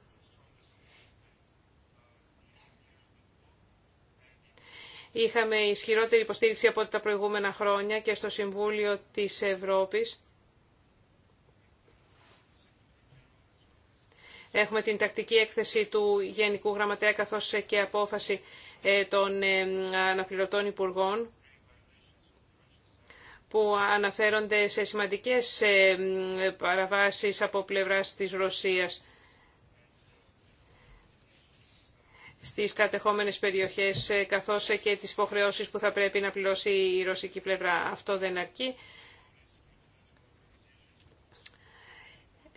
Είχαμε ισχυρότερη υποστήριξη από τα προηγούμενα χρόνια και στο Συμβούλιο της Ευρώπης. Έχουμε την τακτική έκθεση του Γενικού Γραμματέα καθώς και απόφαση ε, των ε, αναπληρωτών υπουργών που αναφέρονται σε σημαντικές ε, παραβάσεις από πλευράς της Ρωσίας στις κατεχόμενες περιοχές, ε, καθώς ε, και τις υποχρεώσεις που θα πρέπει να πληρώσει η ρωσική πλευρά. Αυτό δεν αρκεί.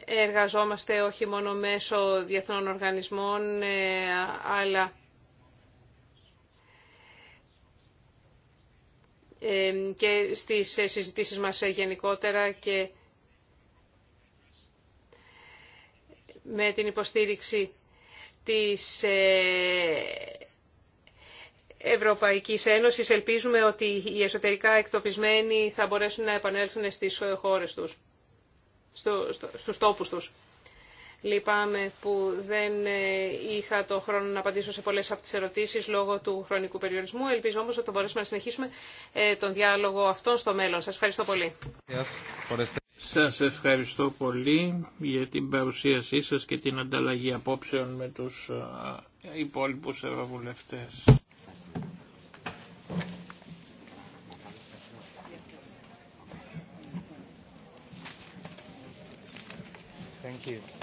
Εργαζόμαστε όχι μόνο μέσω διεθνών οργανισμών, αλλά και στις ε, συζητήσεις μας ε, γενικότερα και με την υποστήριξη της ε, Ευρωπαϊκής Ένωσης ελπίζουμε ότι οι εσωτερικά εκτοπισμένοι θα μπορέσουν να επανέλθουν στις χώρες τους, στους τόπους τους. Λυπάμαι που δεν ε, είχα το χρόνο να απαντήσω σε πολλές από τις ερωτήσεις λόγω του χρονικού περιορισμού. Ελπίζω όμως ότι θα μπορέσουμε να συνεχίσουμε ε, τον διάλογο αυτόν στο μέλλον. Σας ευχαριστώ πολύ. Σας ευχαριστώ πολύ για την παρουσίασή σας και την ανταλλαγή απόψεων με τους ε, υπόλοιπους ευρωβουλευτές. Thank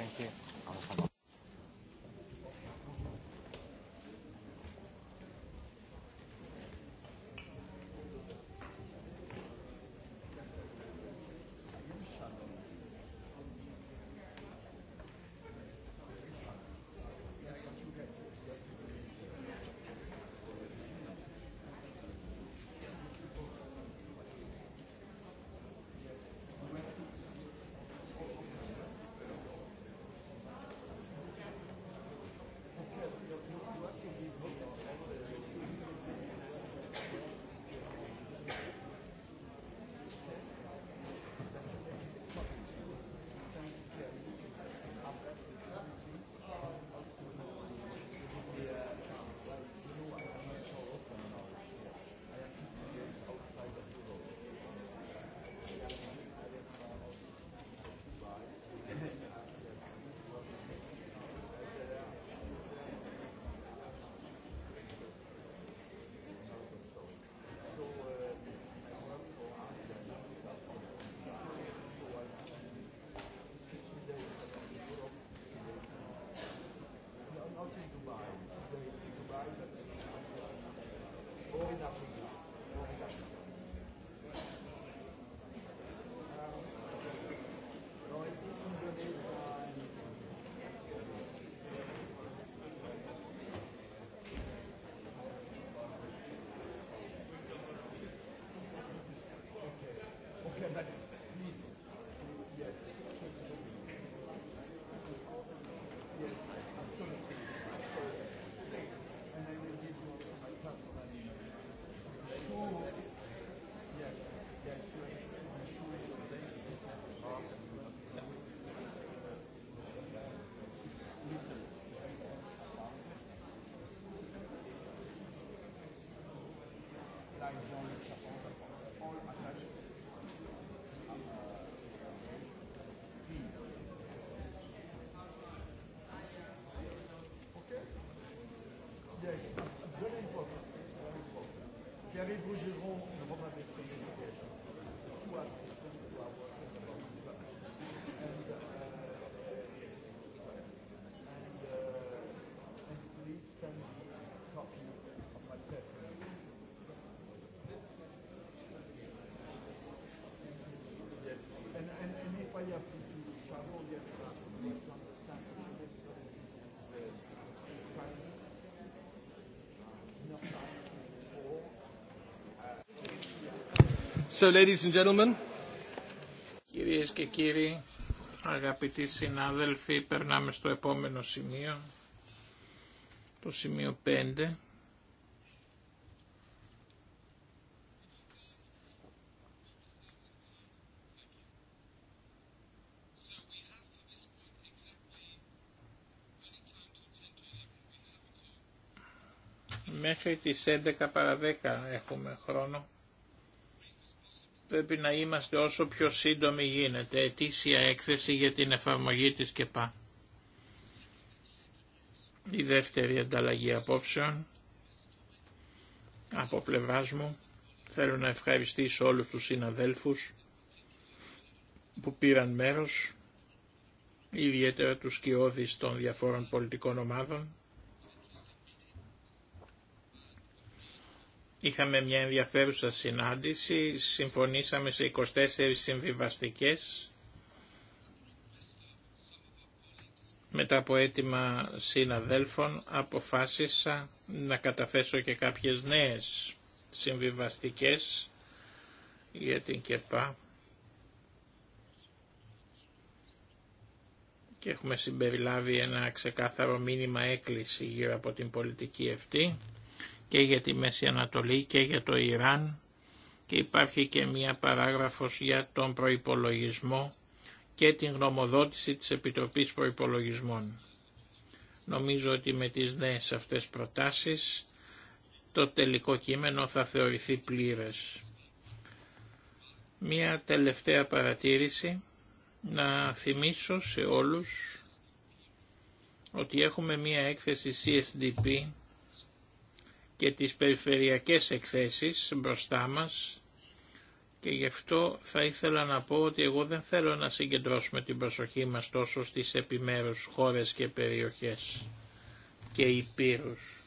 allez de ne vont pas. So, Κυρίες και κύριοι, αγαπητοί συνάδελφοι, περνάμε στο επόμενο σημείο, το σημείο 5. Μέχρι τις 11 παρα 10 έχουμε χρόνο πρέπει να είμαστε όσο πιο σύντομοι γίνεται. Ετήσια έκθεση για την εφαρμογή της ΚΕΠΑ. Η δεύτερη ανταλλαγή απόψεων από πλευράς μου. Θέλω να ευχαριστήσω όλους τους συναδέλφους που πήραν μέρος, ιδιαίτερα τους κοιόδης των διαφόρων πολιτικών ομάδων. Είχαμε μια ενδιαφέρουσα συνάντηση, συμφωνήσαμε σε 24 συμβιβαστικές μετά από αίτημα συναδέλφων αποφάσισα να καταφέσω και κάποιες νέες συμβιβαστικές για την ΚΕΠΑ και έχουμε συμπεριλάβει ένα ξεκάθαρο μήνυμα έκκληση γύρω από την πολιτική αυτή και για τη Μέση Ανατολή και για το Ιράν και υπάρχει και μία παράγραφος για τον προϋπολογισμό και την γνωμοδότηση της Επιτροπής Προϋπολογισμών. Νομίζω ότι με τις νέες αυτές προτάσεις το τελικό κείμενο θα θεωρηθεί πλήρες. Μία τελευταία παρατήρηση να θυμίσω σε όλους ότι έχουμε μία έκθεση CSDP και τις περιφερειακές εκθέσεις μπροστά μας και γι' αυτό θα ήθελα να πω ότι εγώ δεν θέλω να συγκεντρώσουμε την προσοχή μας τόσο στις επιμέρους χώρες και περιοχές και υπήρους.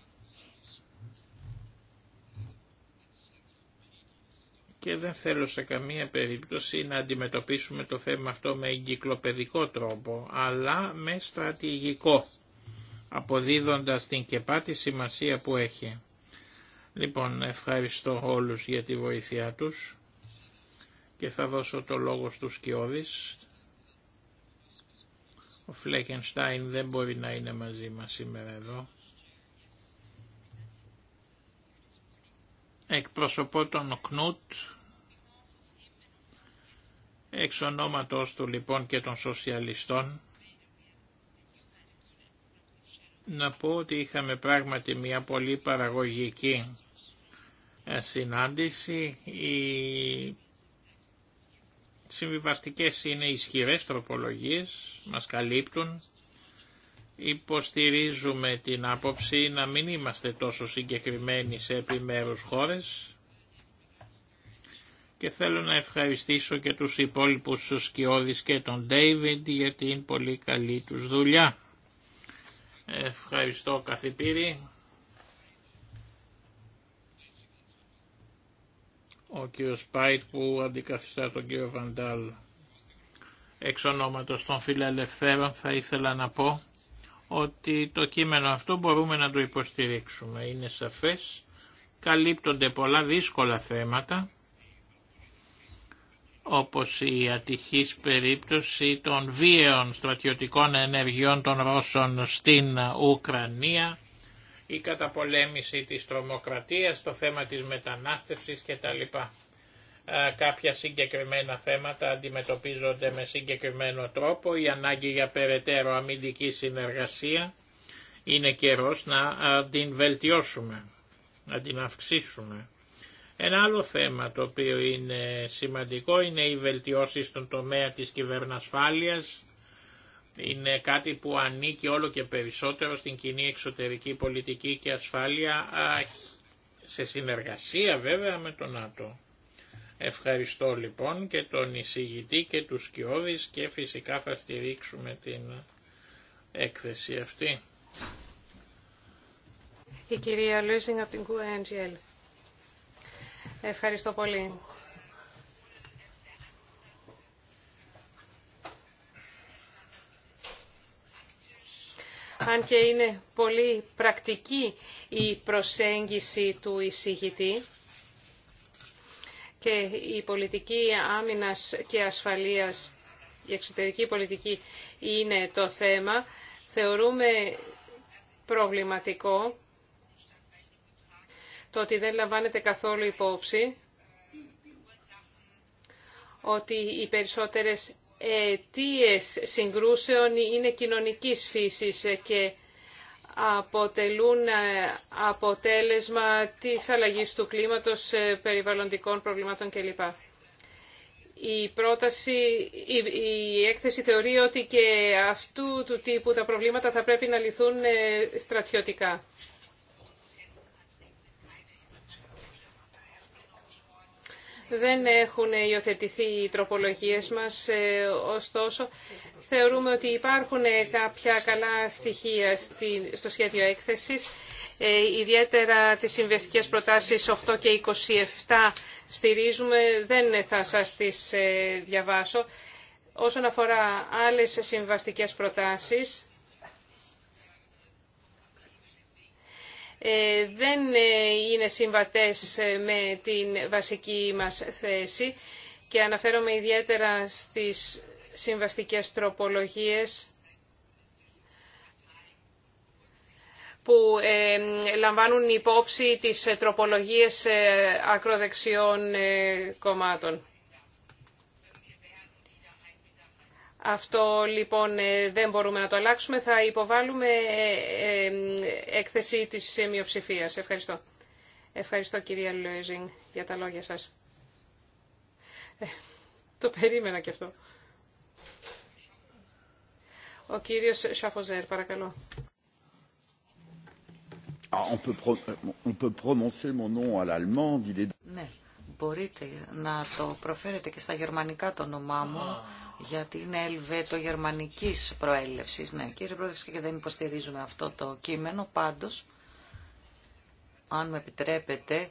Και δεν θέλω σε καμία περίπτωση να αντιμετωπίσουμε το θέμα αυτό με εγκυκλοπαιδικό τρόπο, αλλά με στρατηγικό, αποδίδοντας την κεπάτη σημασία που έχει. Λοιπόν, ευχαριστώ όλους για τη βοήθειά τους και θα δώσω το λόγο στους Κιώδης. Ο Φλέκενστάιν δεν μπορεί να είναι μαζί μας σήμερα εδώ. Εκπροσωπώ τον Κνούτ, εξ ονόματος του λοιπόν και των σοσιαλιστών, να πω ότι είχαμε πράγματι μια πολύ παραγωγική συνάντηση. Οι συμβιβαστικές είναι ισχυρές τροπολογίες, μας καλύπτουν. Υποστηρίζουμε την άποψη να μην είμαστε τόσο συγκεκριμένοι σε επιμέρους χώρες και θέλω να ευχαριστήσω και τους υπόλοιπους Σκιώδης και τον Ντέιβιντ για την πολύ καλή τους δουλειά. Ευχαριστώ καθηπήρη. ο κύριος Πάιτ που αντικαθιστά τον κύριο Βαντάλ. Εξ ονόματος των φιλελευθέρων θα ήθελα να πω ότι το κείμενο αυτό μπορούμε να το υποστηρίξουμε. Είναι σαφές, καλύπτονται πολλά δύσκολα θέματα, όπως η ατυχής περίπτωση των βίαιων στρατιωτικών ενεργειών των Ρώσων στην Ουκρανία, η καταπολέμηση της τρομοκρατίας, το θέμα της μετανάστευσης κτλ. Κάποια συγκεκριμένα θέματα αντιμετωπίζονται με συγκεκριμένο τρόπο, η ανάγκη για περαιτέρω αμυντική συνεργασία είναι καιρός να την βελτιώσουμε, να την αυξήσουμε. Ένα άλλο θέμα το οποίο είναι σημαντικό είναι οι βελτιώσεις στον τομέα της κυβερνασφάλειας, είναι κάτι που ανήκει όλο και περισσότερο στην κοινή εξωτερική πολιτική και ασφάλεια σε συνεργασία βέβαια με τον ΝΑΤΟ. Ευχαριστώ λοιπόν και τον εισηγητή και τους Σκιώδης και φυσικά θα στηρίξουμε την έκθεση αυτή. Η κυρία Λούσινγκ από την QNGL. Ευχαριστώ πολύ. αν και είναι πολύ πρακτική η προσέγγιση του εισηγητή και η πολιτική άμυνας και ασφαλείας, η εξωτερική πολιτική είναι το θέμα, θεωρούμε προβληματικό το ότι δεν λαμβάνεται καθόλου υπόψη ότι οι περισσότερες αιτίες συγκρούσεων είναι κοινωνικής φύσης και αποτελούν ε, αποτέλεσμα της αλλαγής του κλίματος, ε, περιβαλλοντικών προβλημάτων κλπ. Η, πρόταση, η, η έκθεση θεωρεί ότι και αυτού του τύπου τα προβλήματα θα πρέπει να λυθούν ε, στρατιωτικά. Δεν έχουν υιοθετηθεί οι τροπολογίες μας, ε, ωστόσο θεωρούμε ότι υπάρχουν κάποια καλά στοιχεία στο σχέδιο έκθεσης, ε, ιδιαίτερα τις συμβεστικές προτάσεις 8 και 27 στηρίζουμε, δεν θα σας τις ε, διαβάσω. Όσον αφορά άλλες συμβαστικές προτάσεις, Ε, δεν ε, είναι συμβατές ε, με την βασική μας θέση και αναφέρομαι ιδιαίτερα στις συμβαστικές τροπολογίες που λαμβάνουν υπόψη τις τροπολογίες ακροδεξιών κομμάτων. Αυτό λοιπόν ε, δεν μπορούμε να το αλλάξουμε. Θα υποβάλουμε ε, ε, έκθεση της μειοψηφίας. Ευχαριστώ. Ευχαριστώ κυρία Λουέζινγκ, για τα λόγια σας. το περίμενα και αυτό. Ο κύριος Σαφοζέρ, παρακαλώ. Ναι, μπορείτε να το προφέρετε και στα γερμανικά το όνομά μου, γιατί είναι γερμανικής προέλευσης. Ναι, κύριε Πρόεδρε, και δεν υποστηρίζουμε αυτό το κείμενο, πάντως, αν με επιτρέπετε,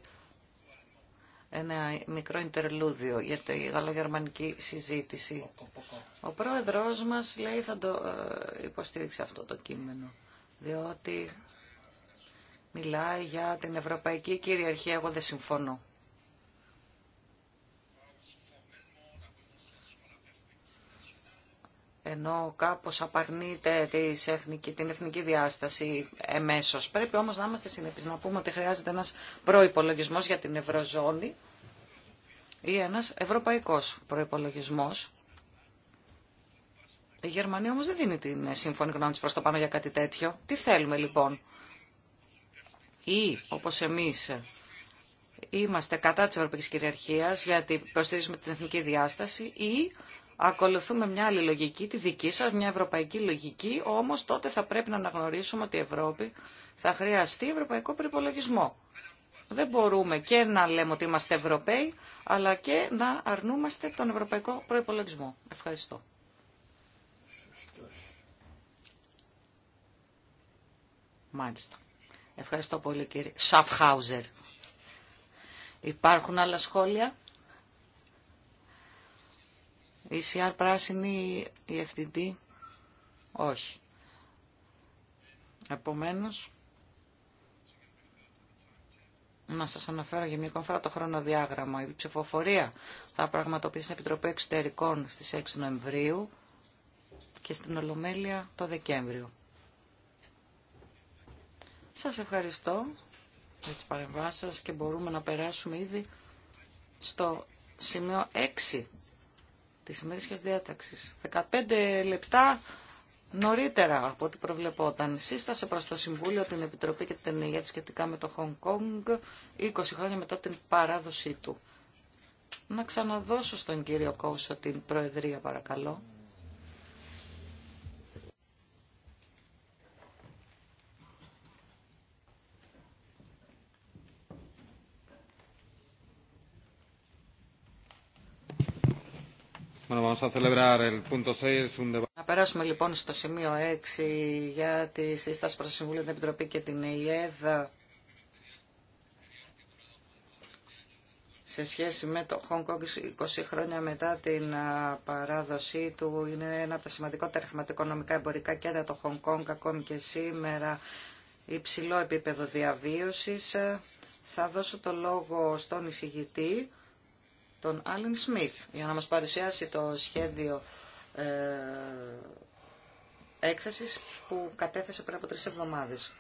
ένα μικρό ιντερλούδιο για τη γαλλογερμανική συζήτηση. Ο πρόεδρος μας λέει θα το ε, υποστήριξει αυτό το κείμενο, διότι μιλάει για την ευρωπαϊκή κυριαρχία. Εγώ δεν συμφωνώ. ενώ κάπως απαρνείται της εθνική, την εθνική διάσταση εμέσως. Πρέπει όμως να είμαστε συνεπείς, να πούμε ότι χρειάζεται ένας προϋπολογισμός για την Ευρωζώνη ή ένας ευρωπαϊκός προϋπολογισμός. Η Γερμανία όμως δεν δίνει την σύμφωνη γνώμη της προς το πάνω για κάτι τέτοιο. Τι θέλουμε λοιπόν. Ή όπως εμείς είμαστε κατά της ευρωπαϊκής κυριαρχίας γιατί προστηρίζουμε την εθνική διάσταση ή ακολουθούμε μια άλλη λογική, τη δική σας, μια ευρωπαϊκή λογική, όμως τότε θα πρέπει να αναγνωρίσουμε ότι η Ευρώπη θα χρειαστεί ευρωπαϊκό προπολογισμό. Δεν μπορούμε και να λέμε ότι είμαστε Ευρωπαίοι, αλλά και να αρνούμαστε τον ευρωπαϊκό προϋπολογισμό. Ευχαριστώ. Μάλιστα. Ευχαριστώ πολύ κύριε Σαφχάουζερ. Υπάρχουν άλλα σχόλια. Η CR πράσινη, η FTD, όχι. Επομένως, να σας αναφέρω για μια φορά το χρονοδιάγραμμα. Η ψηφοφορία θα πραγματοποιήσει στην Επιτροπή Εξωτερικών στις 6 Νοεμβρίου και στην Ολομέλεια το Δεκέμβριο. Σας ευχαριστώ για τις παρεμβάσεις και μπορούμε να περάσουμε ήδη στο σημείο 6 της ημερήσιας διάταξης. 15 λεπτά νωρίτερα από ό,τι προβλεπόταν. Σύστασε προς το Συμβούλιο, την Επιτροπή και την ΕΕ σχετικά με το Χονγκ Κόνγκ 20 χρόνια μετά την παράδοσή του. Να ξαναδώσω στον κύριο Κόουσο την Προεδρία παρακαλώ. Να περάσουμε λοιπόν στο σημείο 6 για τη σύσταση προς το Συμβούλιο, την Επιτροπή και την ΕΙΕΔ σε σχέση με το Hong Kong 20 χρόνια μετά την παράδοσή του. Είναι ένα από τα σημαντικότερα χρηματοοικονομικά εμπορικά κέντρα το Hong Kong ακόμη και σήμερα υψηλό επίπεδο διαβίωσης. Θα δώσω το λόγο στον εισηγητή τον Άλεν Σμιθ για να μας παρουσιάσει το σχέδιο ε, έκθεσης που κατέθεσε πριν από τρεις εβδομάδες.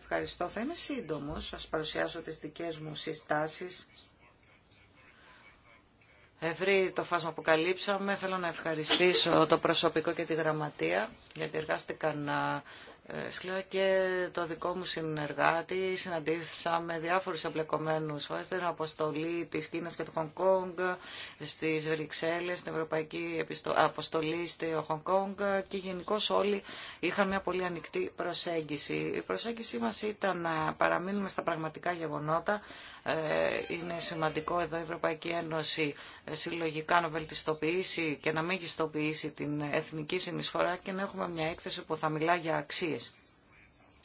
Ευχαριστώ. Θα είμαι σύντομο. Σα παρουσιάσω τι δικέ μου συστάσει. Ευρύ το φάσμα που καλύψαμε. Θέλω να ευχαριστήσω το προσωπικό και τη γραμματεία γιατί εργάστηκαν σκληρά και το δικό μου συνεργάτη. Συναντήσαμε διάφορους εμπλεκομένους φορές, την αποστολή της Κίνας και του Χονγκ Κόνγκ, στις Βρυξέλλες, στην Ευρωπαϊκή Αποστολή στο Χονγκ Κόνγκ και γενικώ όλοι είχαν μια πολύ ανοιχτή προσέγγιση. Η προσέγγιση μας ήταν να παραμείνουμε στα πραγματικά γεγονότα. Ε, είναι σημαντικό εδώ η Ευρωπαϊκή Ένωση ε, συλλογικά να βελτιστοποιήσει και να μην γιστοποιήσει την εθνική συνεισφορά και να έχουμε μια έκθεση που θα μιλά για αξίε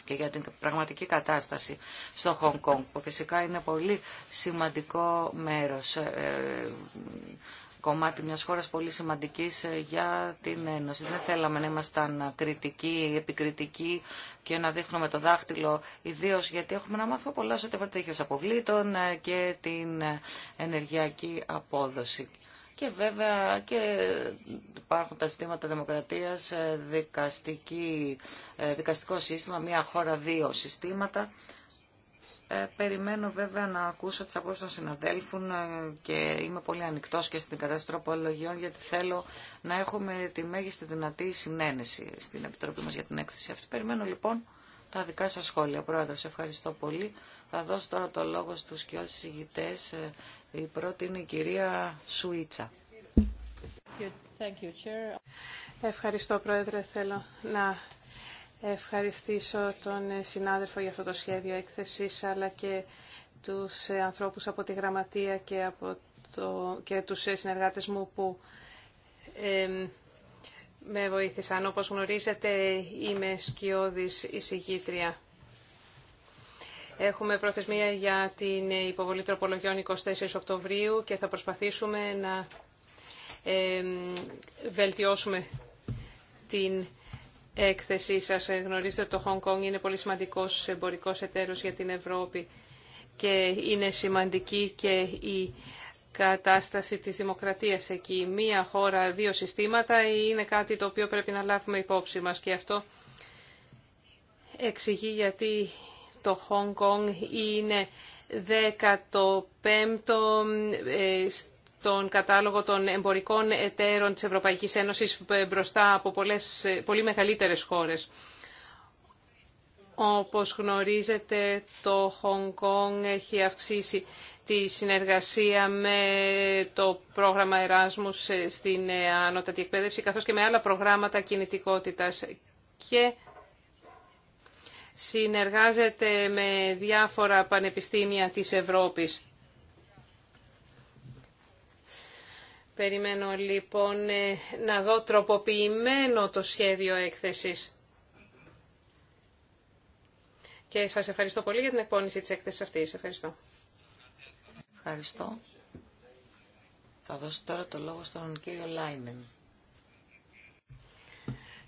και για την πραγματική κατάσταση στο Χονγκ Κονγκ, που φυσικά είναι πολύ σημαντικό μέρος, ε, κομμάτι μιας χώρας πολύ σημαντικής ε, για την Ένωση. Δεν θέλαμε να ήμασταν κριτικοί, επικριτικοί και να δείχνουμε το δάχτυλο, ιδίω γιατί έχουμε να μάθουμε πολλά σε ό,τι αποβλήτων ε, και την ενεργειακή απόδοση και βέβαια και υπάρχουν τα συστήματα δημοκρατίας, ε, δικαστική, ε, δικαστικό σύστημα, μια χώρα δύο συστήματα. Ε, περιμένω βέβαια να ακούσω τις απόψεις των συναδέλφων και είμαι πολύ ανοιχτός και στην κατάσταση τροπολογιών γιατί θέλω να έχουμε τη μέγιστη δυνατή συνένεση στην Επιτροπή μας για την έκθεση αυτή. Περιμένω λοιπόν τα δικά σας σχόλια. Πρόεδρος, ευχαριστώ πολύ. Θα δώσω τώρα το λόγο στους και όσους ε, Η πρώτη είναι η κυρία Σουίτσα. Ευχαριστώ, Πρόεδρε. Θέλω να ευχαριστήσω τον συνάδελφο για αυτό το σχέδιο έκθεσης, αλλά και τους ανθρώπους από τη Γραμματεία και, από το, και τους συνεργάτες μου που με βοήθησαν. Όπως γνωρίζετε, είμαι σκιώδης εισηγήτρια. Έχουμε προθεσμία για την υποβολή τροπολογιών 24 Οκτωβρίου και θα προσπαθήσουμε να βελτιώσουμε την έκθεσή σας. Ε, γνωρίζετε ότι το Χονγκ Κόνγκ είναι πολύ σημαντικός εμπορικός εταίρος για την Ευρώπη και είναι σημαντική και η κατάσταση της δημοκρατίας εκεί. Μία χώρα, δύο συστήματα είναι κάτι το οποίο πρέπει να λάβουμε υπόψη μας και αυτό εξηγεί γιατί το Χονγκ Κονγκ είναι 15ο ε, στον κατάλογο των εμπορικών εταίρων της Ευρωπαϊκής Ένωσης ε, μπροστά από πολλές, ε, πολύ μεγαλύτερες χώρες. Όπως γνωρίζετε, το Χονγκ Κονγκ έχει αυξήσει τη συνεργασία με το πρόγραμμα Εράσμους στην ανώτατη εκπαίδευση, καθώς και με άλλα προγράμματα κινητικότητας. Και συνεργάζεται με διάφορα πανεπιστήμια της Ευρώπης. Περιμένω λοιπόν ε, να δω τροποποιημένο το σχέδιο έκθεσης. Και σας ευχαριστώ πολύ για την εκπόνηση της έκθεσης αυτής. Ευχαριστώ. Ευχαριστώ. Θα δώσω τώρα το λόγο στον κύριο Λάινεν.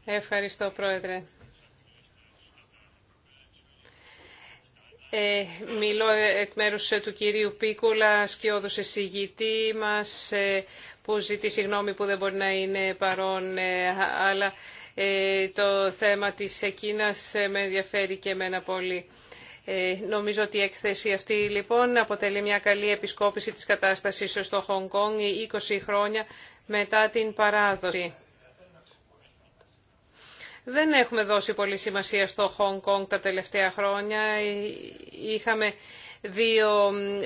Ευχαριστώ, Πρόεδρε. Ε, μιλώ εκ μέρους ε, του κυρίου Πίκουλα, σκιώδους εισηγητή μας, ε, που ζητεί συγγνώμη που δεν μπορεί να είναι παρόν, αλλά το θέμα της εκείνας με ενδιαφέρει και εμένα πολύ. Νομίζω ότι η έκθεση αυτή λοιπόν αποτελεί μια καλή επισκόπηση της κατάστασης στο Χονγκ Κόνγκ 20 χρόνια μετά την παράδοση. Δεν έχουμε δώσει πολύ σημασία στο Χονγκ Κονγκ τα τελευταία χρόνια. Είχαμε δύο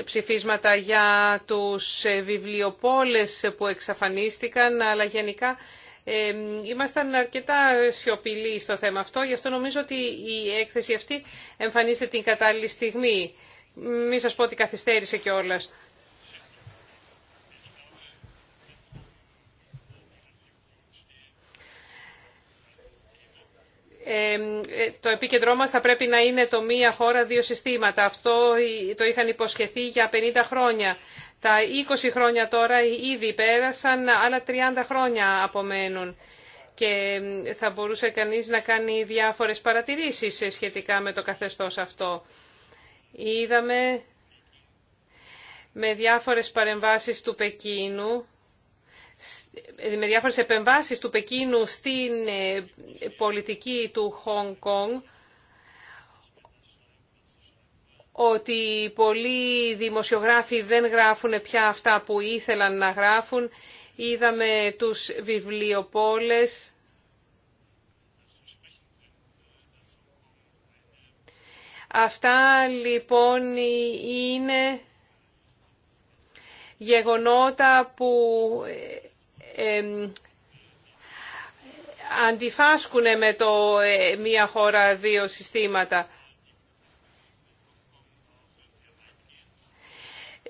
ψηφίσματα για τους ε, βιβλιοπόλες που εξαφανίστηκαν, αλλά γενικά ε, ήμασταν αρκετά σιωπηλοί στο θέμα αυτό, γι' αυτό νομίζω ότι η έκθεση αυτή εμφανίζεται την κατάλληλη στιγμή. Μην σας πω ότι καθυστέρησε κιόλας. Ε, το επίκεντρό μας θα πρέπει να είναι το μία χώρα, δύο συστήματα. Αυτό το είχαν υποσχεθεί για 50 χρόνια. Τα 20 χρόνια τώρα ήδη πέρασαν, άλλα 30 χρόνια απομένουν. Και θα μπορούσε κανείς να κάνει διάφορες παρατηρήσεις σχετικά με το καθεστώς αυτό. Είδαμε με διάφορες παρεμβάσεις του Πεκίνου με διάφορες επεμβάσεις του Πεκίνου στην ε, πολιτική του Χονγκ Κονγκ ότι πολλοί δημοσιογράφοι δεν γράφουν πια αυτά που ήθελαν να γράφουν. Είδαμε τους βιβλιοπόλες Αυτά λοιπόν είναι γεγονότα που ε, ε, αντιφάσκουν με το ε, μία χώρα δύο συστήματα.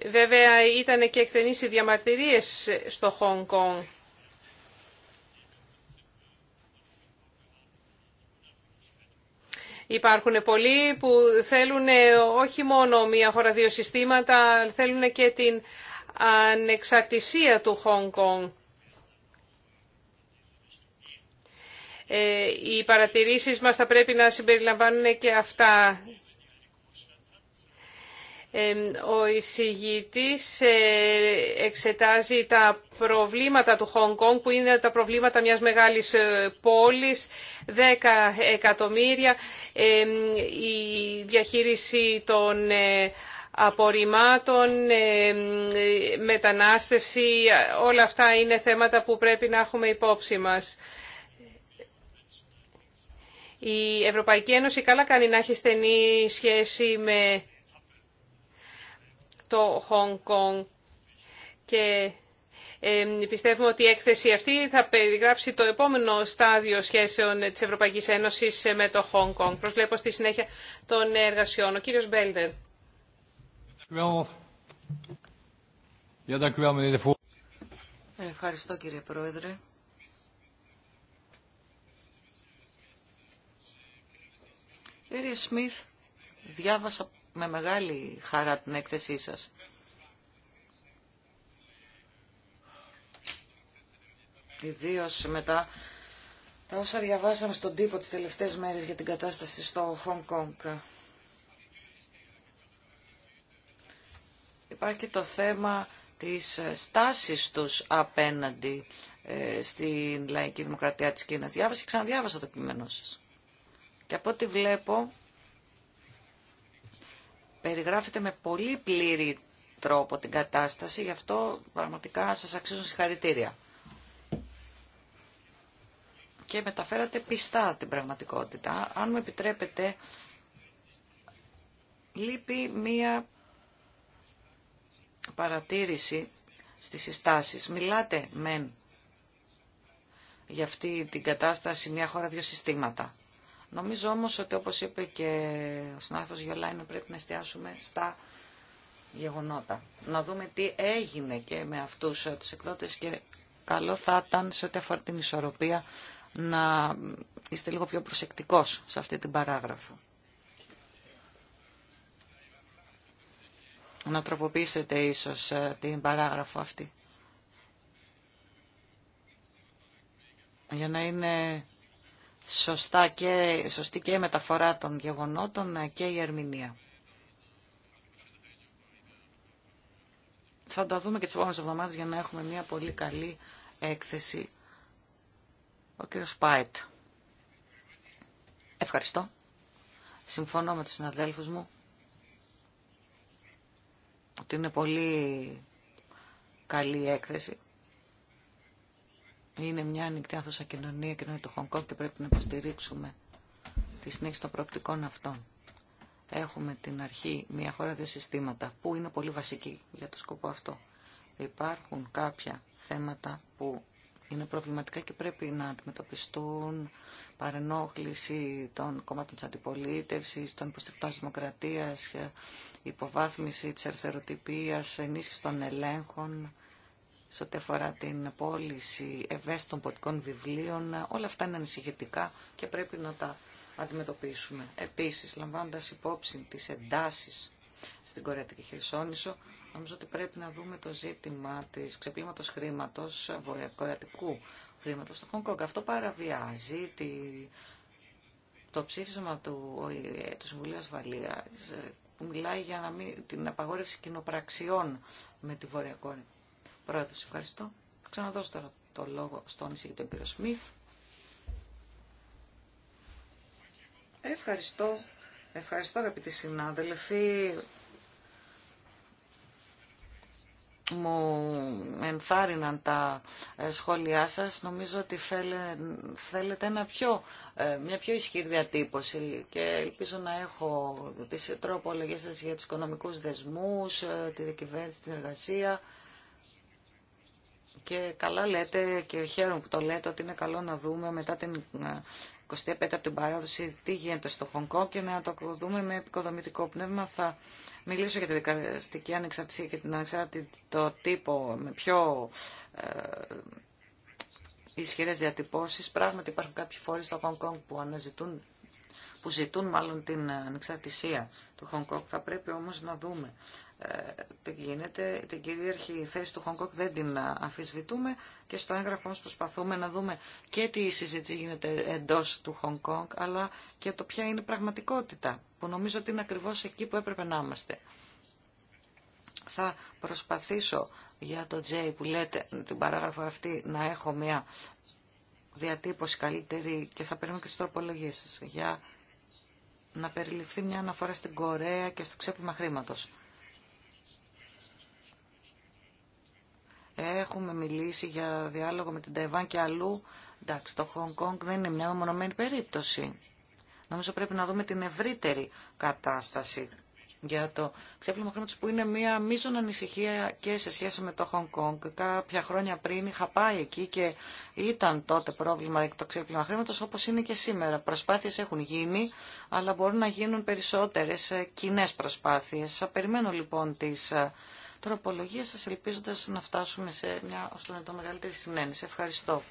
Βέβαια ήταν και εκτενείς οι διαμαρτυρίες στο Χονγκ Κονγκ. Υπάρχουν πολλοί που θέλουν όχι μόνο μία χώρα δύο συστήματα, θέλουν και την ανεξαρτησία του Χονγκ Κονγκ. Ε, οι παρατηρήσεις μας θα πρέπει να συμπεριλαμβάνουν και αυτά. Ε, ο εισηγητής ε, εξετάζει τα προβλήματα του Χονγκ Κονγκ που είναι τα προβλήματα μιας μεγάλης πόλης, 10 εκατομμύρια, η διαχείριση των απορριμμάτων, ε, μετανάστευση, όλα αυτά είναι θέματα που πρέπει να έχουμε υπόψη μας. Η Ευρωπαϊκή Ένωση καλά κάνει να έχει στενή σχέση με το Χονγκ και ε, πιστεύουμε ότι η έκθεση αυτή θα περιγράψει το επόμενο στάδιο σχέσεων της Ευρωπαϊκής Ένωσης με το Χονγκ Κονγκ. Προσβλέπω στη συνέχεια των εργασιών. Ο κύριος Μπέλτερ. Ευχαριστώ κύριε Πρόεδρε. Κύριε Σμιθ, διάβασα με μεγάλη χαρά την έκθεσή σας. Ιδίω μετά τα όσα διαβάσαμε στον τύπο τις τελευταίες μέρες για την κατάσταση στο Χονγκ Κονγκ. υπάρχει το θέμα της ε, στάσης τους απέναντι ε, στην λαϊκή δημοκρατία της Κίνας. Διάβασα και ξαναδιάβασα το κείμενό σας. Και από ό,τι βλέπω, περιγράφεται με πολύ πλήρη τρόπο την κατάσταση, γι' αυτό πραγματικά σας αξίζουν συγχαρητήρια. Και μεταφέρατε πιστά την πραγματικότητα. Αν μου επιτρέπετε, λείπει μία παρατήρηση στις συστάσεις. Μιλάτε μεν για αυτή την κατάσταση μια χώρα δύο συστήματα. Νομίζω όμως ότι όπως είπε και ο συνάδελφος Γιολάινου πρέπει να εστιάσουμε στα γεγονότα. Να δούμε τι έγινε και με αυτούς ε, τους εκδότες και καλό θα ήταν σε ό,τι αφορά την ισορροπία να είστε λίγο πιο προσεκτικός σε αυτή την παράγραφο. να τροποποιήσετε ίσως ε, την παράγραφο αυτή. Για να είναι σωστά και, σωστή και η μεταφορά των γεγονότων ε, και η ερμηνεία. Θα τα δούμε και τις επόμενες εβδομάδες για να έχουμε μια πολύ καλή έκθεση. Ο κύριος Σπάιτ. Ευχαριστώ. Συμφωνώ με τους συναδέλφους μου ότι είναι πολύ καλή η έκθεση. Είναι μια ανοιχτή άθουσα κοινωνία, κοινωνία του Χονγκ και πρέπει να υποστηρίξουμε τη συνέχιση των προοπτικών αυτών. Έχουμε την αρχή μια χώρα δύο συστήματα που είναι πολύ βασική για το σκοπό αυτό. Υπάρχουν κάποια θέματα που είναι προβληματικά και πρέπει να αντιμετωπιστούν παρενόχληση των κομμάτων της αντιπολίτευσης, των υποστηρικτών της δημοκρατίας, υποβάθμιση της ελευθεροτυπίας, ενίσχυση των ελέγχων σε ό,τι αφορά την πώληση ευαίσθητων ποτικών βιβλίων. Όλα αυτά είναι ανησυχητικά και πρέπει να τα αντιμετωπίσουμε. Επίσης, λαμβάνοντας υπόψη τις εντάσεις στην Κορεατική Χερσόνησο, Νομίζω ότι πρέπει να δούμε το ζήτημα της ξεπλήματο χρήματος βορειοκορεατικού χρήματος στο Χονγκ Αυτό παραβιάζει τη, το ψήφισμα του, του Συμβουλίου Ασφαλείας που μιλάει για να μην, την απαγόρευση κοινοπραξιών με τη Βόρεια Κόρη. ευχαριστώ. Ξαναδώσω τώρα το λόγο στον εισηγητή τον κύριο Σμιθ. Ευχαριστώ. Ευχαριστώ αγαπητοί συνάδελφοι μου ενθάρρυναν τα ε, σχόλιά σας. Νομίζω ότι θέλετε ένα πιο, ε, μια πιο ισχυρή διατύπωση και ελπίζω να έχω τις τρόπολογές σας για τους οικονομικούς δεσμούς, ε, τη διακυβέρνηση, την εργασία. Και καλά λέτε και χαίρομαι που το λέτε ότι είναι καλό να δούμε μετά την 25 από την παράδοση τι γίνεται στο Χονκό και να το ακολουθούμε με επικοδομητικό πνεύμα. Θα μιλήσω για τη δικαστική ανεξαρτησία και την το τύπο με πιο ε, ισχυρές διατυπώσεις. Πράγματι υπάρχουν κάποιοι φορείς στο Χονγκ που αναζητούν που ζητούν μάλλον την ανεξαρτησία του Χονκό Θα πρέπει όμως να δούμε ε, γίνεται, την κυρίαρχη θέση του Χονγκ δεν την αμφισβητούμε και στο έγγραφο μας προσπαθούμε να δούμε και τι συζήτηση γίνεται εντός του Χονγκ αλλά και το ποια είναι η πραγματικότητα που νομίζω ότι είναι ακριβώς εκεί που έπρεπε να είμαστε. Θα προσπαθήσω για το Τζέι που λέτε την παράγραφο αυτή να έχω μια διατύπωση καλύτερη και θα περιμένω και τις τροπολογίες σας για να περιληφθεί μια αναφορά στην Κορέα και στο ξέπλυμα χρήματος. Έχουμε μιλήσει για διάλογο με την Ταϊβάν και αλλού. Εντάξει, το Χονγκ Κόνγκ δεν είναι μια μονομένη περίπτωση. Νομίζω πρέπει να δούμε την ευρύτερη κατάσταση για το ξέπλυμα χρήματος που είναι μια μείζων ανησυχία και σε σχέση με το Χονγκ Κόνγκ. Κάποια χρόνια πριν είχα πάει εκεί και ήταν τότε πρόβλημα το ξέπλυμα χρήματος όπως είναι και σήμερα. Προσπάθειες έχουν γίνει αλλά μπορούν να γίνουν περισσότερες ε, κοινέ προσπάθειες. Περιμένω λοιπόν τις ε, τροπολογία σας ελπίζοντας να φτάσουμε σε μια ως το μεγαλύτερη συνένεση. Ευχαριστώ.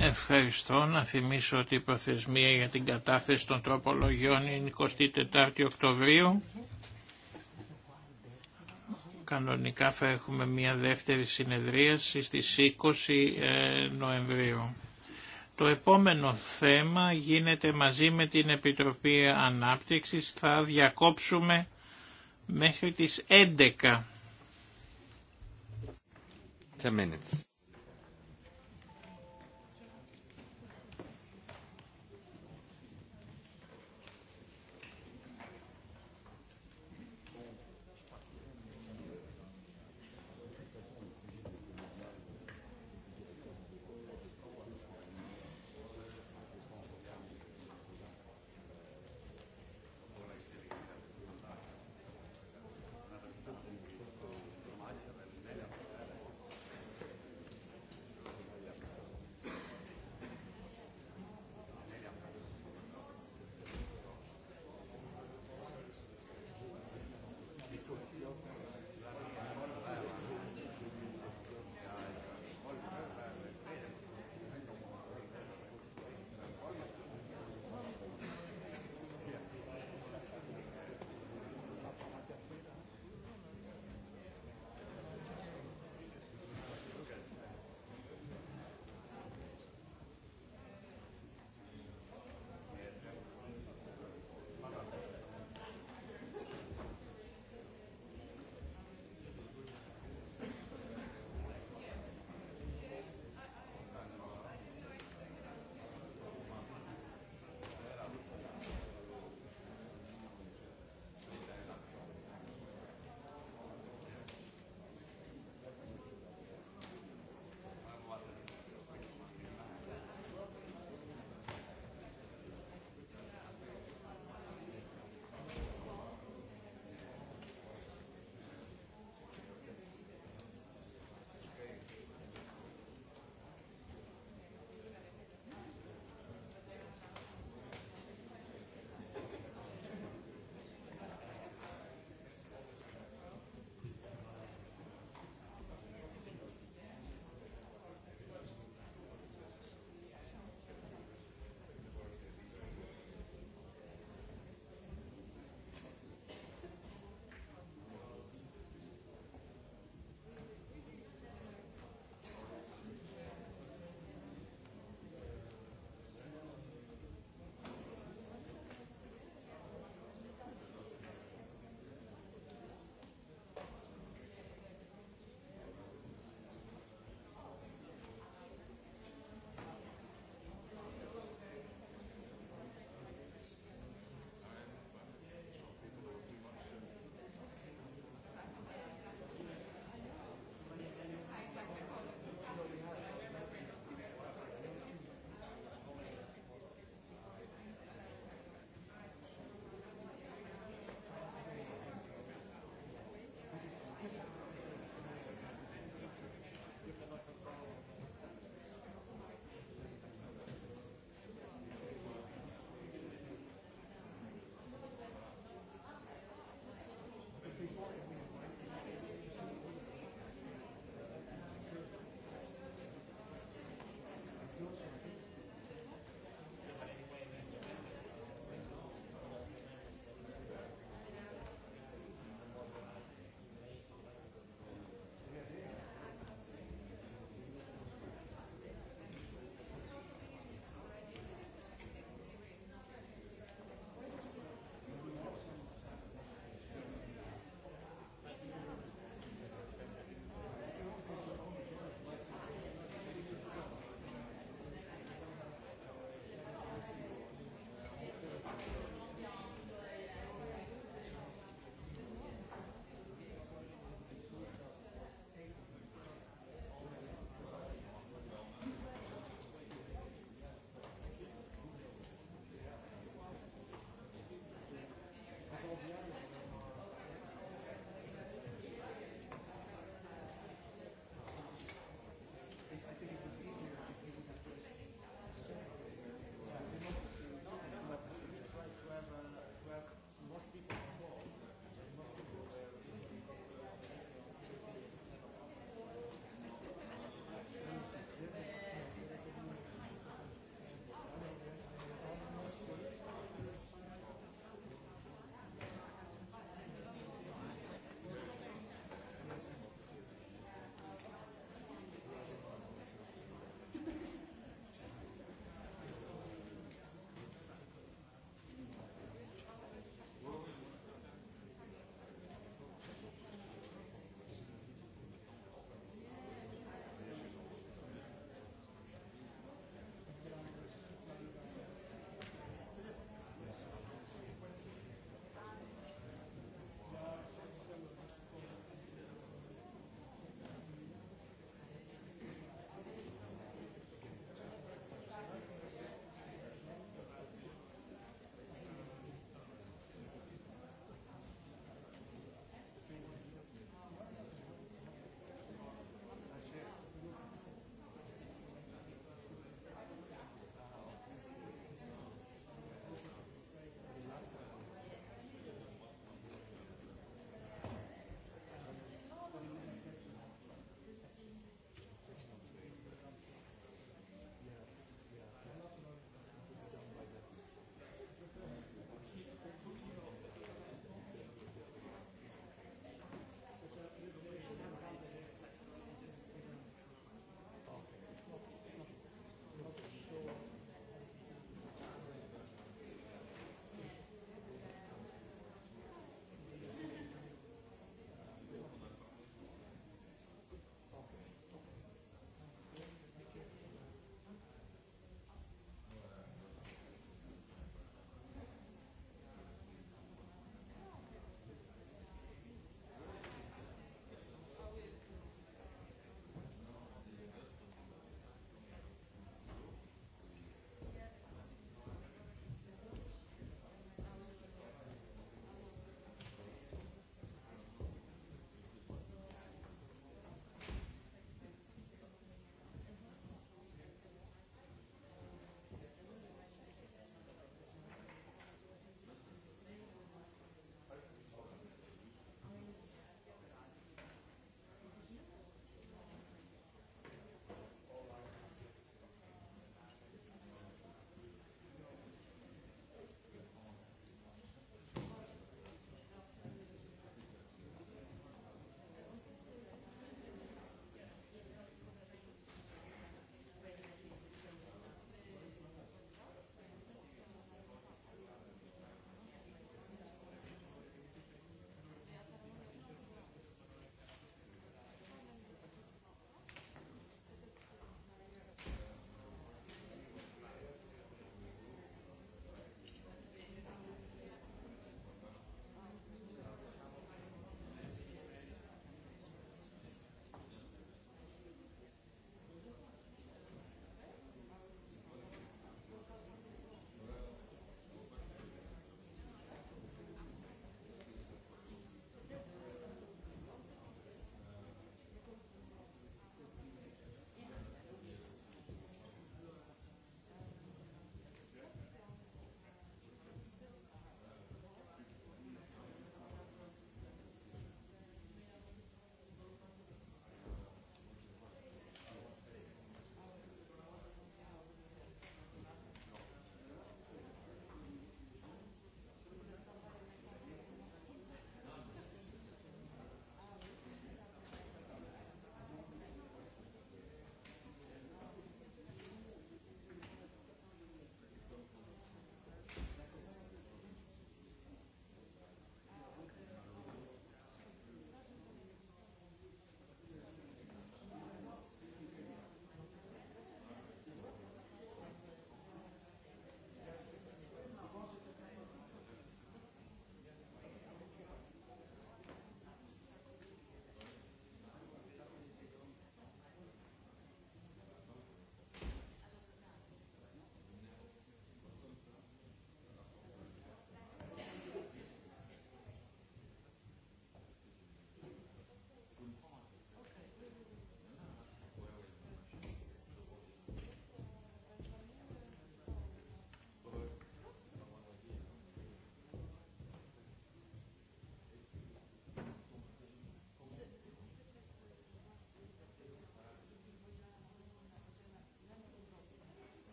Ευχαριστώ. Να θυμίσω ότι η προθεσμία για την κατάθεση των τροπολογιών είναι 24 Οκτωβρίου. Κανονικά θα έχουμε μια δεύτερη συνεδρίαση στις 20 ε, Νοεμβρίου. Το επόμενο θέμα γίνεται μαζί με την Επιτροπή Ανάπτυξης. Θα διακόψουμε μέχρι τις 11. 10 minutes.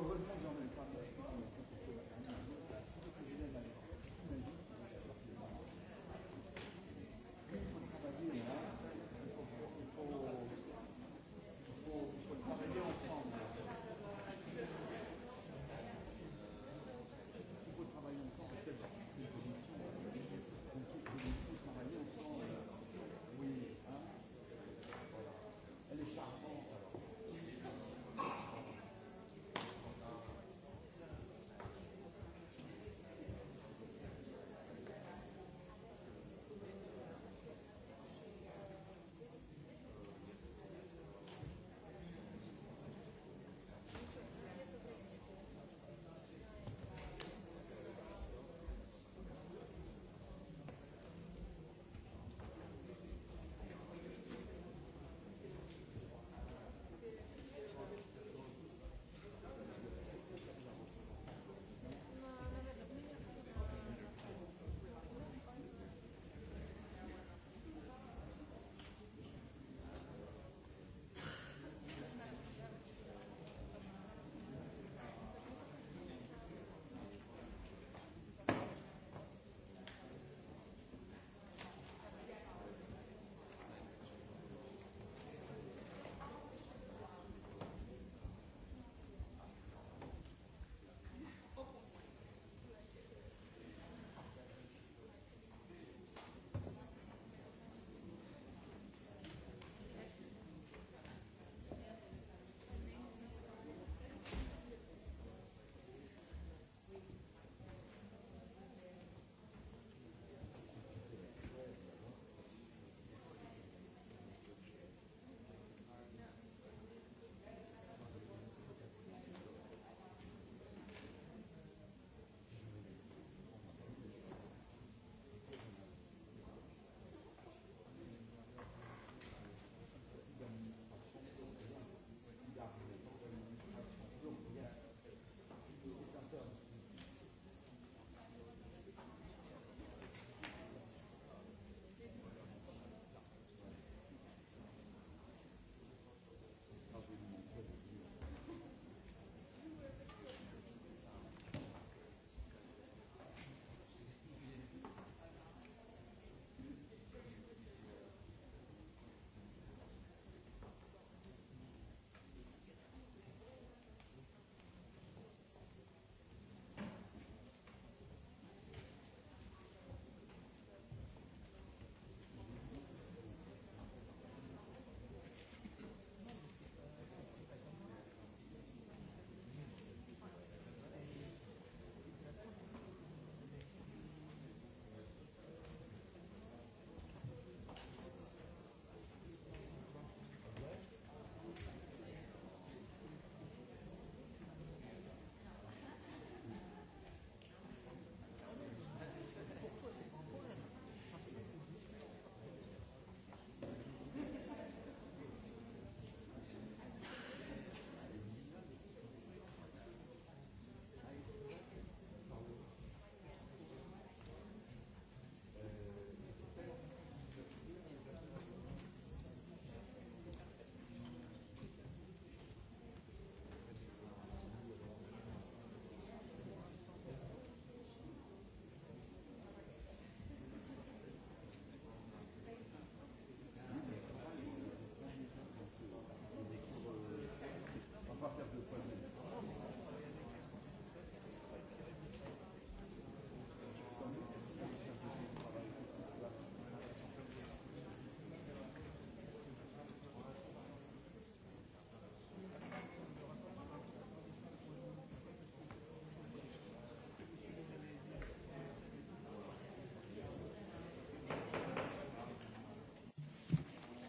AUTHORWAVE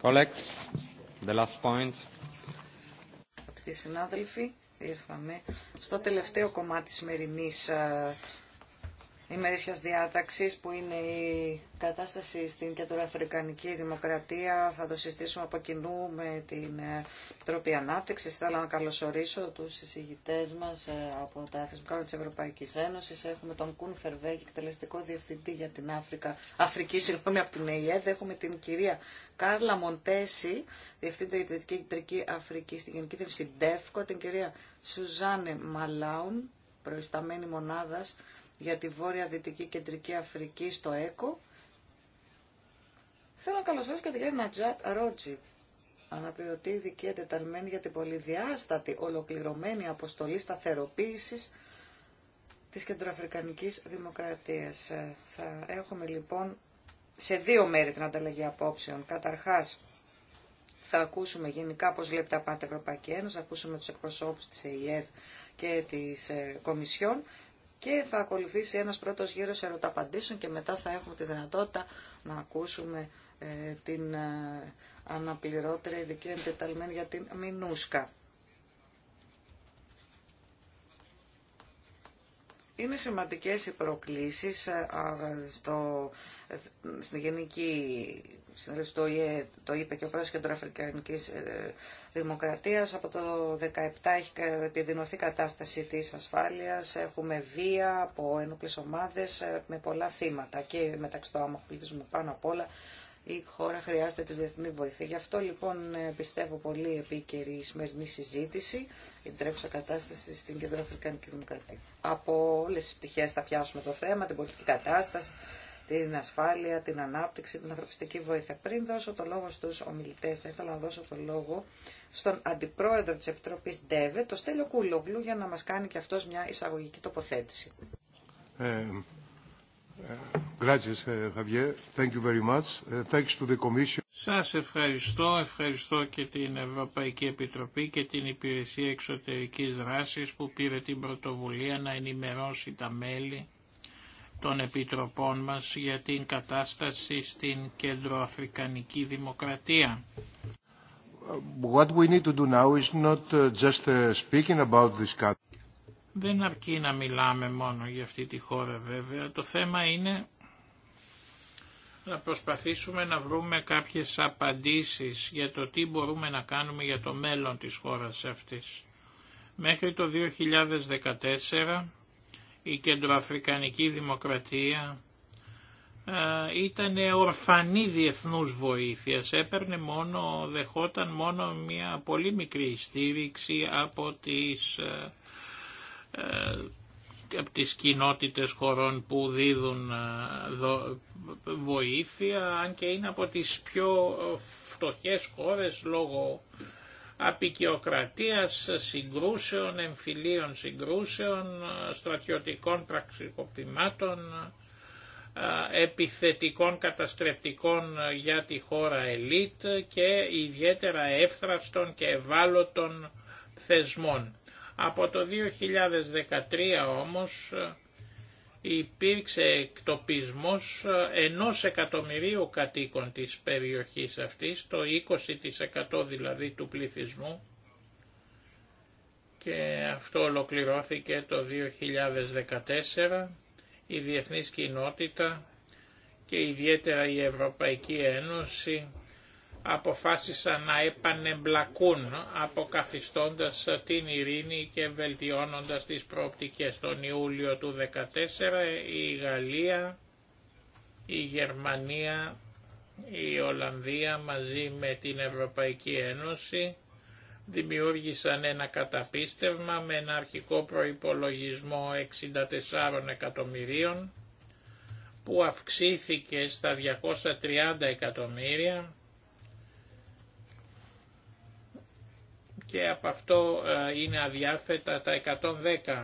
colleagues, the last point. Αγαπητοί συνάδελφοι, ήρθαμε στο τελευταίο κομμάτι της σημερινής ε, ημερήσιας διάταξης που είναι η κατάσταση στην κεντροαφρικανική δημοκρατία. Θα το συζητήσουμε από κοινού με την ε, Επιτροπή Ανάπτυξη. Θέλω να καλωσορίσω του συζητητέ μα ε, από τα θεσμικά τη Ευρωπαϊκή Ένωση. Έχουμε τον Κουν Φερβέκ, εκτελεστικό διευθυντή για την Αφρική, συγγνώμη, από την ΕΙΕΔ. Έχουμε την κυρία Κάρλα Μοντέση, διευθύντρια για τη Κεντρική Αφρική στην Γενική Διευθυνσή ΔΕΦΚΟ, την κυρία Σουζάνε Μαλάουν, προϊσταμένη μονάδα για τη Βόρεια Δυτική Κεντρική Αφρική στο ΕΚΟ. Θέλω να καλωσορίσω και την κυρία Νατζάτ Ρότζι, αναπληρωτή ειδική εντεταλμένη για την πολυδιάστατη ολοκληρωμένη αποστολή σταθεροποίηση της κεντροαφρικανική Δημοκρατίας. Ε, θα έχουμε λοιπόν σε δύο μέρη την ανταλλαγή απόψεων. Καταρχάς, θα ακούσουμε γενικά πώς βλέπει τα πάντα Ευρωπαϊκή Ένωση, θα ακούσουμε του εκπροσώπους τη ΕΕ και τη ε, Κομισιόν και θα ακολουθήσει ένας πρώτος γύρος ερωταπαντήσεων και μετά θα έχουμε τη δυνατότητα να ακούσουμε ε, την ε, αναπληρώτερη ειδική εντεταλμένη για την Μινούσκα. Είναι σημαντικές οι προκλήσεις ε, στο, ε, στην Γενική Συνέλευση του ΟΗΕ, το είπε και ο πρόεδρος Κεντροαφρικανικής ε, Δημοκρατίας. Από το 2017 έχει επιδεινωθεί η κατάσταση της ασφάλειας. Έχουμε βία από ενόπλες ομάδες με πολλά θύματα και μεταξύ του άμαχου πληθυσμού πάνω απ' όλα η χώρα χρειάζεται τη διεθνή βοήθεια. Γι' αυτό λοιπόν ε, πιστεύω πολύ επίκαιρη η σημερινή συζήτηση για την τρέχουσα κατάσταση στην Κεντροαφρικανική Δημοκρατία. Από όλε τι πτυχέ θα πιάσουμε το θέμα, την πολιτική κατάσταση, την ασφάλεια, την ανάπτυξη, την ανθρωπιστική βοήθεια. Πριν δώσω το λόγο στου ομιλητέ, θα ήθελα να δώσω το λόγο στον Αντιπρόεδρο τη Επιτροπή Ντεβε, το Στέλιο Κούλογλου, για να μα κάνει και αυτό μια εισαγωγική τοποθέτηση. Ε, σας ευχαριστώ, ευχαριστώ και την Ευρωπαϊκή Επιτροπή και την Υπηρεσία Εξωτερικής Δράσης που πήρε την πρωτοβουλία να ενημερώσει τα μέλη των Επιτροπών μας για την κατάσταση στην Κεντροαφρικανική Δημοκρατία. What we need to do now is not uh, just uh, speaking about this δεν αρκεί να μιλάμε μόνο για αυτή τη χώρα βέβαια. Το θέμα είναι να προσπαθήσουμε να βρούμε κάποιες απαντήσεις για το τι μπορούμε να κάνουμε για το μέλλον της χώρας αυτής. Μέχρι το 2014 η κεντροαφρικανική δημοκρατία ε, ήταν ορφανή διεθνούς βοήθειας, έπαιρνε μόνο, δεχόταν μόνο μια πολύ μικρή στήριξη από τις ε, ε, από τις κοινότητες χωρών που δίδουν ε, βοήθεια, αν και είναι από τις πιο φτωχές χώρες λόγω απεικιοκρατίας, συγκρούσεων, εμφυλίων συγκρούσεων, στρατιωτικών πραξικοπημάτων, ε, επιθετικών καταστρεπτικών για τη χώρα ελίτ και ιδιαίτερα εύθραστων και ευάλωτων θεσμών. Από το 2013 όμως ε, υπήρξε εκτοπισμός ε, ενός εκατομμυρίου κατοίκων της περιοχής αυτής, το 20% δηλαδή του πληθυσμού και αυτό ολοκληρώθηκε το 2014. Η διεθνής κοινότητα και ιδιαίτερα η Ευρωπαϊκή Ένωση αποφάσισαν να επανεμπλακούν αποκαθιστώντας την ειρήνη και βελτιώνοντας τις προοπτικές. Τον Ιούλιο του 2014 η Γαλλία, η Γερμανία, η Ολλανδία μαζί με την Ευρωπαϊκή Ένωση δημιούργησαν ένα καταπίστευμα με ένα αρχικό προϋπολογισμό 64 εκατομμυρίων που αυξήθηκε στα 230 εκατομμύρια και από αυτό ε, είναι αδιάφετα τα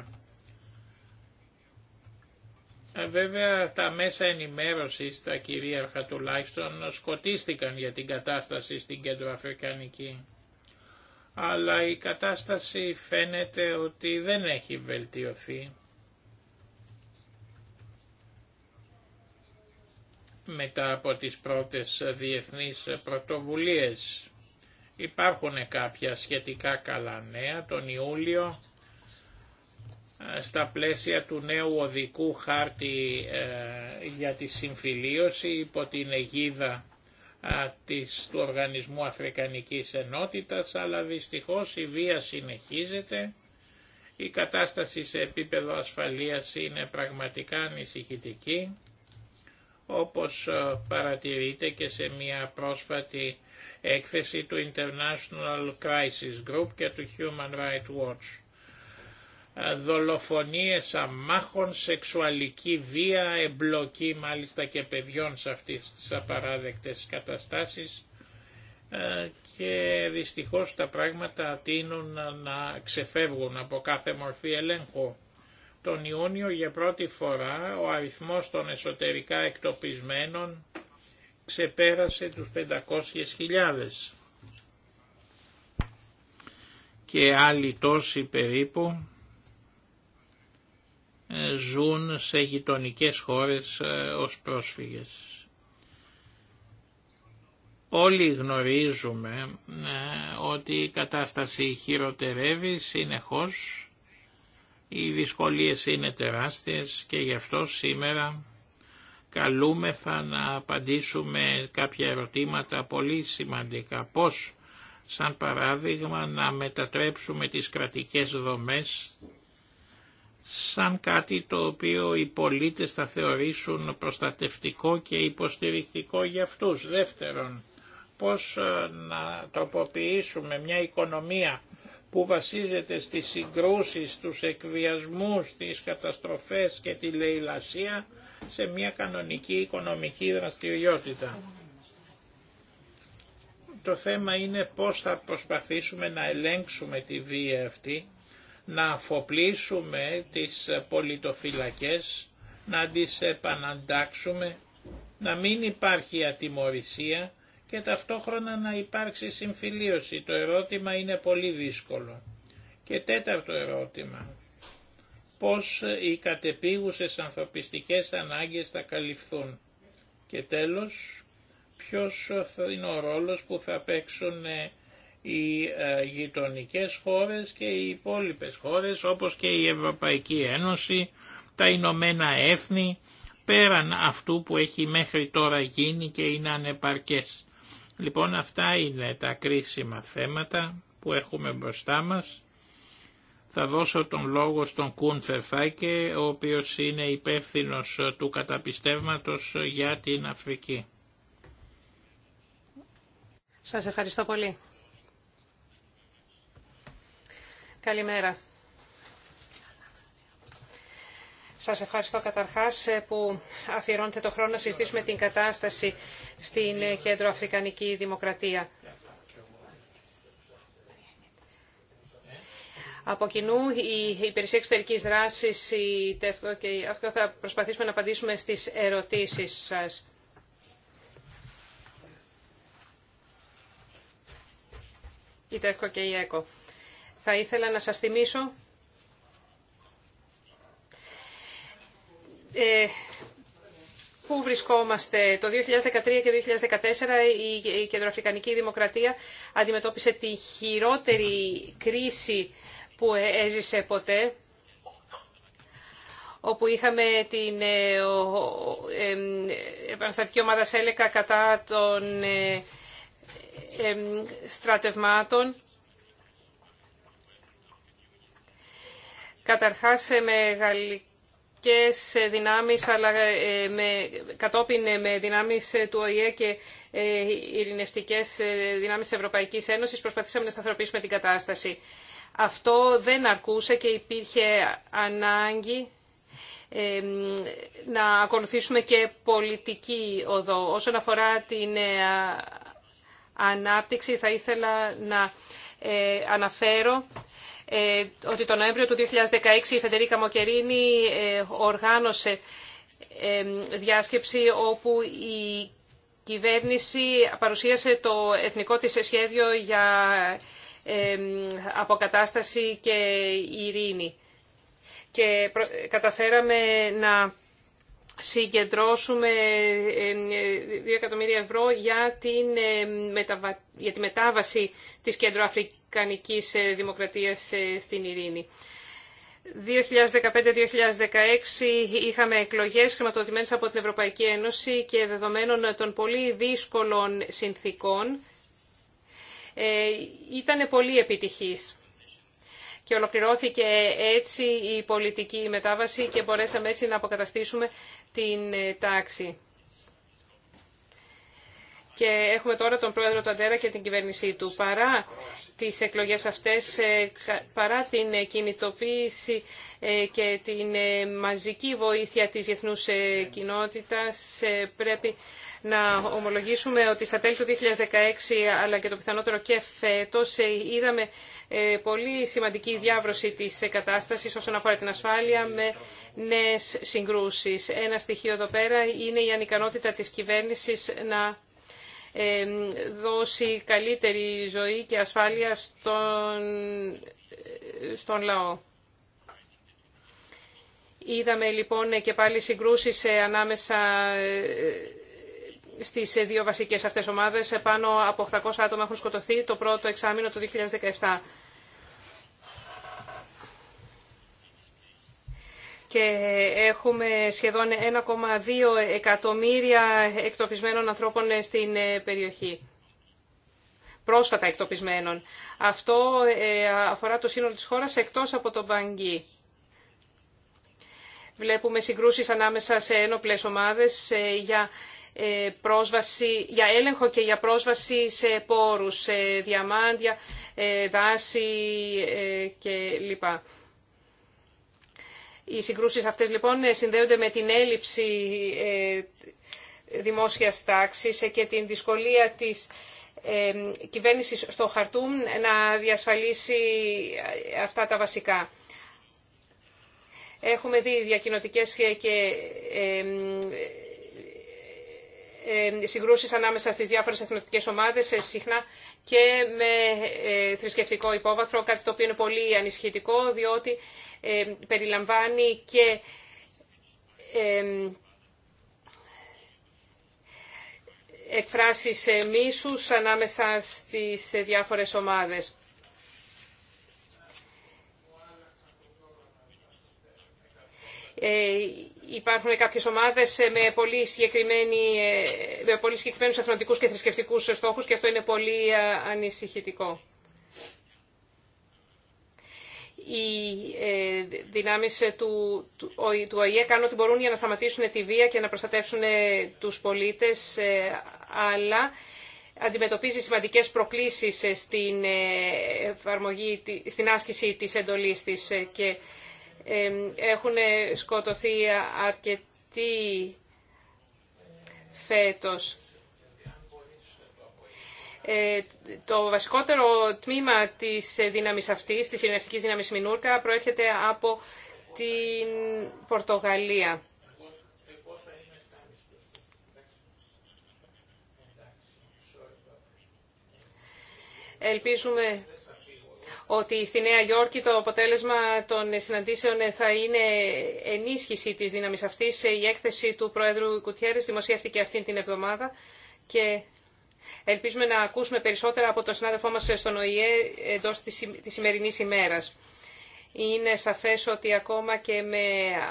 110. Ε, βέβαια τα μέσα ενημέρωσης, τα κυρίαρχα τουλάχιστον, σκοτίστηκαν για την κατάσταση στην Αφρικανική. Αλλά η κατάσταση φαίνεται ότι δεν έχει βελτιωθεί. μετά από τις πρώτες διεθνείς πρωτοβουλίες. Υπάρχουν κάποια σχετικά καλά νέα. Τον Ιούλιο ε, στα πλαίσια του νέου οδικού χάρτη ε, για τη συμφιλίωση υπό την αιγίδα της, του Οργανισμού Αφρικανικής Ενότητας, αλλά δυστυχώς η βία συνεχίζεται. Η κατάσταση σε επίπεδο ασφαλείας είναι πραγματικά ανησυχητική, όπως ε, παρατηρείται και σε μια πρόσφατη έκθεση του International Crisis Group και του Human Rights Watch. Ε, δολοφονίες αμάχων, σεξουαλική βία, εμπλοκή μάλιστα και παιδιών σε αυτές τις απαράδεκτες καταστάσεις ε, και δυστυχώς τα πράγματα τείνουν να ξεφεύγουν από κάθε μορφή ελέγχου. Τον Ιούνιο για πρώτη φορά ο αριθμός των εσωτερικά εκτοπισμένων ξεπέρασε τους 500.000 και άλλοι τόσοι περίπου ε, ζουν σε γειτονικές χώρες ε, ως πρόσφυγες. Όλοι γνωρίζουμε ε, ότι η κατάσταση χειροτερεύει συνεχώς, οι δυσκολίες είναι τεράστιες και γι' αυτό σήμερα καλούμεθα να απαντήσουμε κάποια ερωτήματα πολύ σημαντικά. Πώς, σαν παράδειγμα, να μετατρέψουμε τις κρατικές δομές σαν κάτι το οποίο οι πολίτες θα θεωρήσουν προστατευτικό και υποστηρικτικό για αυτούς. Δεύτερον, πώς ε, να τροποποιήσουμε μια οικονομία που βασίζεται στις συγκρούσεις, τους εκβιασμούς, τις καταστροφές και τη λαιλασία σε μια κανονική οικονομική δραστηριότητα. Το θέμα είναι πώς θα προσπαθήσουμε να ελέγξουμε τη βία αυτή, να αφοπλίσουμε τις πολιτοφυλακές, να τις επαναντάξουμε, να μην υπάρχει ατιμορρησία και ταυτόχρονα να υπάρξει συμφιλίωση. Το ερώτημα είναι πολύ δύσκολο. Και τέταρτο ερώτημα πώς ε, οι κατεπίγουσες ανθρωπιστικές ανάγκες θα καλυφθούν. Και τέλος, ποιος ε, θα είναι ο ρόλος που θα παίξουν ε, οι γειτονικέ χώρες και οι υπόλοιπες χώρες όπως και η Ευρωπαϊκή Ένωση, τα Ηνωμένα Έθνη, πέραν αυτού που έχει μέχρι τώρα γίνει και είναι ανεπαρκές. Λοιπόν αυτά είναι τα κρίσιμα θέματα που έχουμε μπροστά μας θα δώσω τον λόγο στον Κούν Φεφάκε, ο οποίος είναι υπεύθυνος του καταπιστεύματος για την Αφρική. Σας ευχαριστώ πολύ. Καλημέρα. Σας ευχαριστώ καταρχάς ε, που αφιερώνετε το χρόνο να συζητήσουμε την κατάσταση στην ε, Κέντρο Αφρικανική Δημοκρατία. από κοινού η Υπηρεσία Εξωτερικής Δράσης, η ΤΕΦΚΟ και αυτό θα προσπαθήσουμε να απαντήσουμε στις ερωτήσεις σας. Η ΤΕΦΚΟ και η ΕΚΟ. Θα ήθελα να σας θυμίσω ε, Πού βρισκόμαστε. Το 2013 και 2014 η Κεντροαφρικανική Δημοκρατία αντιμετώπισε τη χειρότερη κρίση που έζησε ποτέ, όπου είχαμε την ε, ε, επαναστατική ομάδα Σέλεκα κατά των ε, στρατευμάτων. Καταρχάς με γαλλικές δυνάμεις, αλλά κατόπιν με δυνάμεις του ΟΗΕ και ειρηνευτικές δυνάμεις της Ευρωπαϊκής Ένωσης προσπαθήσαμε να σταθεροποιήσουμε την κατάσταση αυτό δεν αρκούσε και υπήρχε ανάγκη να ακολουθήσουμε και πολιτική οδό. Όσον αφορά την ε, ανάπτυξη θα ήθελα να ε, αναφέρω ε, ότι τον Νοέμβριο του 2016 η Φεντερίκα Μοκερίνη οργάνωσε διάσκεψη όπου η κυβέρνηση παρουσίασε το εθνικό της σχέδιο για αποκατάσταση και ειρήνη. Και καταφέραμε να συγκεντρώσουμε 2 εκατομμύρια ευρώ για, την, τη μετάβαση της κεντροαφρικανικής ε, δημοκρατίας ε, στην ειρήνη. 2015-2016 είχαμε εκλογές χρηματοδοτημένες από την Ευρωπαϊκή Ένωση και δεδομένων των πολύ δύσκολων συνθήκων ε, ήταν πολύ επιτυχής. Και ολοκληρώθηκε έτσι η πολιτική μετάβαση και μπορέσαμε έτσι να αποκαταστήσουμε την ε, τάξη και έχουμε τώρα τον πρόεδρο Ταντέρα και την κυβέρνησή του. Παρά τις εκλογές αυτές, ε, παρά την ε, κινητοποίηση ε, και την μαζική βοήθεια της διεθνούς κοινότητας, πρέπει να ομολογήσουμε ότι στα τέλη του 2016 αλλά και το πιθανότερο και φέτος είδαμε πολύ σημαντική διάβρωση της κατάστασης όσον αφορά την ασφάλεια με νέες συγκρούσεις. Ένα στοιχείο εδώ πέρα είναι η ανικανότητα της κυβέρνησης να δώσει καλύτερη ζωή και ασφάλεια στον, στον λαό. Είδαμε λοιπόν και πάλι συγκρούσεις ε, ανάμεσα ε, στις ε, δύο βασικές αυτές ομάδες. Πάνω από 800 άτομα έχουν σκοτωθεί το πρώτο εξάμεινο του 2017. και έχουμε σχεδόν 1,2 εκατομμύρια εκτοπισμένων ανθρώπων στην ε, περιοχή. Πρόσφατα εκτοπισμένων. Αυτό ε, αφορά το σύνολο της χώρας εκτός από τον Παγγί. Βλέπουμε συγκρούσεις ανάμεσα σε ένοπλες ομάδες για ε, πρόσβαση, για έλεγχο και για πρόσβαση σε πόρους, σε διαμάντια, δάση κλπ. Οι συγκρούσεις αυτές λοιπόν συνδέονται με την έλλειψη ε, δημόσιας τάξης και την δυσκολία της ε, κυβέρνησης στο Χαρτούμ να διασφαλίσει αυτά τα βασικά. Έχουμε δει διακοινωτικές και ε, συγκρούσεις ανάμεσα στις διάφορες εθνοτικές ομάδες συχνά και με ε, θρησκευτικό υπόβαθρο, κάτι το οποίο είναι πολύ ανησυχητικό, διότι ε, περιλαμβάνει και ε, εκφράσεις μίσους ανάμεσα στις διάφορες ομάδες υπάρχουν κάποιες ομάδες ε, με πολύ, ε, με πολύ συγκεκριμένους αθλητικούς και θρησκευτικούς στόχους και αυτό είναι πολύ ε, ανησυχητικό. Οι δυνάμεις του, του ΟΗΕ κάνουν ό,τι μπορούν για να σταματήσουν τη βία και να προστατεύσουν τους πολίτες, αλλά αντιμετωπίζει σημαντικές προκλήσεις στην, εφαρμογή, στην άσκηση της εντολής της έχουν σκοτωθεί αρκετοί φέτος. Ε, το βασικότερο τμήμα της δύναμης αυτής, της ειρηνευτικής δύναμης Μινούρκα, προέρχεται από την Πορτογαλία. Ελπίζουμε ότι στη Νέα Υόρκη το αποτέλεσμα των συναντήσεων θα είναι ενίσχυση της δύναμης αυτής. Η έκθεση του Προέδρου Κουτιέρης δημοσιεύτηκε αυτή την εβδομάδα και ελπίζουμε να ακούσουμε περισσότερα από τον συνάδελφό μας στον ΟΗΕ εντός της σημερινής ημέρας. Είναι σαφές ότι ακόμα και με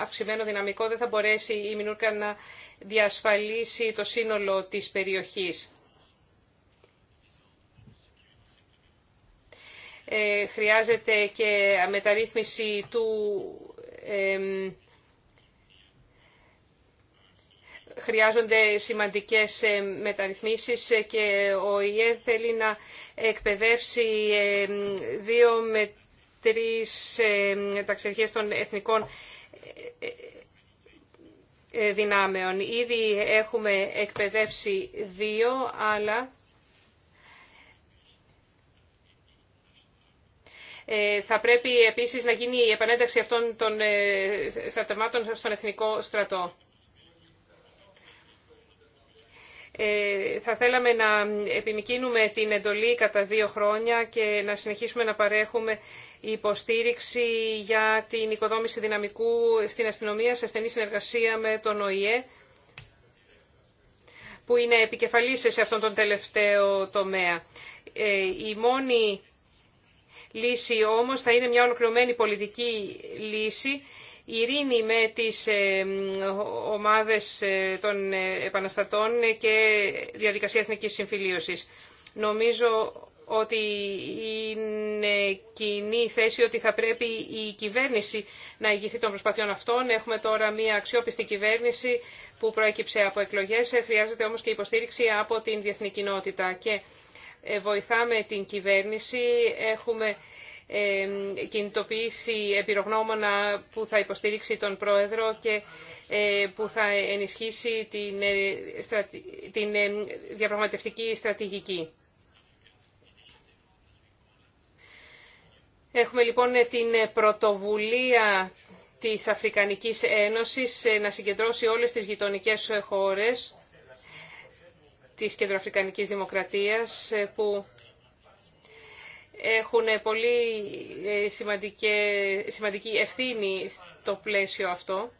αυξημένο δυναμικό δεν θα μπορέσει η Μινούρκα να διασφαλίσει το σύνολο της περιοχής. Ε, χρειάζεται και μεταρρύθμιση του χρειάζονται σημαντικές ε, μεταρρυθμίσεις και ο ΙΕ θέλει να εκπαιδεύσει ε, δύο με τρεις ταξιαρχίες των εθνικών δυνάμεων. Ήδη έχουμε εκπαιδεύσει δύο, αλλά Ε, θα πρέπει επίσης να γίνει η επανένταξη αυτών των ε, στρατευμάτων στον Εθνικό Στρατό. Ε, θα θέλαμε να επιμηκύνουμε την εντολή κατά δύο χρόνια και να συνεχίσουμε να παρέχουμε υποστήριξη για την οικοδόμηση δυναμικού στην αστυνομία σε στενή συνεργασία με τον ΟΗΕ που είναι επικεφαλής σε αυτόν τον τελευταίο τομέα. Η μόνη λύση όμως θα είναι μια ολοκληρωμένη πολιτική λύση, η ειρήνη με τις ε, ομάδες ε, των ε, επαναστατών και διαδικασία εθνικής συμφιλίωσης. Νομίζω ότι είναι κοινή θέση ότι θα πρέπει η κυβέρνηση να ηγηθεί των προσπαθειών αυτών. Έχουμε τώρα μια αξιόπιστη κυβέρνηση που προέκυψε από εκλογές. Χρειάζεται όμως και υποστήριξη από την διεθνή κοινότητα. Και ε, βοηθάμε την κυβέρνηση, έχουμε ε, κινητοποιήσει επιρογνώμονα που θα υποστηρίξει τον Πρόεδρο και ε, που θα ενισχύσει την, την διαπραγματευτική στρατηγική. Έχουμε λοιπόν την πρωτοβουλία της Αφρικανικής Ένωσης να συγκεντρώσει όλες τις γειτονικές χώρες της Κεντροαφρικανικής Δημοκρατίας ε, που έχουν πολύ ε, σημαντική ευθύνη στο πλαίσιο αυτό.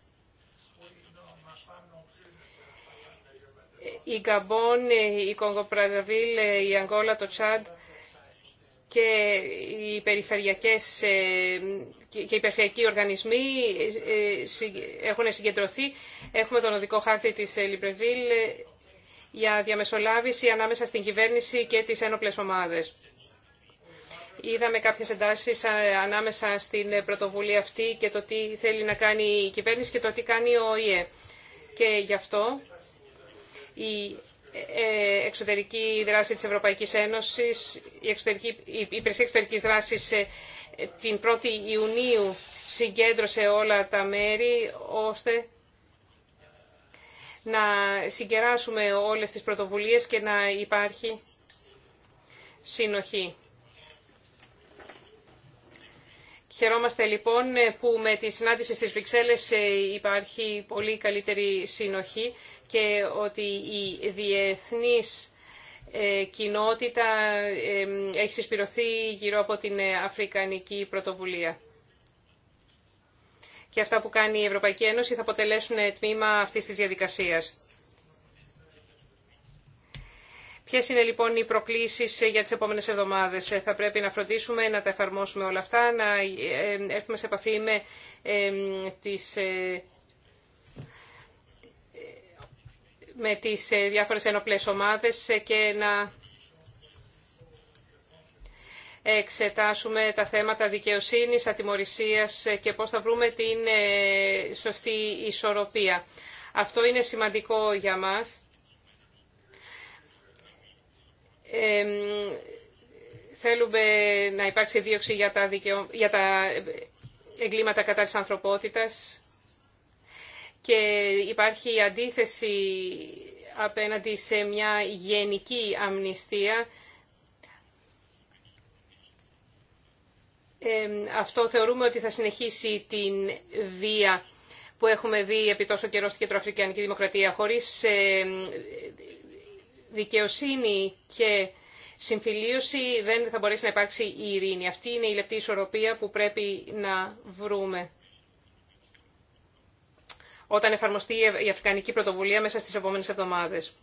Η Γκαμπόν, ε, η Κονγκοπραζαβίλ, η Αγγόλα, το Τσάντ και οι περιφερειακές και οι περιφερειακοί οργανισμοί έχουν συγκεντρωθεί. Έχουμε τον οδικό χάρτη της Λιμπρεβίλ, για διαμεσολάβηση ανάμεσα στην κυβέρνηση και τις ένοπλες ομάδες. Είδαμε κάποιες εντάσεις ε, ανάμεσα στην πρωτοβουλία αυτή και το τι θέλει να κάνει η κυβέρνηση και το τι κάνει ο ΟΗΕ. Και γι' αυτό η ε, εξωτερική δράση της Ευρωπαϊκής Ένωσης, η, εξωτερική, η υπηρεσία εξωτερικής δράσης ε, την 1η Ιουνίου συγκέντρωσε όλα τα μέρη ώστε να συγκεράσουμε όλες τις πρωτοβουλίες και να υπάρχει συνοχή. Χαιρόμαστε λοιπόν που με τη συνάντηση στις Βρυξέλλες ε, υπάρχει πολύ καλύτερη συνοχή και ότι η διεθνής ε, κοινότητα ε, έχει συσπηρωθεί γύρω από την Αφρικανική Πρωτοβουλία και αυτά που κάνει η Ευρωπαϊκή Ένωση θα αποτελέσουν τμήμα αυτής της διαδικασίας. Ποιε είναι λοιπόν οι προκλήσει για τι επόμενε εβδομάδε. Θα πρέπει να φροντίσουμε να τα εφαρμόσουμε όλα αυτά, να ε, έρθουμε σε επαφή με ε, τι ε, με τις διάφορες ενοπλές ομάδες και να εξετάσουμε τα θέματα δικαιοσύνης, ατιμορρησίας και πώς θα βρούμε την ε, σωστή ισορροπία. Αυτό είναι σημαντικό για μας. θέλουμε να υπάρξει δίωξη για τα, για τα εγκλήματα κατά της ανθρωπότητας και υπάρχει αντίθεση απέναντι σε μια γενική αμνηστία αυτό θεωρούμε ότι θα συνεχίσει την βία που έχουμε δει επί τόσο καιρό στην Κεντροαφρικανική Δημοκρατία χωρίς δικαιοσύνη και συμφιλίωση δεν θα μπορέσει να υπάρξει η ειρήνη. Αυτή είναι η λεπτή ισορροπία που πρέπει να βρούμε όταν εφαρμοστεί η Αφρικανική Πρωτοβουλία μέσα στις επόμενες εβδομάδες.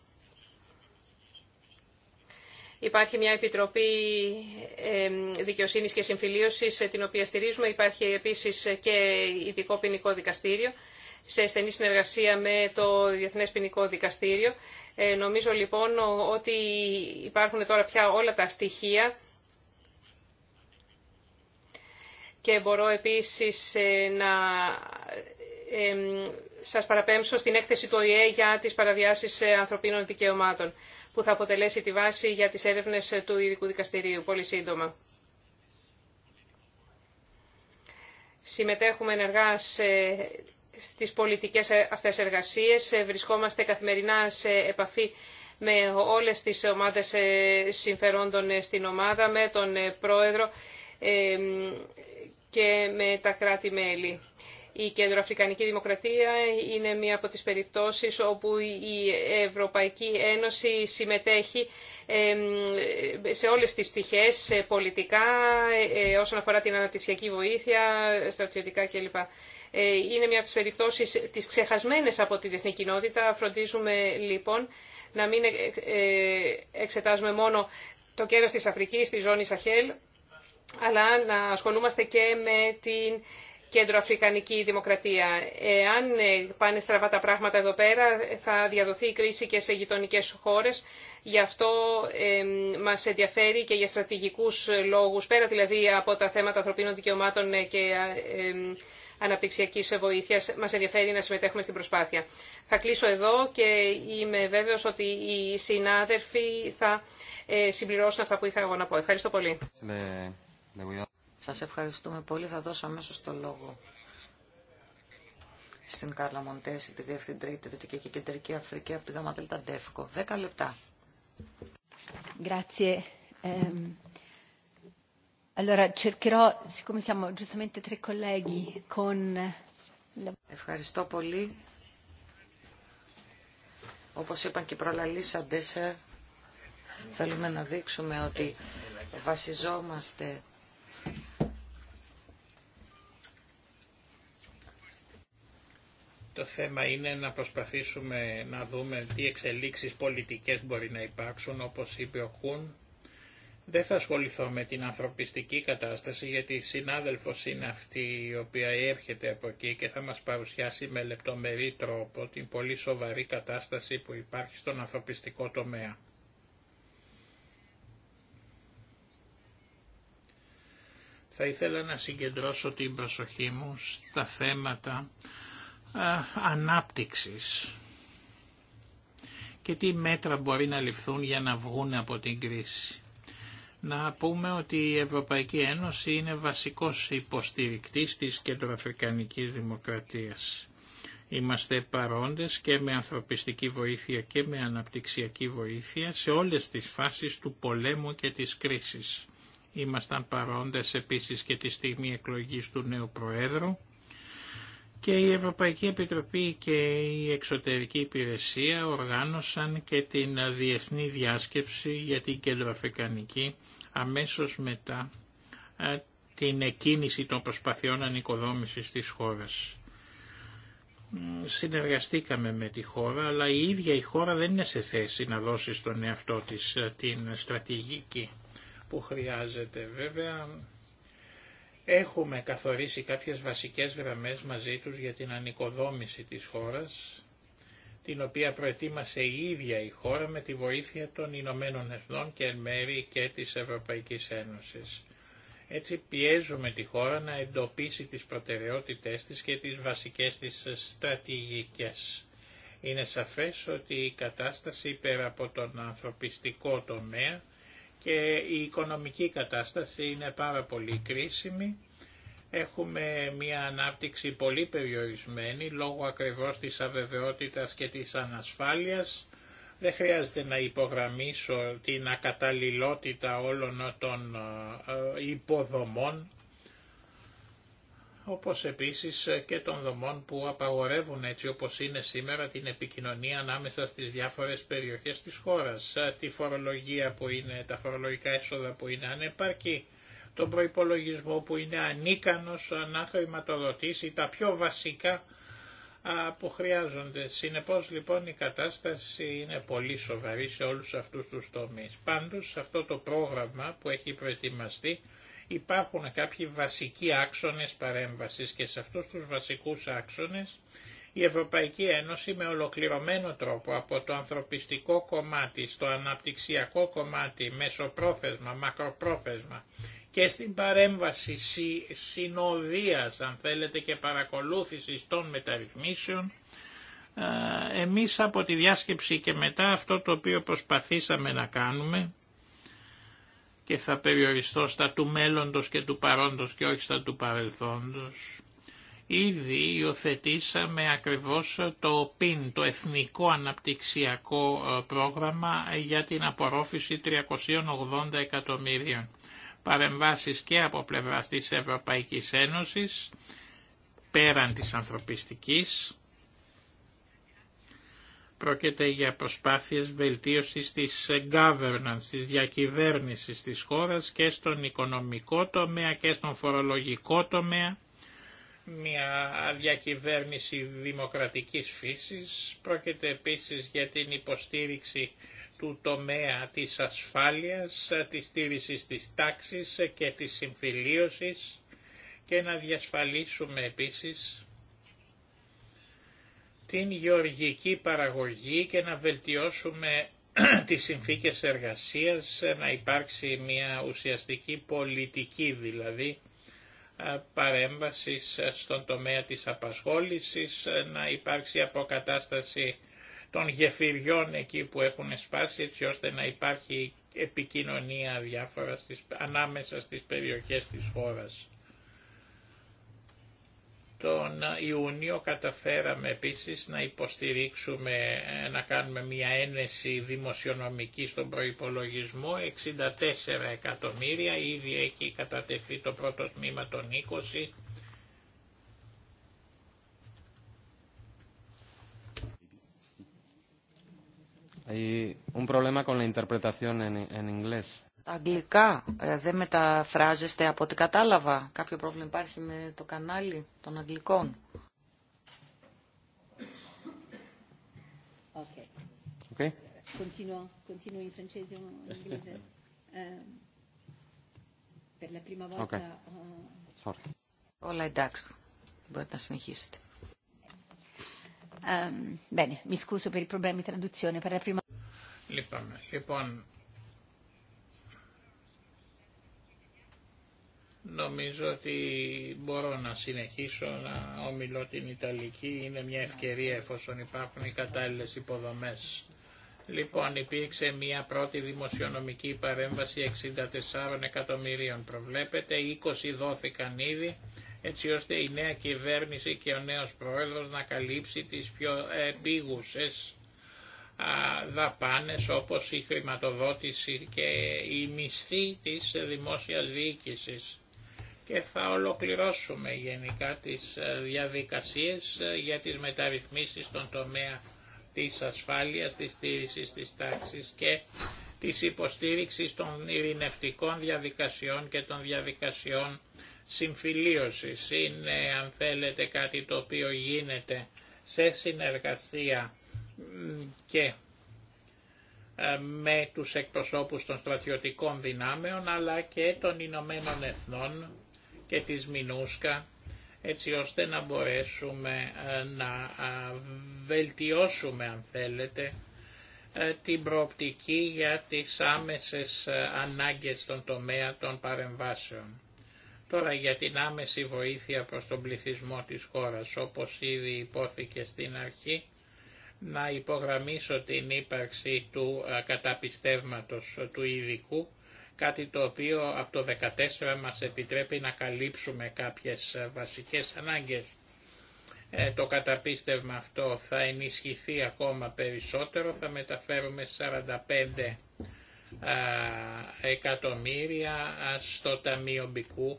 Υπάρχει μια Επιτροπή Δικαιοσύνης και Συμφιλίωσης, ε, την οποία στηρίζουμε. Υπάρχει επίσης και ειδικό ποινικό δικαστήριο, σε στενή συνεργασία με το Διεθνές Ποινικό Δικαστήριο. Ε, νομίζω λοιπόν ότι υπάρχουν τώρα πια όλα τα στοιχεία και μπορώ επίσης ε, να σας παραπέμψω στην έκθεση του ΟΗΕ για τις παραβιάσεις ε, ανθρωπίνων δικαιωμάτων, που θα αποτελέσει τη βάση για τις έρευνες ε, του Ειδικού Δικαστηρίου, πολύ σύντομα. Συμμετέχουμε ενεργά στις πολιτικές ε, αυτές εργασίες. Βρισκόμαστε καθημερινά σε επαφή με όλες τις ομάδες συμφερόντων στην ομάδα, με τον Πρόεδρο και με τα κράτη-μέλη. Η Κεντροαφρικανική Δημοκρατία είναι μία από τις περιπτώσεις όπου η Ευρωπαϊκή Ένωση συμμετέχει σε όλες τις στοιχές πολιτικά, ε, όσον αφορά την αναπτυξιακή βοήθεια, στρατιωτικά κλπ. Ε, είναι μία από τις περιπτώσεις τις ξεχασμένες από τη διεθνή κοινότητα. Φροντίζουμε λοιπόν να μην ε, εξετάζουμε μόνο το κέρας της Αφρικής, τη ζώνη Σαχέλ, αλλά να ασχολούμαστε και με την Κέντρο Δημοκρατία. Εάν ε, πάνε στραβά τα πράγματα εδώ πέρα, θα διαδοθεί η κρίση και σε γειτονικέ χώρε. Γι' αυτό ε, μα ενδιαφέρει και για στρατηγικού λόγου, πέρα δηλαδή από τα θέματα ανθρωπίνων δικαιωμάτων ε, και αναπτυξιακή βοήθεια, μα ενδιαφέρει να συμμετέχουμε στην προσπάθεια. Θα κλείσω εδώ και είμαι βέβαιο ότι οι συνάδελφοι θα συμπληρώσουν αυτά που είχα εγώ να πω. Ευχαριστώ πολύ. Σας ευχαριστούμε πολύ. Θα δώσω αμέσω το λόγο στην Κάρλα Μοντέση, τη Διευθυντρή, τη Δυτική και Κεντρική Αφρική από την ΓΑΜΑΔΕΛΤΑ Ντεύκο. Δέκα λεπτά. Ευχαριστώ πολύ. Όπως είπαν και οι προλαλήσαντες, θέλουμε να δείξουμε ότι βασιζόμαστε Το θέμα είναι να προσπαθήσουμε να δούμε τι εξελίξεις πολιτικές μπορεί να υπάρξουν, όπως είπε ο Κούν. Δεν θα ασχοληθώ με την ανθρωπιστική κατάσταση, γιατί η συνάδελφος είναι αυτή η οποία έρχεται από εκεί και θα μας παρουσιάσει με λεπτομερή τρόπο την πολύ σοβαρή κατάσταση που υπάρχει στον ανθρωπιστικό τομέα. Θα ήθελα να συγκεντρώσω την προσοχή μου στα θέματα ε, ανάπτυξης και τι μέτρα μπορεί να ληφθούν για να βγουν από την κρίση. Να πούμε ότι η Ευρωπαϊκή Ένωση είναι βασικός υποστηρικτής της κεντροαφρικανικής δημοκρατίας. Είμαστε παρόντες και με ανθρωπιστική βοήθεια και με αναπτυξιακή βοήθεια σε όλες τις φάσεις του πολέμου και της κρίσης. Ήμασταν παρόντες επίσης και τη στιγμή εκλογής του νέου Προέδρου και η Ευρωπαϊκή Επιτροπή και η Εξωτερική Υπηρεσία οργάνωσαν και την διεθνή διάσκεψη για την Κεντροαφρικανική αμέσως μετά ε, την εκκίνηση των προσπαθειών ανοικοδόμησης της χώρας. Συνεργαστήκαμε με τη χώρα, αλλά η ίδια η χώρα δεν είναι σε θέση να δώσει στον εαυτό της ε, την στρατηγική που χρειάζεται. Βέβαια, Έχουμε καθορίσει κάποιες βασικές γραμμές μαζί τους για την ανοικοδόμηση της χώρας, την οποία προετοίμασε η ίδια η χώρα με τη βοήθεια των Ηνωμένων Εθνών και εν μέρη και της Ευρωπαϊκής Ένωσης. Έτσι πιέζουμε τη χώρα να εντοπίσει τις προτεραιότητές της και τις βασικές της στρατηγικές. Είναι σαφές ότι η κατάσταση πέρα από τον ανθρωπιστικό τομέα και η οικονομική κατάσταση είναι πάρα πολύ κρίσιμη. Έχουμε μια ανάπτυξη πολύ περιορισμένη λόγω ακριβώς της αβεβαιότητας και της ανασφάλειας. Δεν χρειάζεται να υπογραμμίσω την ακαταλληλότητα όλων των ε, υποδομών όπως επίσης και των δομών που απαγορεύουν έτσι όπως είναι σήμερα την επικοινωνία ανάμεσα στις διάφορες περιοχές της χώρας, ε, τη φορολογία που είναι, τα φορολογικά έσοδα που είναι ανεπαρκή, τον προϋπολογισμό που είναι ανίκανος να χρηματοδοτήσει τα πιο βασικά που χρειάζονται. Συνεπώς λοιπόν η κατάσταση είναι πολύ σοβαρή σε όλους αυτούς τους τομείς. Πάντως αυτό το πρόγραμμα που έχει προετοιμαστεί υπάρχουν κάποιοι βασικοί άξονες παρέμβασης και σε αυτούς τους βασικούς άξονες η Ευρωπαϊκή Ένωση με ολοκληρωμένο τρόπο από το ανθρωπιστικό κομμάτι στο αναπτυξιακό κομμάτι, μεσοπρόθεσμα, μακροπρόθεσμα και στην παρέμβαση συνοδείας αν θέλετε και παρακολούθησης των μεταρρυθμίσεων εμείς από τη διάσκεψη και μετά αυτό το οποίο προσπαθήσαμε να κάνουμε και θα περιοριστώ στα του μέλλοντος και του παρόντος και όχι στα του παρελθόντος. Ήδη υιοθετήσαμε ακριβώς το ΠΙΝ, το Εθνικό Αναπτυξιακό ε, Πρόγραμμα για την απορρόφηση 380 εκατομμύριων. Παρεμβάσεις και από πλευράς της Ευρωπαϊκής Ένωσης, πέραν της ανθρωπιστικής, Πρόκειται για προσπάθειες βελτίωσης της governance, της διακυβέρνησης της χώρας και στον οικονομικό τομέα και στον φορολογικό τομέα. Μια διακυβέρνηση δημοκρατικής φύσης. Πρόκειται επίσης για την υποστήριξη του τομέα της ασφάλειας, της στήριξης της τάξης και της συμφιλίωσης και να διασφαλίσουμε επίσης την γεωργική παραγωγή και να βελτιώσουμε τις συνθήκες εργασίας, να υπάρξει μια ουσιαστική πολιτική δηλαδή παρέμβασης στον τομέα της απασχόλησης, να υπάρξει αποκατάσταση των γεφυριών εκεί που έχουν σπάσει έτσι ώστε να υπάρχει επικοινωνία διάφορα στις, ανάμεσα στις περιοχές της χώρας τον Ιούνιο καταφέραμε επίσης να υποστηρίξουμε, ε, να κάνουμε μια ένεση δημοσιονομική στον προϋπολογισμό, 64 εκατομμύρια, ήδη έχει κατατεθεί το πρώτο τμήμα των 20. Hay un problema con la interpretación en, en inglés. Τα αγγλικά ε, δεν μεταφράζεστε από ό,τι κατάλαβα. Κάποιο πρόβλημα υπάρχει με το κανάλι των αγγλικών. Όλα εντάξει. Μπορείτε να συνεχίσετε. Um, Νομίζω ότι μπορώ να συνεχίσω να ομιλώ την Ιταλική. Είναι μια ευκαιρία εφόσον υπάρχουν οι κατάλληλες υποδομές. Λοιπόν, υπήρξε μια πρώτη δημοσιονομική παρέμβαση 64 εκατομμυρίων. Προβλέπεται 20 δόθηκαν ήδη, έτσι ώστε η νέα κυβέρνηση και ο νέος πρόεδρος να καλύψει τις πιο επίγουσες δαπάνες όπως η χρηματοδότηση και η μισθή της δημόσιας διοίκησης και θα ολοκληρώσουμε γενικά τις ε, διαδικασίες ε, για τις μεταρρυθμίσεις στον τομέα της ασφάλειας, της στήριξης της τάξης και της υποστήριξης των ειρηνευτικών διαδικασιών και των διαδικασιών συμφιλίωσης. Είναι, αν θέλετε, κάτι το οποίο γίνεται σε συνεργασία και ε, με τους εκπροσώπους των στρατιωτικών δυνάμεων αλλά και των Ηνωμένων Εθνών και της Μινούσκα έτσι ώστε να μπορέσουμε ε, να βελτιώσουμε αν θέλετε ε, την προοπτική για τις άμεσες ε, ανάγκες στον τομέα των παρεμβάσεων. Τώρα για την άμεση βοήθεια προς τον πληθυσμό της χώρας, όπως ήδη υπόθηκε στην αρχή, να υπογραμμίσω την ύπαρξη του καταπιστεύματος του ειδικού, κάτι το οποίο από το 14 μας επιτρέπει να καλύψουμε κάποιες ε, βασικές ανάγκες. Ε, το καταπίστευμα αυτό θα ενισχυθεί ακόμα περισσότερο, θα μεταφέρουμε 45 εκατομμύρια στο Ταμείο Μπικού,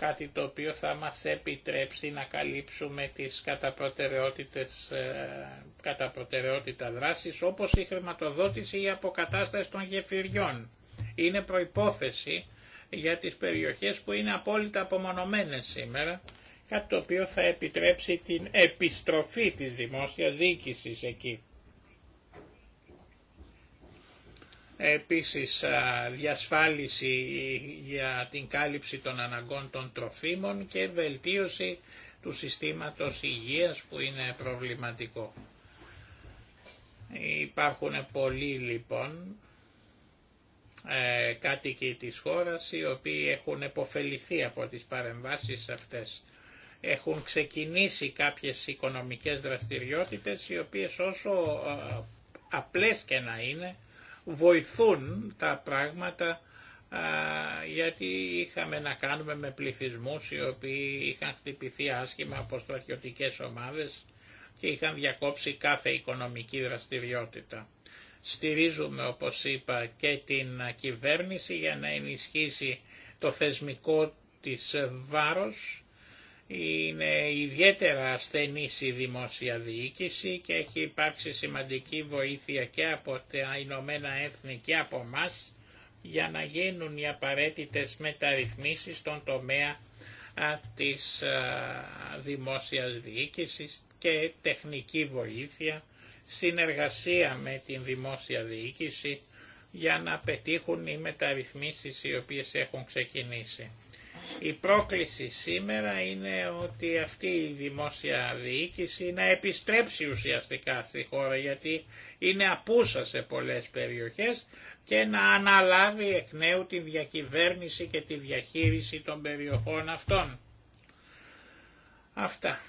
κάτι το οποίο θα μας επιτρέψει να καλύψουμε τις καταπροτεραιότητες, ε, κατά προτεραιότητα δράσεις, όπως η χρηματοδότηση ή αποκατάσταση των γεφυριών είναι προϋπόθεση για τις περιοχές που είναι απόλυτα απομονωμένες σήμερα, κάτι το οποίο θα επιτρέψει την επιστροφή της δημόσιας διοίκησης εκεί. Επίσης διασφάλιση για την κάλυψη των αναγκών των τροφίμων και βελτίωση του συστήματος υγείας που είναι προβληματικό. Υπάρχουν πολλοί λοιπόν ε, κάτοικοι της χώρας οι οποίοι έχουν επωφεληθεί από τις παρεμβάσεις αυτές. Έχουν ξεκινήσει κάποιες οικονομικές δραστηριότητες οι οποίες όσο ε, απλές και να είναι βοηθούν τα πράγματα ε, γιατί είχαμε να κάνουμε με πληθυσμούς οι οποίοι είχαν χτυπηθεί άσχημα από στρατιωτικές ομάδες και είχαν διακόψει κάθε οικονομική δραστηριότητα. Στηρίζουμε, όπως είπα, και την κυβέρνηση για να ενισχύσει το θεσμικό της βάρος. Είναι ιδιαίτερα ασθενής η δημόσια διοίκηση και έχει υπάρξει σημαντική βοήθεια και από τα Ηνωμένα Έθνη και από εμά για να γίνουν οι απαραίτητες μεταρρυθμίσεις στον τομέα της δημόσιας διοίκησης και τεχνική βοήθεια συνεργασία με την δημόσια διοίκηση για να πετύχουν οι μεταρρυθμίσεις οι οποίες έχουν ξεκινήσει. Η πρόκληση σήμερα είναι ότι αυτή η δημόσια διοίκηση να επιστρέψει ουσιαστικά στη χώρα γιατί είναι απούσα σε πολλές περιοχές και να αναλάβει εκ νέου τη διακυβέρνηση και τη διαχείριση των περιοχών αυτών. Αυτά.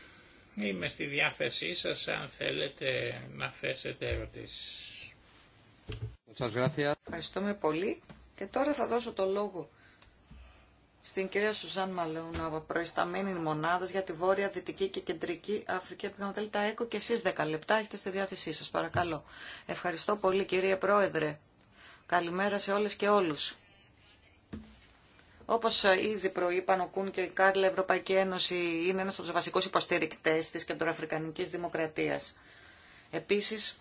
Είμαι στη διάθεσή σας αν θέλετε να θέσετε ερωτήσεις. Ευχαριστούμε πολύ. Και τώρα θα δώσω το λόγο στην κυρία Σουζάν Μαλεούναβα, προϊσταμένη μονάδα για τη Βόρεια, Δυτική και Κεντρική Αφρική Επιγραμματέλη τα ΕΚΟ και εσείς 10 λεπτά έχετε στη διάθεσή σας. Παρακαλώ. Ευχαριστώ πολύ κυρία Πρόεδρε. Καλημέρα σε όλες και όλους. Όπως ήδη προείπαν ο Κούν και η Κάρλ, Ευρωπαϊκή Ένωση είναι ένας από τους βασικούς υποστηρικτές της Κεντροαφρικανική δημοκρατίας. Επίσης,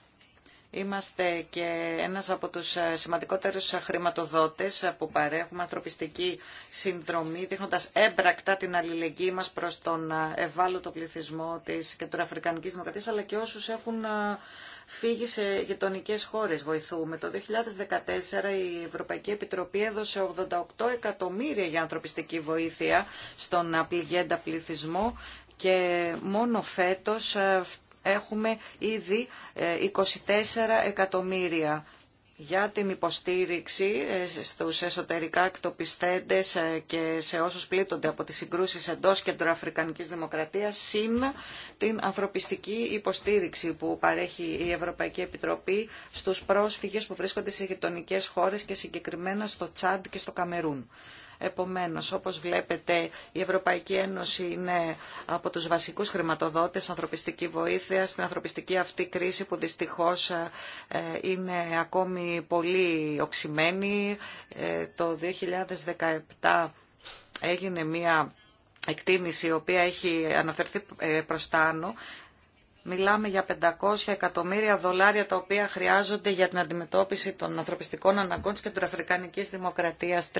Είμαστε και ένας από τους σημαντικότερους χρηματοδότε που παρέχουμε ανθρωπιστική συνδρομή, δείχνοντα έμπρακτα την αλληλεγγύη μας προς τον ευάλωτο πληθυσμό τη κεντροαφρικανική δημοκρατία, αλλά και όσου έχουν φύγει σε γειτονικέ χώρες βοηθούμε. Το 2014 η Ευρωπαϊκή Επιτροπή έδωσε 88 εκατομμύρια για ανθρωπιστική βοήθεια στον πληγέντα πληθυσμό και μόνο φέτος ε, έχουμε ήδη 24 ε, εκατομμύρια για την υποστήριξη ε, στους εσωτερικά εκτοπιστέντες ε, και σε όσους πλήττονται από τις συγκρούσεις εντός κεντροαφρικανικής δημοκρατίας συν την ανθρωπιστική υποστήριξη που παρέχει η Ευρωπαϊκή Επιτροπή στους πρόσφυγες που βρίσκονται σε γειτονικέ χώρες και συγκεκριμένα στο Τσάντ και στο Καμερούν. Επομένως, όπως βλέπετε, η Ευρωπαϊκή Ένωση είναι από τους βασικούς χρηματοδότες ανθρωπιστική βοήθεια στην ανθρωπιστική αυτή κρίση που δυστυχώς ε, είναι ακόμη πολύ οξυμένη. Ε, το 2017 έγινε μια εκτίμηση η οποία έχει αναφερθεί ε, προς τα άνω Μιλάμε για 500 εκατομμύρια δολάρια τα οποία χρειάζονται για την αντιμετώπιση των ανθρωπιστικών αναγκών της κεντροαφρικανικής δημοκρατίας.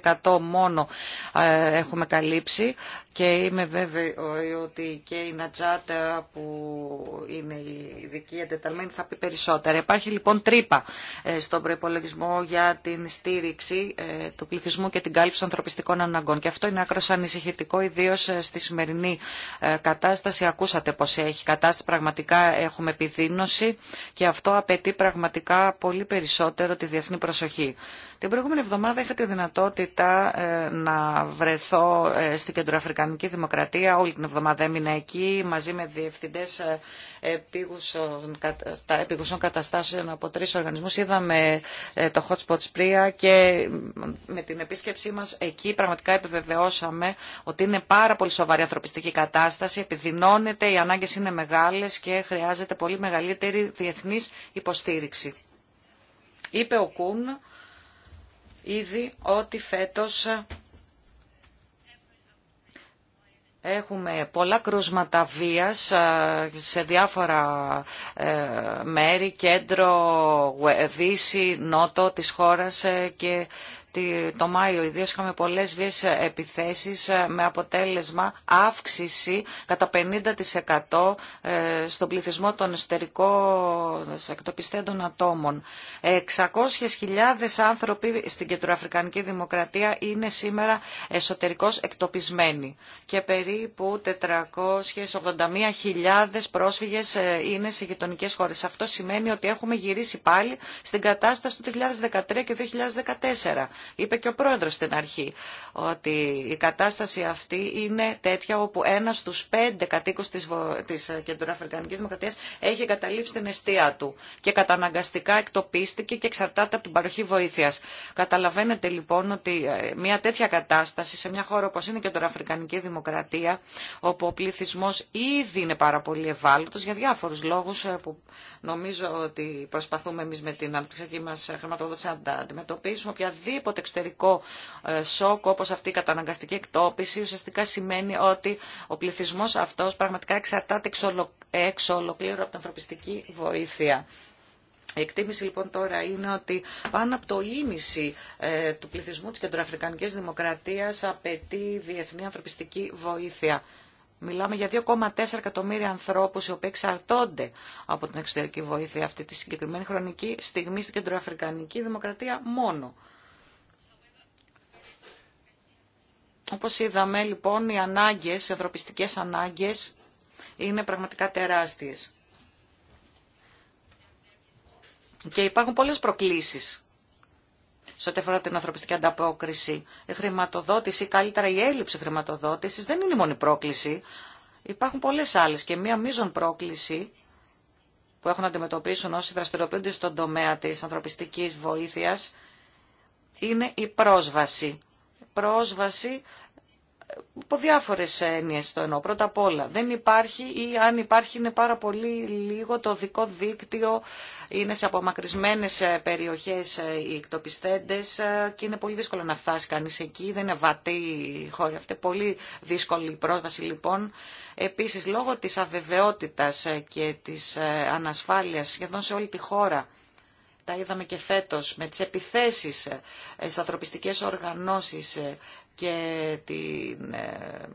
30% μόνο ε, έχουμε καλύψει και είμαι βέβαιη ότι και η Νατζάτ ε, που είναι η ειδική εντεταλμένη θα πει περισσότερα. Υπάρχει λοιπόν τρύπα ε, στον προπολογισμό για την στήριξη του πληθυσμού και την κάλυψη των ανθρωπιστικών αναγκών. Και αυτό είναι άκρο ανησυχητικό, ιδίω στη σημερινή κατάσταση. Ακούσατε πώ έχει κατάσταση πραγματικά έχουμε επιδείνωση και αυτό απαιτεί πραγματικά πολύ περισσότερο τη διεθνή προσοχή. Την προηγούμενη εβδομάδα είχα τη δυνατότητα ε, να βρεθώ ε, στην Κεντροαφρικανική Δημοκρατία. Όλη την εβδομάδα έμεινα εκεί μαζί με διευθυντέ ε, επίγουσων καταστάσεων από τρει οργανισμού. Είδαμε το Hotspot Spria και με την επίσκεψή μα εκεί πραγματικά επιβεβαιώσαμε ότι είναι πάρα πολύ σοβαρή ανθρωπιστική κατάσταση. Επιδεινώνεται, οι ανάγκε είναι μεγάλε και χρειάζεται πολύ μεγαλύτερη διεθνή υποστήριξη. Είπε ο Κούν ήδη ότι φέτος Έχουμε πολλά κρούσματα βίας ε, σε διάφορα ε, μέρη, κέντρο, ε, δύση, νότο της χώρας και το Μάιο ιδίως είχαμε πολλές βίες επιθέσεις ε, με αποτέλεσμα αύξηση κατά 50% ε, στον πληθυσμό των εσωτερικών εκτοπιστέντων ατόμων. 600.000 άνθρωποι στην Κεντροαφρικανική Δημοκρατία είναι σήμερα εσωτερικώς εκτοπισμένοι και περίπου 481.000 πρόσφυγες ε, είναι σε γειτονικέ χώρες. Αυτό σημαίνει ότι έχουμε γυρίσει πάλι στην κατάσταση του 2013 και 2014 είπε και ο πρόεδρος στην αρχή, ότι η κατάσταση αυτή είναι τέτοια όπου ένας στους πέντε κατοίκους της, της Κεντροαφρικανικής Δημοκρατίας έχει εγκαταλείψει την αιστεία του και καταναγκαστικά εκτοπίστηκε και εξαρτάται από την παροχή βοήθειας. Καταλαβαίνετε λοιπόν ότι ε, μια τέτοια κατάσταση σε μια χώρα όπως είναι η Κεντροαφρικανική Δημοκρατία, όπου ο πληθυσμός ήδη είναι πάρα πολύ ευάλωτος για διάφορους λόγους ε, που νομίζω ότι προσπαθούμε εμείς με την αναπτυξιακή μας χρηματοδότηση να αντιμετωπίσουμε οποιαδήποτε το εξωτερικό ε, σοκ όπως αυτή η καταναγκαστική εκτόπιση ουσιαστικά σημαίνει ότι ο πληθυσμός αυτός πραγματικά εξαρτάται εξ ολοκλήρου από την ανθρωπιστική βοήθεια. Η εκτίμηση λοιπόν τώρα είναι ότι πάνω από το ίμιση ε, του πληθυσμού της κεντροαφρικανικής δημοκρατίας απαιτεί διεθνή ανθρωπιστική βοήθεια. Μιλάμε για 2,4 εκατομμύρια ανθρώπους οι οποίοι εξαρτώνται από την εξωτερική βοήθεια αυτή τη συγκεκριμένη χρονική στιγμή στην κεντροαφρικανική δημοκρατία μόνο. Όπως είδαμε λοιπόν οι ανάγκες, οι ανθρωπιστικές ανάγκες είναι πραγματικά τεράστιες. Και υπάρχουν πολλές προκλήσεις σε ό,τι αφορά την ανθρωπιστική ανταπόκριση. Η χρηματοδότηση, καλύτερα η έλλειψη χρηματοδότησης, δεν είναι η μόνη πρόκληση. Υπάρχουν πολλές άλλες και μία μείζον πρόκληση που έχουν να αντιμετωπίσουν όσοι δραστηριοποιούνται στον τομέα της ανθρωπιστικής βοήθειας είναι η πρόσβαση. Πρόσβαση υπό διάφορε έννοιε το εννοώ. Πρώτα απ' όλα, δεν υπάρχει ή αν υπάρχει είναι πάρα πολύ λίγο το δικό δίκτυο. Είναι σε απομακρυσμένε ε, περιοχέ ε, οι εκτοπιστέντε ε, και είναι πολύ δύσκολο να φτάσει κανεί εκεί. Δεν είναι βατή η χώρα αυτή. Πολύ δύσκολη η πρόσβαση λοιπόν. Επίση, λόγω τη αβεβαιότητα και τη ανασφάλεια σχεδόν σε όλη τη χώρα, τα είδαμε και φέτος με τις επιθέσεις στις ανθρωπιστικές οργανώσεις και την, ε,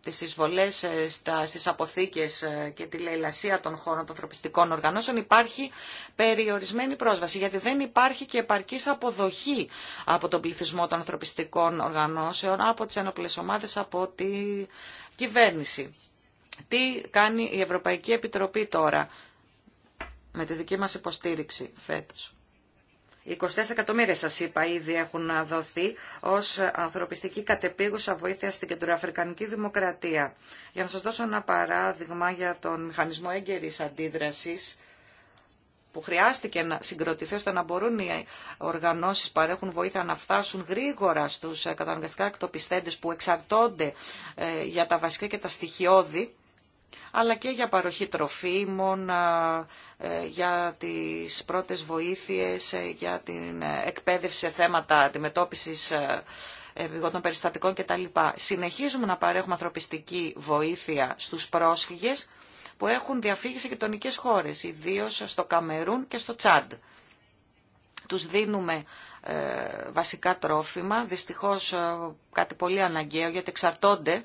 τις εισβολές ε, στα, στις αποθήκες ε, και τη λαϊλασία των χώρων των ανθρωπιστικών οργανώσεων υπάρχει περιορισμένη πρόσβαση γιατί δεν υπάρχει και επαρκής αποδοχή από τον πληθυσμό των ανθρωπιστικών οργανώσεων, από τις ενόπλες ομάδες, από τη κυβέρνηση. Τι κάνει η Ευρωπαϊκή Επιτροπή τώρα με τη δική μας υποστήριξη φέτος. 24 εκατομμύρια σας είπα ήδη έχουν δοθεί ως ανθρωπιστική κατεπίγουσα βοήθεια στην κεντροαφρικανική δημοκρατία. Για να σας δώσω ένα παράδειγμα για τον μηχανισμό έγκαιρης αντίδρασης που χρειάστηκε να συγκροτηθεί ώστε να μπορούν οι οργανώσεις που παρέχουν βοήθεια να φτάσουν γρήγορα στους καταναγκαστικά εκτοπιστέντες που εξαρτώνται ε, για τα βασικά και τα στοιχειώδη αλλά και για παροχή τροφίμων, ε, για τις πρώτες βοήθειες, ε, για την ε, εκπαίδευση σε θέματα αντιμετώπισης των περιστατικών κτλ. Συνεχίζουμε να παρέχουμε ανθρωπιστική βοήθεια στους πρόσφυγες που έχουν διαφύγει σε γειτονικέ χώρες, ιδίως στο Καμερούν και στο Τσάντ. Τους δίνουμε βασικά τρόφιμα, δυστυχώς κάτι πολύ αναγκαίο γιατί εξαρτώνται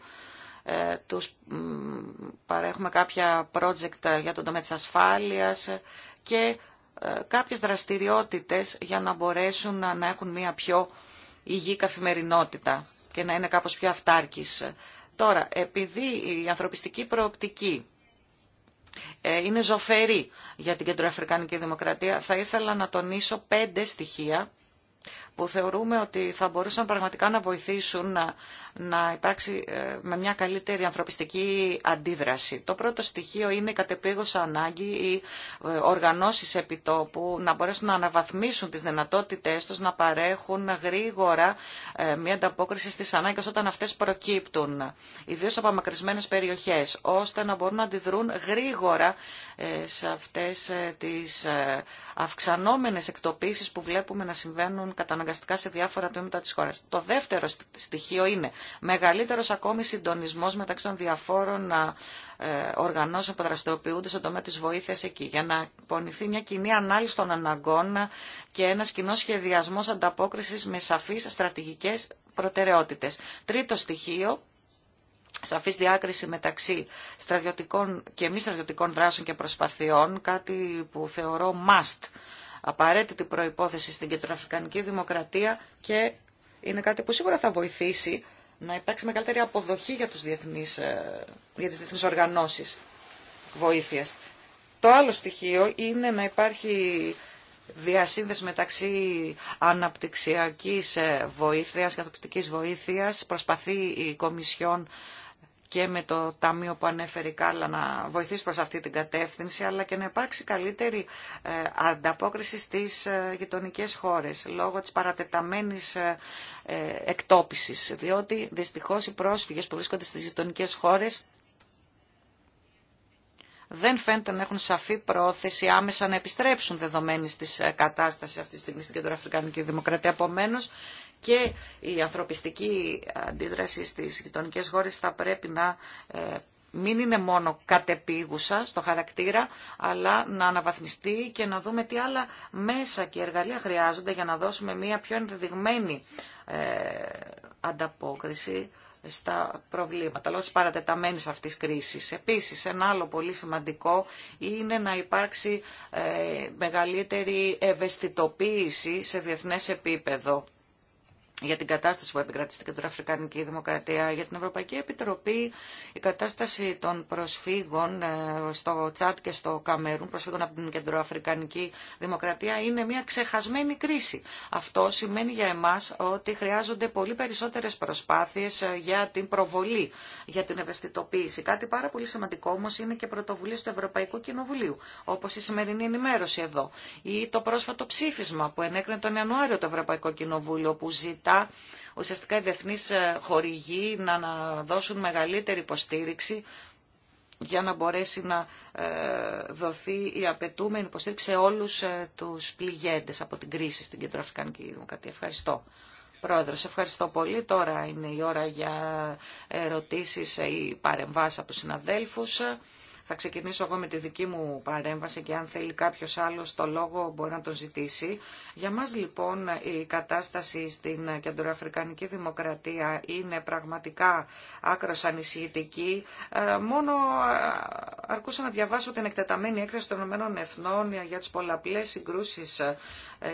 ε, τους παρέχουμε κάποια project για τον τομέα της ασφάλειας και ε, κάποιες δραστηριότητες για να μπορέσουν να έχουν μια πιο υγιή καθημερινότητα και να είναι κάπως πιο αυτάρκης. Τώρα, επειδή η ανθρωπιστική προοπτική ε, είναι ζωφερή για την Κεντροαφρικανική Δημοκρατία, θα ήθελα να τονίσω πέντε στοιχεία που θεωρούμε ότι θα μπορούσαν πραγματικά να βοηθήσουν να, να υπάρξει ε, με μια καλύτερη ανθρωπιστική αντίδραση. Το πρώτο στοιχείο είναι η κατεπίγουσα ανάγκη οι ε, οργανώσεις επιτόπου να μπορέσουν να αναβαθμίσουν τις δυνατότητές τους να παρέχουν γρήγορα ε, μια ανταπόκριση στις ανάγκες όταν αυτές προκύπτουν, ιδίως από μακρισμένες περιοχές, ώστε να μπορούν να αντιδρούν γρήγορα σε αυτές τις αυξανόμενες εκτοπίσεις που βλέπουμε να συμβαίνουν καταναγκαστικά σε διάφορα τμήματα της χώρας. Το δεύτερο στοιχείο είναι μεγαλύτερος ακόμη συντονισμός μεταξύ των διαφόρων ε, οργανώσεων που δραστηριοποιούνται στον τομέα της βοήθειας εκεί για να πονηθεί μια κοινή ανάλυση των αναγκών και ένας κοινό σχεδιασμός ανταπόκρισης με σαφείς στρατηγικές προτεραιότητες. Τρίτο στοιχείο σαφής διάκριση μεταξύ στρατιωτικών και μη στρατιωτικών δράσεων και προσπαθειών, κάτι που θεωρώ must απαραίτητη προϋπόθεση στην κεντροαφρικανική δημοκρατία και είναι κάτι που σίγουρα θα βοηθήσει να υπάρξει μεγαλύτερη αποδοχή για, τους διεθνείς, ε, για τις διεθνείς οργανώσεις βοήθειας. Το άλλο στοιχείο είναι να υπάρχει διασύνδεση μεταξύ αναπτυξιακής ε, βοήθειας και ανθρωπιστικής βοήθειας. Προσπαθεί η Κομισιόν και με το Ταμείο που ανέφερε η Κάλλα να βοηθήσει προς αυτή την κατεύθυνση, αλλά και να υπάρξει καλύτερη ε, ανταπόκριση στις ε, γειτονικέ χώρες, λόγω της παρατεταμένης ε, εκτόπισης, διότι δυστυχώς οι πρόσφυγες που βρίσκονται στις γειτονικέ χώρες δεν φαίνεται να έχουν σαφή πρόθεση άμεσα να επιστρέψουν δεδομένη τη κατάσταση αυτή τη στιγμή στην Κεντροαφρικανική Δημοκρατία και η ανθρωπιστική αντίδραση στις γειτονικέ χώρες θα πρέπει να ε, μην είναι μόνο κατεπίγουσα στο χαρακτήρα, αλλά να αναβαθμιστεί και να δούμε τι άλλα μέσα και εργαλεία χρειάζονται για να δώσουμε μια πιο ενδεδειγμένη ε, ανταπόκριση στα προβλήματα, λόγω της παρατεταμένης αυτής κρίσης. Επίσης, ένα άλλο πολύ σημαντικό είναι να υπάρξει ε, μεγαλύτερη ευαισθητοποίηση σε διεθνές επίπεδο για την κατάσταση που επικρατεί στην Κεντροαφρικανική Δημοκρατία. Για την Ευρωπαϊκή Επιτροπή η κατάσταση των προσφύγων ε, στο Τσάτ και στο Καμερούν, προσφύγων από την Κεντροαφρικανική Δημοκρατία, είναι μια ξεχασμένη κρίση. Αυτό σημαίνει για εμά ότι χρειάζονται πολύ περισσότερε προσπάθειες ε, για την προβολή, για την ευαισθητοποίηση. Κάτι πάρα πολύ σημαντικό όμω είναι και πρωτοβουλίε του Ευρωπαϊκού Κοινοβουλίου, Όπω η σημερινή ενημέρωση εδώ ή το πρόσφατο ψήφισμα που ενέκρινε τον Ιανουάριο το Ευρωπαϊκό Κοινοβούλιο που ζητά ουσιαστικά οι διεθνείς ε, χορηγοί να, να δώσουν μεγαλύτερη υποστήριξη για να μπορέσει να ε, δοθεί η απαιτούμενη υποστήριξη σε όλους ε, τους πληγέντες από την κρίση στην Κεντροαφρικανική Δημοκρατία. Ευχαριστώ. Πρόεδρος, ευχαριστώ πολύ. Τώρα είναι η ώρα για ερωτήσεις ή παρεμβάσεις από τους συναδέλφους. Θα ξεκινήσω εγώ με τη δική μου παρέμβαση και αν θέλει κάποιος άλλος το λόγο μπορεί να το ζητήσει. Για μας λοιπόν η κατάσταση στην Κεντροαφρικανική Δημοκρατία είναι πραγματικά άκρος ανησυχητική. Ε, μόνο ε, αρκούσα να διαβάσω την εκτεταμένη έκθεση των Ηνωμένων Εθνών για τις πολλαπλές συγκρούσεις ε,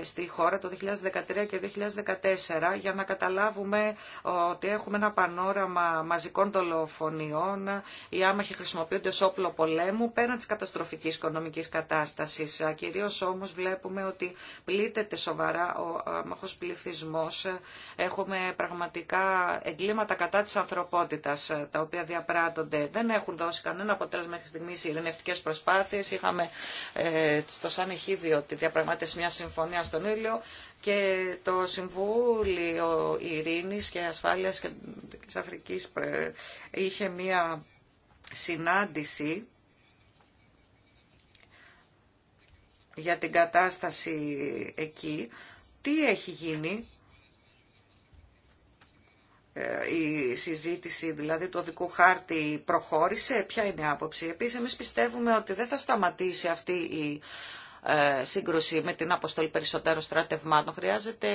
στη χώρα το 2013 και 2014 για να καταλάβουμε ότι έχουμε ένα πανόραμα μαζικών δολοφονιών. Οι άμαχοι χρησιμοποιούνται ως όπλο πολέμου πέραν της καταστροφικής οικονομικής κατάστασης. Κυρίως όμως βλέπουμε ότι πλήττεται σοβαρά ο αμάχος πληθυσμός. Έχουμε πραγματικά εγκλήματα κατά της ανθρωπότητας τα οποία διαπράττονται. Δεν έχουν δώσει κανένα αποτέλεσμα μέχρι στιγμής οι ειρηνευτικές προσπάθειες. Είχαμε ε, στο Σανεχίδιο τη διαπραγμάτευση μια συμφωνία στον ήλιο και το Συμβούλιο Ειρήνης και Ασφάλειας της Αφρικής ε, είχε μια συνάντηση για την κατάσταση εκεί. Τι έχει γίνει ε, η συζήτηση δηλαδή του οδικού χάρτη προχώρησε, ποια είναι η άποψη. Επίσης εμείς πιστεύουμε ότι δεν θα σταματήσει αυτή η ε, σύγκρουση με την αποστολή περισσότερων στρατευμάτων. Χρειάζεται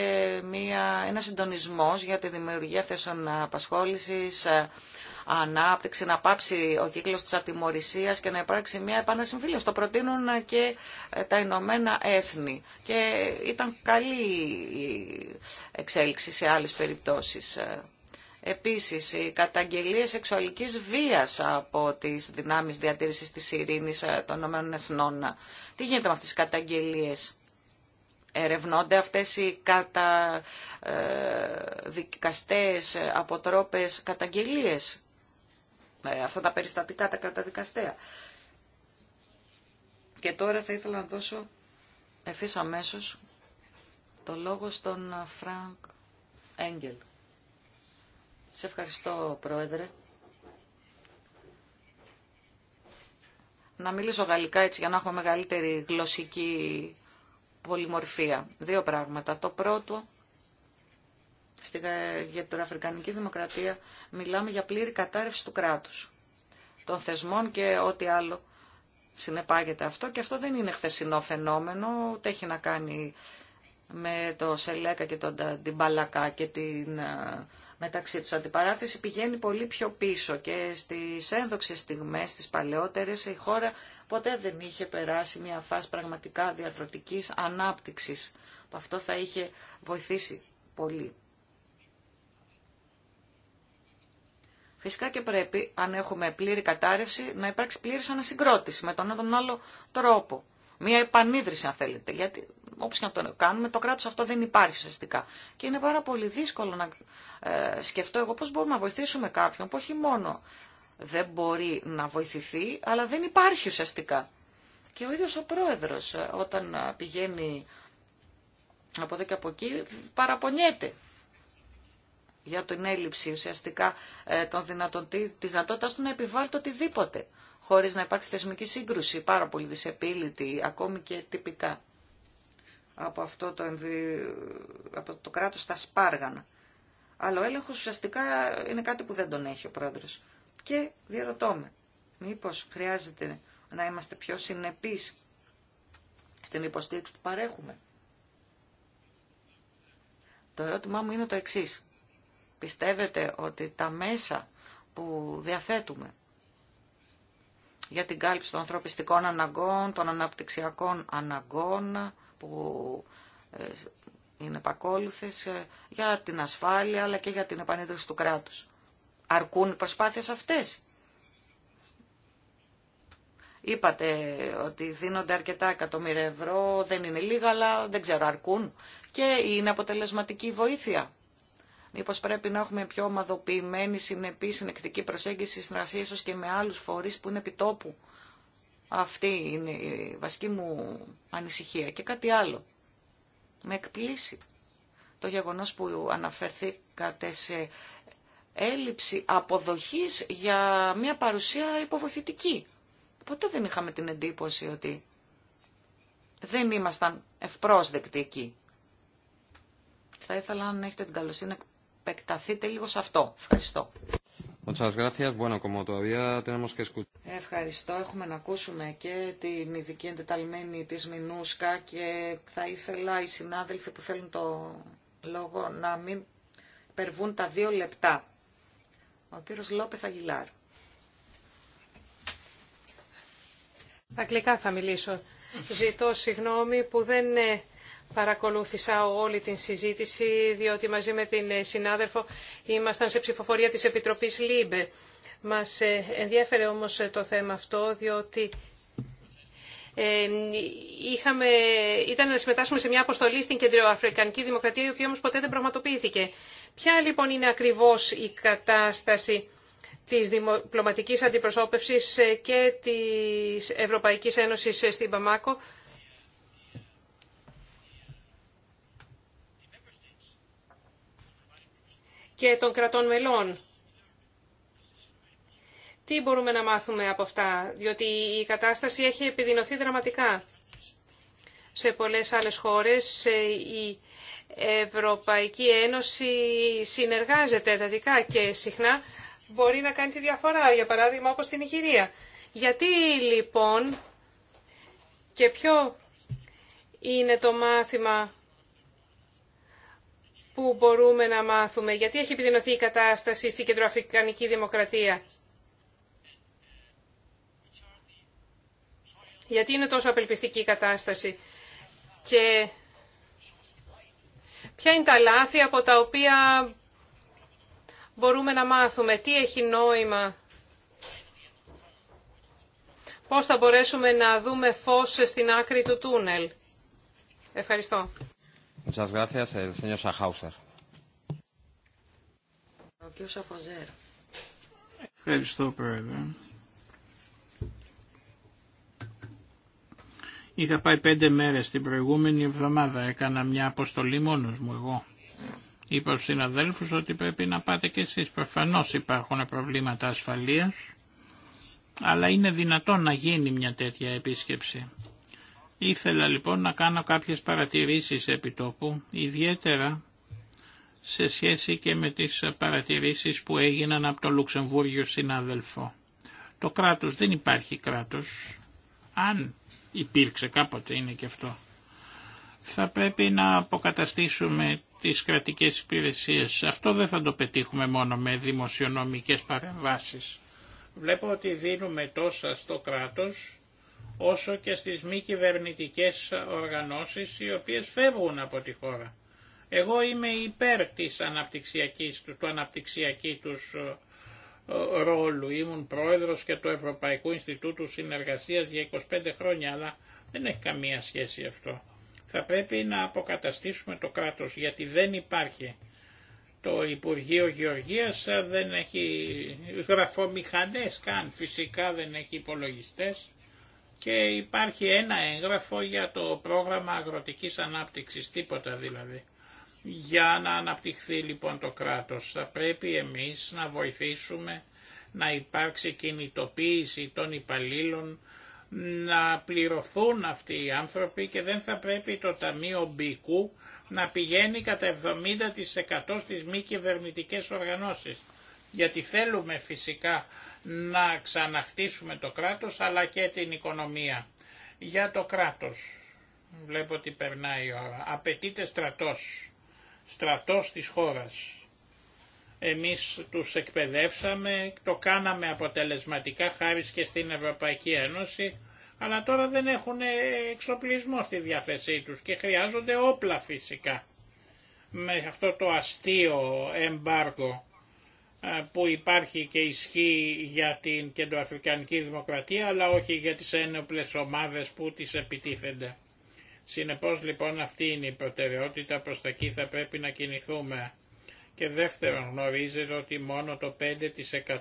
μια, ένα συντονισμός για τη δημιουργία θέσεων απασχόλησης, ε, ανάπτυξη, να πάψει ο κύκλος της ατιμορρησίας και να υπάρξει μια επανασυμφίλωση. Το προτείνουν και ε, τα Ηνωμένα Έθνη και ήταν καλή η εξέλιξη σε άλλες περιπτώσεις. Ε, επίσης, οι καταγγελίες σεξουαλικής βίας από τις δυνάμεις διατήρησης της ειρήνης ε, των Ηνωμένων Εθνών. Τι γίνεται με αυτές τις καταγγελίες. Ερευνώνται αυτές οι καταδικαστές αποτρόπες καταγγελίες. Ε, αυτά τα περιστατικά, τα καταδικαστέα. Και τώρα θα ήθελα να δώσω ευθύ αμέσω το λόγο στον Φρανκ Έγγελ. Σε ευχαριστώ, Πρόεδρε. Να μιλήσω γαλλικά έτσι για να έχω μεγαλύτερη γλωσσική πολυμορφία. Δύο πράγματα. Το πρώτο για την Αφρικανική Δημοκρατία μιλάμε για πλήρη κατάρρευση του κράτους, των θεσμών και ό,τι άλλο συνεπάγεται αυτό. Και αυτό δεν είναι χθεσινό φαινόμενο, ούτε έχει να κάνει με το Σελέκα και τον, την Μπαλακά και την μεταξύ τους αντιπαράθεση πηγαίνει πολύ πιο πίσω και στις ένδοξες στιγμές, στις παλαιότερες, η χώρα ποτέ δεν είχε περάσει μια φάση πραγματικά διαρθρωτικής ανάπτυξης. Αυτό θα είχε βοηθήσει πολύ. Φυσικά και πρέπει, αν έχουμε πλήρη κατάρρευση, να υπάρξει πλήρη ανασυγκρότηση με τον ένα τον άλλο τρόπο. Μία επανίδρυση, αν θέλετε. Γιατί όπω και να το κάνουμε, το κράτο αυτό δεν υπάρχει ουσιαστικά. Και είναι πάρα πολύ δύσκολο να ε, σκεφτώ εγώ πώ μπορούμε να βοηθήσουμε κάποιον που όχι μόνο δεν μπορεί να βοηθηθεί, αλλά δεν υπάρχει ουσιαστικά. Και ο ίδιο ο πρόεδρο, ε, όταν ε, πηγαίνει από εδώ και από εκεί, παραπονιέται για την έλλειψη ουσιαστικά ε, των δυνατοτή, της δυνατότητας του να επιβάλλει το οτιδήποτε, χωρίς να υπάρξει θεσμική σύγκρουση, πάρα πολύ δυσεπίλητη, ακόμη και τυπικά, από αυτό το, εμβι... από το κράτος στα σπάργανα. Αλλά ο έλεγχος ουσιαστικά είναι κάτι που δεν τον έχει ο πρόεδρος. Και διαρωτώ με, μήπως χρειάζεται να είμαστε πιο συνεπείς στην υποστήριξη που παρέχουμε. Το ερώτημά μου είναι το εξής. Πιστεύετε ότι τα μέσα που διαθέτουμε για την κάλυψη των ανθρωπιστικών αναγκών, των αναπτυξιακών αναγκών που ε, είναι επακόλουθες, ε, για την ασφάλεια αλλά και για την επανίδρυση του κράτους. Αρκούν οι προσπάθειες αυτές. Είπατε ότι δίνονται αρκετά εκατομμύρια ευρώ, δεν είναι λίγα, αλλά δεν ξέρω, αρκούν. Και είναι αποτελεσματική βοήθεια. Μήπω πρέπει να έχουμε πιο ομαδοποιημένη, συνεπή, συνεκτική προσέγγιση συνεργασία ίσω και με άλλους φορείς που είναι επιτόπου. Αυτή είναι η βασική μου ανησυχία. Και κάτι άλλο. Με εκπλήσει το γεγονός που αναφερθήκατε σε έλλειψη αποδοχής για μια παρουσία υποβοηθητική. Ποτέ δεν είχαμε την εντύπωση ότι δεν ήμασταν ευπρόσδεκτοι εκεί. Θα ήθελα αν έχετε την καλοσύνη να επεκταθείτε λίγο σε αυτό. Ευχαριστώ. Ευχαριστώ. Έχουμε να ακούσουμε και την ειδική εντεταλμένη τη Μινούσκα και θα ήθελα οι συνάδελφοι που θέλουν το λόγο να μην περβούν τα δύο λεπτά. Ο κύριος Λόπεθ Αγγιλάρ. Στα αγγλικά θα μιλήσω. Ζητώ συγγνώμη που δεν ε, Παρακολούθησα όλη την συζήτηση, διότι μαζί με την ε, συνάδελφο ήμασταν σε ψηφοφορία της Επιτροπής ΛΥΜΠΕ. Μας ε, ενδιέφερε όμως ε, το θέμα αυτό, διότι είχαμε, ήταν να συμμετάσχουμε σε μια αποστολή στην Κεντροαφρικανική Δημοκρατία, η οποία όμως ποτέ δεν πραγματοποιήθηκε. Ποια λοιπόν είναι ακριβώς η κατάσταση της διπλωματικής αντιπροσώπευσης και της Ευρωπαϊκής Ένωσης στην Παμάκο, και των κρατών μελών. Τι μπορούμε να μάθουμε από αυτά, διότι η κατάσταση έχει επιδεινωθεί δραματικά. Σε πολλές άλλες χώρες η Ευρωπαϊκή Ένωση συνεργάζεται εντατικά και συχνά μπορεί να κάνει τη διαφορά, για παράδειγμα όπως στην Ιγυρία. Γιατί λοιπόν και ποιο είναι το μάθημα που μπορούμε να μάθουμε, γιατί έχει επιδεινωθεί η κατάσταση στην κεντροαφρικανική δημοκρατία. Γιατί είναι τόσο απελπιστική η κατάσταση. Και ποια είναι τα λάθη από τα οποία μπορούμε να μάθουμε, τι έχει νόημα. Πώς θα μπορέσουμε να δούμε φως στην άκρη του τούνελ. Ευχαριστώ. Muchas gracias, el señor Ευχαριστώ, Πρόεδρε. Είχα πάει πέντε μέρες την προηγούμενη εβδομάδα, έκανα μια αποστολή μόνος μου εγώ. Είπα στους συναδέλφους ότι πρέπει να πάτε κι εσείς. Προφανώς υπάρχουν προβλήματα ασφαλείας, αλλά είναι δυνατόν να γίνει μια τέτοια επίσκεψη. Ήθελα λοιπόν να κάνω κάποιες παρατηρήσεις τόπου ιδιαίτερα σε σχέση και με τις παρατηρήσεις που έγιναν από τον Λουξεμβούργιο συνάδελφο. Το κράτος δεν υπάρχει κράτος. Αν υπήρξε κάποτε είναι και αυτό. Θα πρέπει να αποκαταστήσουμε τις κρατικές υπηρεσίες. Αυτό δεν θα το πετύχουμε μόνο με δημοσιονομικές παρεμβάσεις. Βλέπω ότι δίνουμε τόσα στο κράτος όσο και στις μη κυβερνητικέ οργανώσεις οι οποίες φεύγουν από τη χώρα. Εγώ είμαι υπέρ της αναπτυξιακής, του, του αναπτυξιακή τους ε, ε, ρόλου. Ήμουν πρόεδρος και του Ευρωπαϊκού Ινστιτούτου Συνεργασίας για 25 χρόνια, αλλά δεν έχει καμία σχέση αυτό. Θα πρέπει να αποκαταστήσουμε το κράτος, γιατί δεν υπάρχει. Το Υπουργείο Γεωργίας δεν έχει γραφομηχανές καν, φυσικά δεν έχει υπολογιστές και υπάρχει ένα έγγραφο για το πρόγραμμα αγροτικής ανάπτυξης, τίποτα δηλαδή. Για να αναπτυχθεί λοιπόν το κράτος θα πρέπει εμείς να βοηθήσουμε να υπάρξει κινητοποίηση των υπαλλήλων, να πληρωθούν αυτοί οι άνθρωποι και δεν θα πρέπει το Ταμείο Μπίκου να πηγαίνει κατά 70% στις μη κυβερνητικέ οργανώσεις. Γιατί θέλουμε φυσικά να ξαναχτίσουμε το κράτος αλλά και την οικονομία. Για το κράτος, βλέπω ότι περνάει η ώρα, απαιτείται στρατός, στρατός της χώρας. Εμείς τους εκπαιδεύσαμε, το κάναμε αποτελεσματικά χάρη και στην Ευρωπαϊκή Ένωση, αλλά τώρα δεν έχουν εξοπλισμό στη διάθεσή τους και χρειάζονται όπλα φυσικά. Με αυτό το αστείο εμπάργο ε, που υπάρχει και ισχύει για την κεντροαφρικανική δημοκρατία αλλά όχι για τις ένοπλες ομάδες που τις επιτίθενται. Συνεπώς λοιπόν αυτή είναι η προτεραιότητα, προς τα εκεί θα πρέπει να κινηθούμε. Και δεύτερον γνωρίζετε ότι μόνο το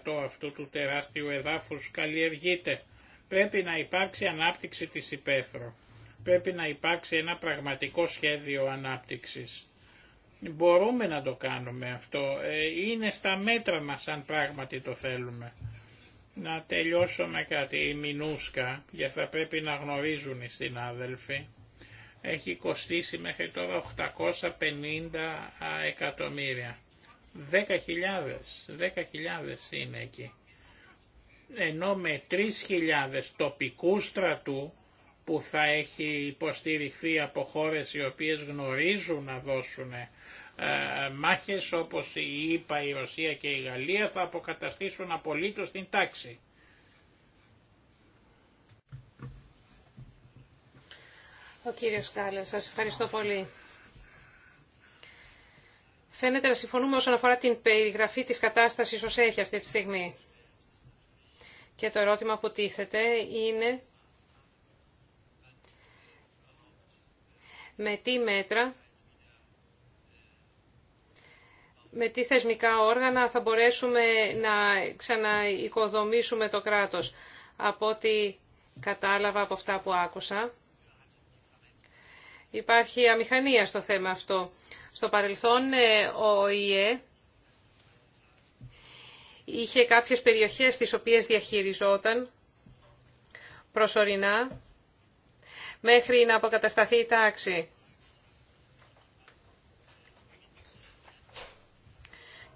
5% αυτού του τεράστιου εδάφους καλλιεργείται. Πρέπει να υπάρξει ανάπτυξη της υπαίθρου. Πρέπει να υπάρξει ένα πραγματικό σχέδιο ανάπτυξης. Μπορούμε να το κάνουμε αυτό. Ε, είναι στα μέτρα μας αν πράγματι το θέλουμε. Να τελειώσω με κάτι. Η Μινούσκα, για θα πρέπει να γνωρίζουν οι συνάδελφοι, έχει κοστίσει μέχρι τώρα 850 εκατομμύρια. 10.000, 10.000 είναι εκεί. Ενώ με 3.000 τοπικού στρατού που θα έχει υποστηριχθεί από χώρες οι οποίες γνωρίζουν να δώσουν ε, μάχες όπως η ΙΠΑ, η Ρωσία και η Γαλλία θα αποκαταστήσουν απολύτως την τάξη. Ο κύριος Κάλλας, σας ευχαριστώ πολύ. Φαίνεται να συμφωνούμε όσον αφορά την περιγραφή της κατάστασης ως έχει αυτή τη στιγμή. Και το ερώτημα που τίθεται είναι με τι μέτρα με τι θεσμικά όργανα θα μπορέσουμε να ξαναοικοδομήσουμε το κράτος. Από ό,τι κατάλαβα από αυτά που άκουσα, υπάρχει αμηχανία στο θέμα αυτό. Στο παρελθόν ε, ο ΙΕ είχε κάποιες περιοχές τις οποίες διαχειριζόταν προσωρινά μέχρι να αποκατασταθεί η τάξη.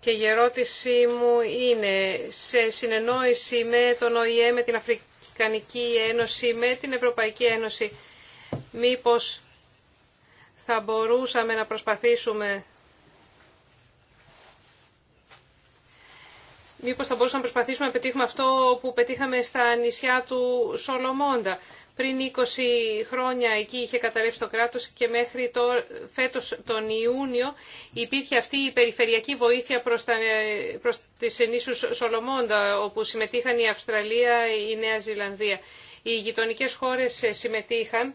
Και η ερώτησή μου είναι, σε συνεννόηση με τον ΟΗΕ, με την Αφρικανική Ένωση, με την Ευρωπαϊκή Ένωση, μήπως θα μπορούσαμε να προσπαθήσουμε... Μήπως θα μπορούσαμε να προσπαθήσουμε να πετύχουμε αυτό που πετύχαμε στα νησιά του Σολομόντα. Πριν 20 χρόνια εκεί είχε καταρρεύσει το κράτος και μέχρι το, φέτος τον Ιούνιο υπήρχε αυτή η περιφερειακή βοήθεια προς, τα, προς τις νήσους Σολομόντα όπου συμμετείχαν η Αυστραλία, η Νέα Ζηλανδία. Οι γειτονικέ χώρες συμμετείχαν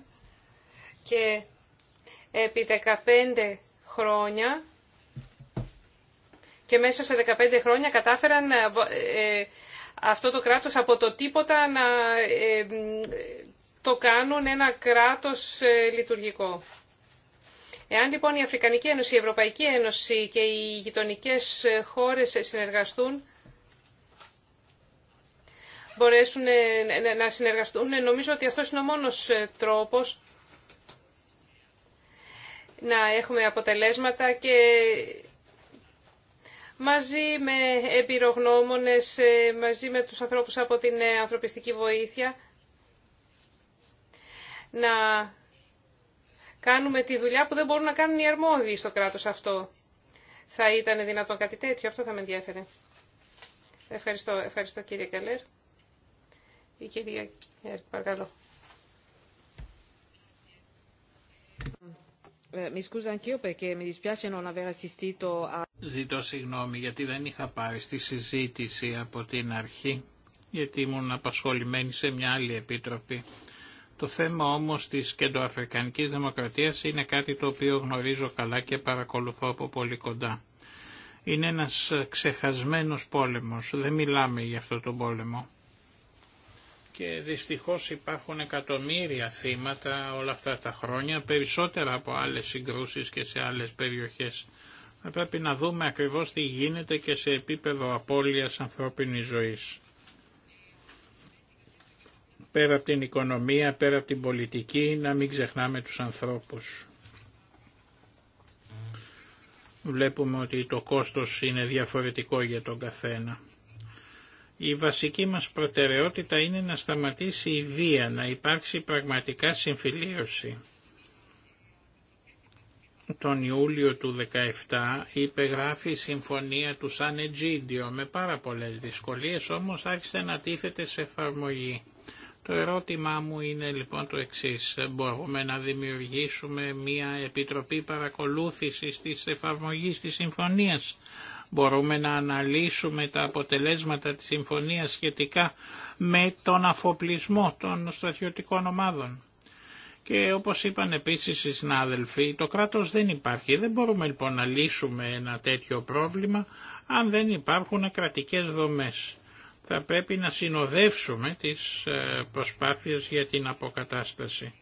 και επί 15 χρόνια και μέσα σε 15 χρόνια κατάφεραν ε, ε, αυτό το κράτος από το τίποτα να ε, το κάνουν ένα κράτος ε, λειτουργικό. Εάν λοιπόν η Αφρικανική Ένωση, η Ευρωπαϊκή Ένωση και οι γειτονικέ ε, χώρες συνεργαστούν, μπορέσουν ε, να συνεργαστούν, νομίζω ότι αυτό είναι ο μόνος τρόπος να έχουμε αποτελέσματα και μαζί με εμπειρογνώμονες, μαζί με τους ανθρώπους από την ανθρωπιστική βοήθεια, να κάνουμε τη δουλειά που δεν μπορούν να κάνουν οι αρμόδιοι στο κράτος αυτό. Θα ήταν δυνατόν κάτι τέτοιο, αυτό θα με ενδιαφέρε. Ευχαριστώ, ευχαριστώ κύριε Καλέρ. Η κυρία Καλέρ, παρακαλώ. Ε, Ζητώ συγγνώμη γιατί δεν είχα πάρει στη συζήτηση από την αρχή, γιατί ήμουν απασχολημένη σε μια άλλη επιτροπή. Το θέμα όμως της κεντροαφρικανικής δημοκρατίας είναι κάτι το οποίο γνωρίζω καλά και παρακολουθώ από πολύ κοντά. Είναι ένας ξεχασμένος πόλεμος, δεν μιλάμε για αυτό τον πόλεμο. Και δυστυχώς υπάρχουν εκατομμύρια θύματα όλα αυτά τα χρόνια, περισσότερα από άλλες συγκρούσεις και σε άλλες περιοχές. Θα πρέπει να δούμε ακριβώς τι γίνεται και σε επίπεδο απώλειας ανθρώπινης ζωής πέρα από την οικονομία, πέρα από την πολιτική, να μην ξεχνάμε τους ανθρώπους. Βλέπουμε ότι το κόστος είναι διαφορετικό για τον καθένα. Η βασική μας προτεραιότητα είναι να σταματήσει η βία, να υπάρξει πραγματικά συμφιλίωση. Τον Ιούλιο του 17 υπεγράφει η συμφωνία του Σαν Ετζίντιο με πάρα πολλές δυσκολίες, όμως άρχισε να τίθεται σε εφαρμογή. Το ερώτημά μου είναι λοιπόν το εξής. Μπορούμε να δημιουργήσουμε μια επιτροπή παρακολούθησης της εφαρμογής της συμφωνίας. Μπορούμε να αναλύσουμε τα αποτελέσματα της συμφωνίας σχετικά με τον αφοπλισμό των στρατιωτικών ομάδων. Και όπως είπαν επίσης οι συνάδελφοι, το κράτος δεν υπάρχει. Δεν μπορούμε λοιπόν να λύσουμε ένα τέτοιο πρόβλημα αν δεν υπάρχουν κρατικές δομές θα πρέπει να συνοδεύσουμε τις ε, προσπάθειες για την αποκατάσταση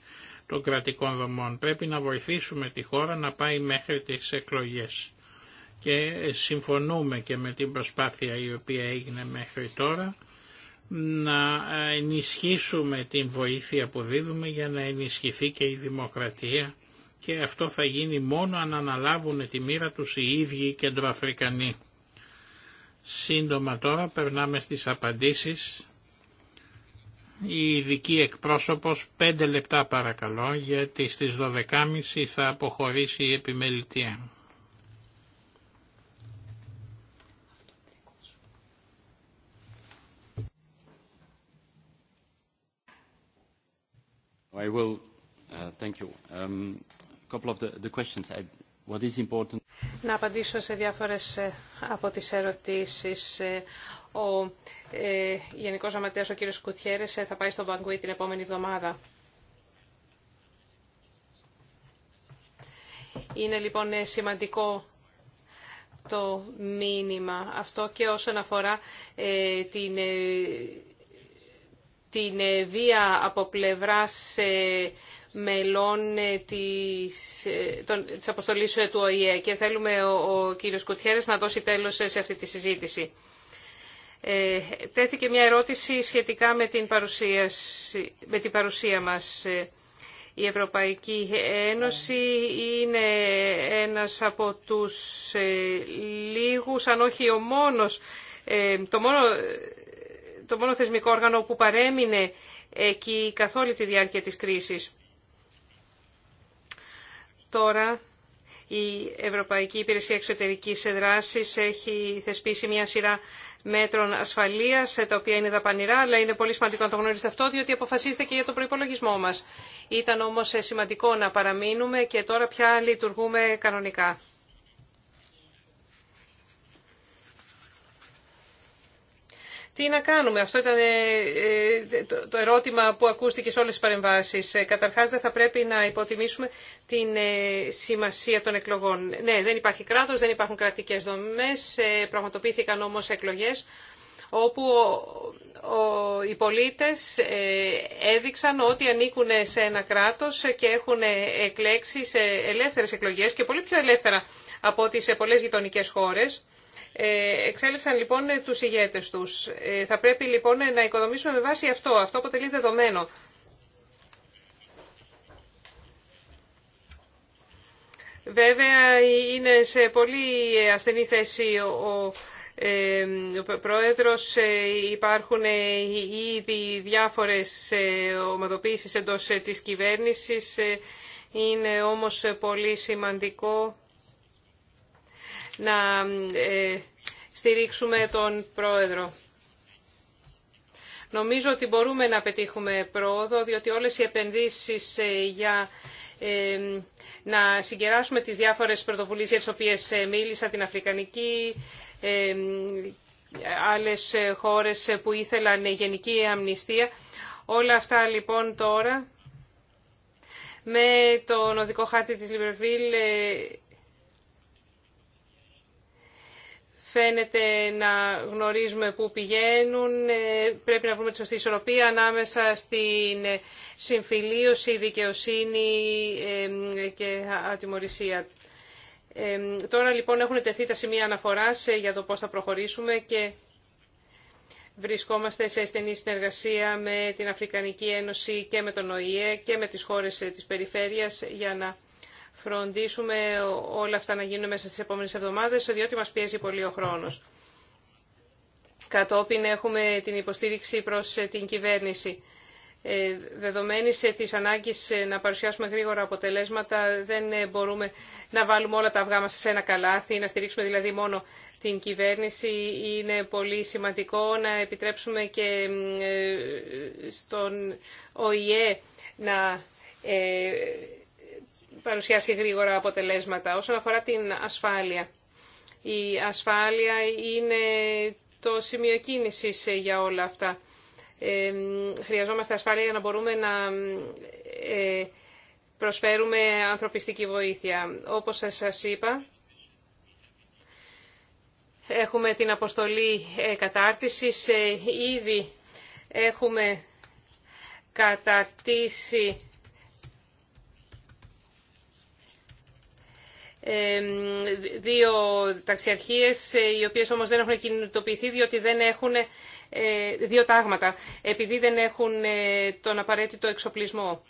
των κρατικών δομών. Πρέπει να βοηθήσουμε τη χώρα να πάει μέχρι τις εκλογές. Και συμφωνούμε και με την προσπάθεια η οποία έγινε μέχρι τώρα να ενισχύσουμε την βοήθεια που δίδουμε για να ενισχυθεί και η δημοκρατία και αυτό θα γίνει μόνο αν αναλάβουν τη μοίρα τους οι ίδιοι οι κεντροαφρικανοί. Σύντομα τώρα περνάμε στις απαντήσεις. Η ειδική εκπρόσωπος, πέντε λεπτά παρακαλώ, γιατί στις 12.30 θα αποχωρήσει η επιμελητία. I will. Uh, um, να απαντήσω σε διάφορες ε, από τις ερωτήσεις. Ε, ο ε, Γενικός Γραμματέας, ο κύριος Κουτιέρες, ε, θα πάει στο Μπαγκουί την επόμενη εβδομάδα. Είναι λοιπόν σημαντικό το μήνυμα αυτό και όσον αφορά ε, την την ε, βία από πλευράς ε, μελών ε, της, των, της αποστολής του ΟΗΕ και θέλουμε ο, κύριος Κουτιέρες να δώσει τέλος σε αυτή τη συζήτηση. Ε, τέθηκε μια ερώτηση σχετικά με την, παρουσία, με την παρουσία μας. Η Ευρωπαϊκή Ένωση είναι ένας από τους λίγους, αν όχι ο μόνος, το μόνο το μόνο θεσμικό όργανο που παρέμεινε εκεί καθ' όλη τη διάρκεια της κρίσης. Τώρα η Ευρωπαϊκή Υπηρεσία Εξωτερικής Δράσης έχει θεσπίσει μια σειρά μέτρων ασφαλείας, τα οποία είναι δαπανηρά, αλλά είναι πολύ σημαντικό να το γνωρίζετε αυτό, διότι αποφασίζεται και για τον προϋπολογισμό μας. Ήταν όμως σημαντικό να παραμείνουμε και τώρα πια λειτουργούμε κανονικά. Τι να κάνουμε, αυτό ήταν ε, ε, το ερώτημα που ακούστηκε σε όλες τις παρεμβάσεις. Ε, καταρχάς δεν θα πρέπει να υποτιμήσουμε την σημασία των εκλογών. Ναι, δεν υπάρχει κράτος, δεν υπάρχουν κρατικές δομές, πραγματοποιήθηκαν όμως εκλογές όπου οι πολίτες έδειξαν ότι ανήκουν σε ένα κράτος και έχουν εκλέξει σε ελεύθερες εκλογές και πολύ πιο ελεύθερα από τις πολλές γειτονικές χώρες ε, Εξέλεξαν λοιπόν τους ηγέτες τους. Ε, θα πρέπει λοιπόν να οικοδομήσουμε με βάση αυτό. Αυτό αποτελεί δεδομένο. Βέβαια είναι σε πολύ ασθενή θέση ο ε, Πρόεδρος. Υπάρχουν ήδη διάφορες ομαδοποίησεις εντός της κυβέρνησης. Είναι όμως πολύ σημαντικό να ε, στηρίξουμε τον Πρόεδρο. Νομίζω ότι μπορούμε να πετύχουμε πρόοδο, διότι όλες οι επενδύσεις ε, για ε, να συγκεράσουμε τις διάφορες πρωτοβουλίες για τις οποίες μίλησα, την Αφρικανική, άλλες χώρες που ήθελαν γενική αμνηστία. Όλα αυτά λοιπόν τώρα με τον οδικό χάρτη της Λιβερβίλ φαίνεται να γνωρίζουμε πού πηγαίνουν. Ε, πρέπει να βρούμε τη σωστή ισορροπία ανάμεσα στην ε, συμφιλίωση, δικαιοσύνη και ατιμορρησία. Τώρα λοιπόν έχουν τεθεί τα σημεία αναφοράς ε, για το πώς θα προχωρήσουμε και βρισκόμαστε σε στενή συνεργασία με την Αφρικανική Ένωση και με τον ΟΗΕ και με τις χώρες της περιφέρειας για να φροντίσουμε όλα αυτά να γίνουν μέσα στις επόμενες εβδομάδες, διότι μας πιέζει πολύ ο χρόνος. Κατόπιν έχουμε την υποστήριξη προς ε, την κυβέρνηση. Ε, δεδομένης ε, της ανάγκης να παρουσιάσουμε γρήγορα αποτελέσματα, δεν μπορούμε να βάλουμε όλα τα αυγά μας σε ένα καλάθι, να στηρίξουμε δηλαδή μόνο την κυβέρνηση. Είναι πολύ σημαντικό να επιτρέψουμε και στον ΟΗΕ να παρουσιάσει γρήγορα αποτελέσματα. Όσον αφορά την ασφάλεια. Η ασφάλεια είναι το σημείο για όλα αυτά. Ε, χρειαζόμαστε ασφάλεια για να μπορούμε να ε, προσφέρουμε ανθρωπιστική βοήθεια. Όπως σας είπα, έχουμε την αποστολή ε, κατάρτισης. Ήδη έχουμε καταρτήσει δύο ταξιαρχίες, ε, οι οποίες όμως δεν έχουν κινητοποιηθεί διότι δεν έχουν ε, δύο τάγματα, επειδή δεν έχουν ε, τον απαραίτητο εξοπλισμό.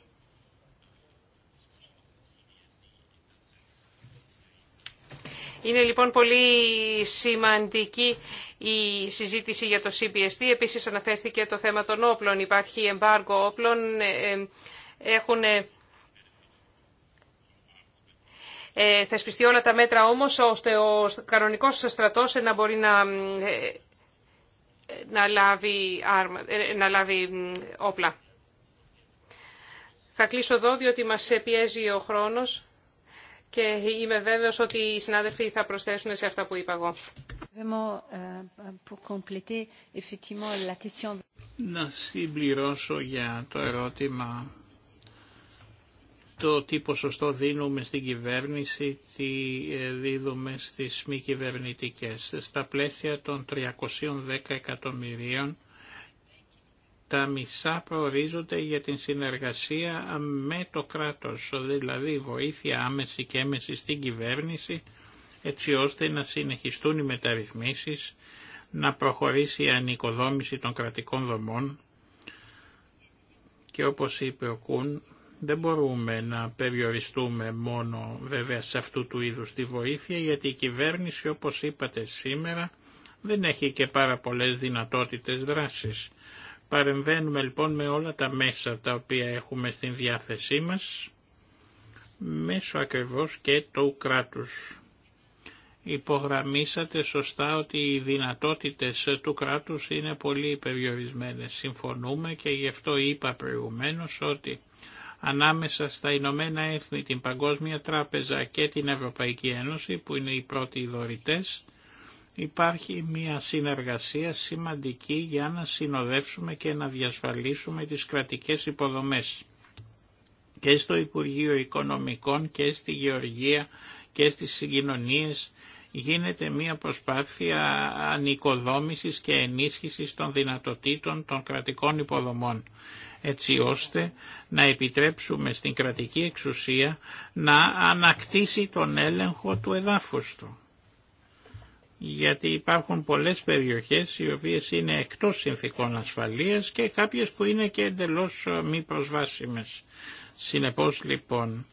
Είναι λοιπόν πολύ σημαντική η συζήτηση για το CPSD. Επίσης αναφέρθηκε το θέμα των όπλων. Υπάρχει εμπάργο όπλων. Έχουν ε, θεσπιστεί όλα τα μέτρα όμως ώστε ο κανονικός στρατός να μπορεί να, ε, να, λάβει, ε, όπλα. Θα κλείσω εδώ διότι μας πιέζει ο χρόνος και είμαι βέβαιος ότι οι συνάδελφοι θα προσθέσουν σε αυτά που είπα εγώ. Euh, να συμπληρώσω για το ερώτημα το τι ποσοστό δίνουμε στην κυβέρνηση, τι ε, δίδουμε στις μη κυβερνητικέ. Στα πλαίσια των 310 εκατομμυρίων, τα μισά προορίζονται για την συνεργασία με το κράτος, δηλαδή βοήθεια άμεση και έμεση στην κυβέρνηση, έτσι ώστε να συνεχιστούν οι μεταρρυθμίσεις, να προχωρήσει η ανοικοδόμηση των κρατικών δομών και όπως είπε ο Κούν, δεν μπορούμε να περιοριστούμε μόνο βέβαια σε αυτού του είδους τη βοήθεια γιατί η κυβέρνηση όπως είπατε σήμερα δεν έχει και πάρα πολλές δυνατότητες δράσης. Παρεμβαίνουμε λοιπόν με όλα τα μέσα τα οποία έχουμε στην διάθεσή μας μέσω ακριβώς και του κράτους. Υπογραμμίσατε σωστά ότι οι δυνατότητες του κράτους είναι πολύ περιορισμένες. Συμφωνούμε και γι' αυτό είπα προηγουμένως ότι ανάμεσα στα Ηνωμένα Έθνη, την Παγκόσμια Τράπεζα και την Ευρωπαϊκή Ένωση που είναι οι πρώτοι δωρητές υπάρχει μια συνεργασία σημαντική για να συνοδεύσουμε και να διασφαλίσουμε τις κρατικές υποδομές και στο Υπουργείο Οικονομικών και στη Γεωργία και στις συγκοινωνίες γίνεται μια προσπάθεια ανοικοδόμησης και ενίσχυσης των δυνατοτήτων των κρατικών υποδομών έτσι ώστε να επιτρέψουμε στην κρατική εξουσία να ανακτήσει τον έλεγχο του εδάφους του. Γιατί υπάρχουν πολλές περιοχές οι οποίες είναι εκτός συνθήκων ασφαλείας και κάποιες που είναι και εντελώς ε, μη προσβάσιμες. Συνεπώς λοιπόν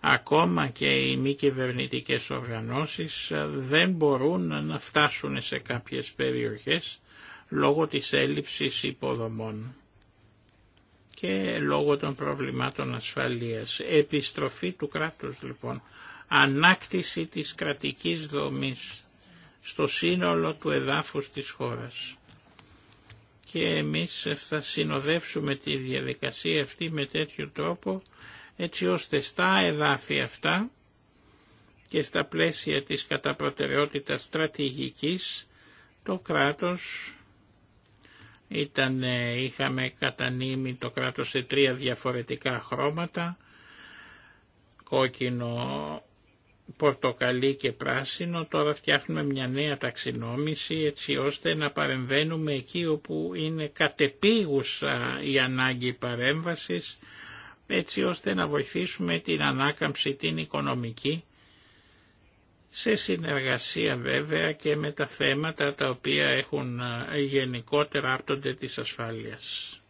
ακόμα και οι μη κυβερνητικέ οργανώσεις ε, δεν μπορούν να φτάσουν σε κάποιες περιοχές λόγω της έλλειψης υποδομών και λόγω των προβλημάτων ασφαλείας. Επιστροφή του κράτους λοιπόν, ανάκτηση της κρατικής δομής στο σύνολο του εδάφους της χώρας. Και εμείς θα συνοδεύσουμε τη διαδικασία αυτή με τέτοιο τρόπο έτσι ώστε στα εδάφη αυτά και στα πλαίσια της κατά στρατηγικής το κράτος ήταν, είχαμε κατανείμει το κράτος σε τρία διαφορετικά χρώματα, κόκκινο, πορτοκαλί και πράσινο. Τώρα φτιάχνουμε μια νέα ταξινόμηση έτσι ώστε να παρεμβαίνουμε εκεί όπου είναι κατεπίγουσα η ανάγκη παρέμβασης έτσι ώστε να βοηθήσουμε την ανάκαμψη την οικονομική σε συνεργασία βέβαια και με τα θέματα τα οποία έχουν γενικότερα άπτονται της ασφάλειας.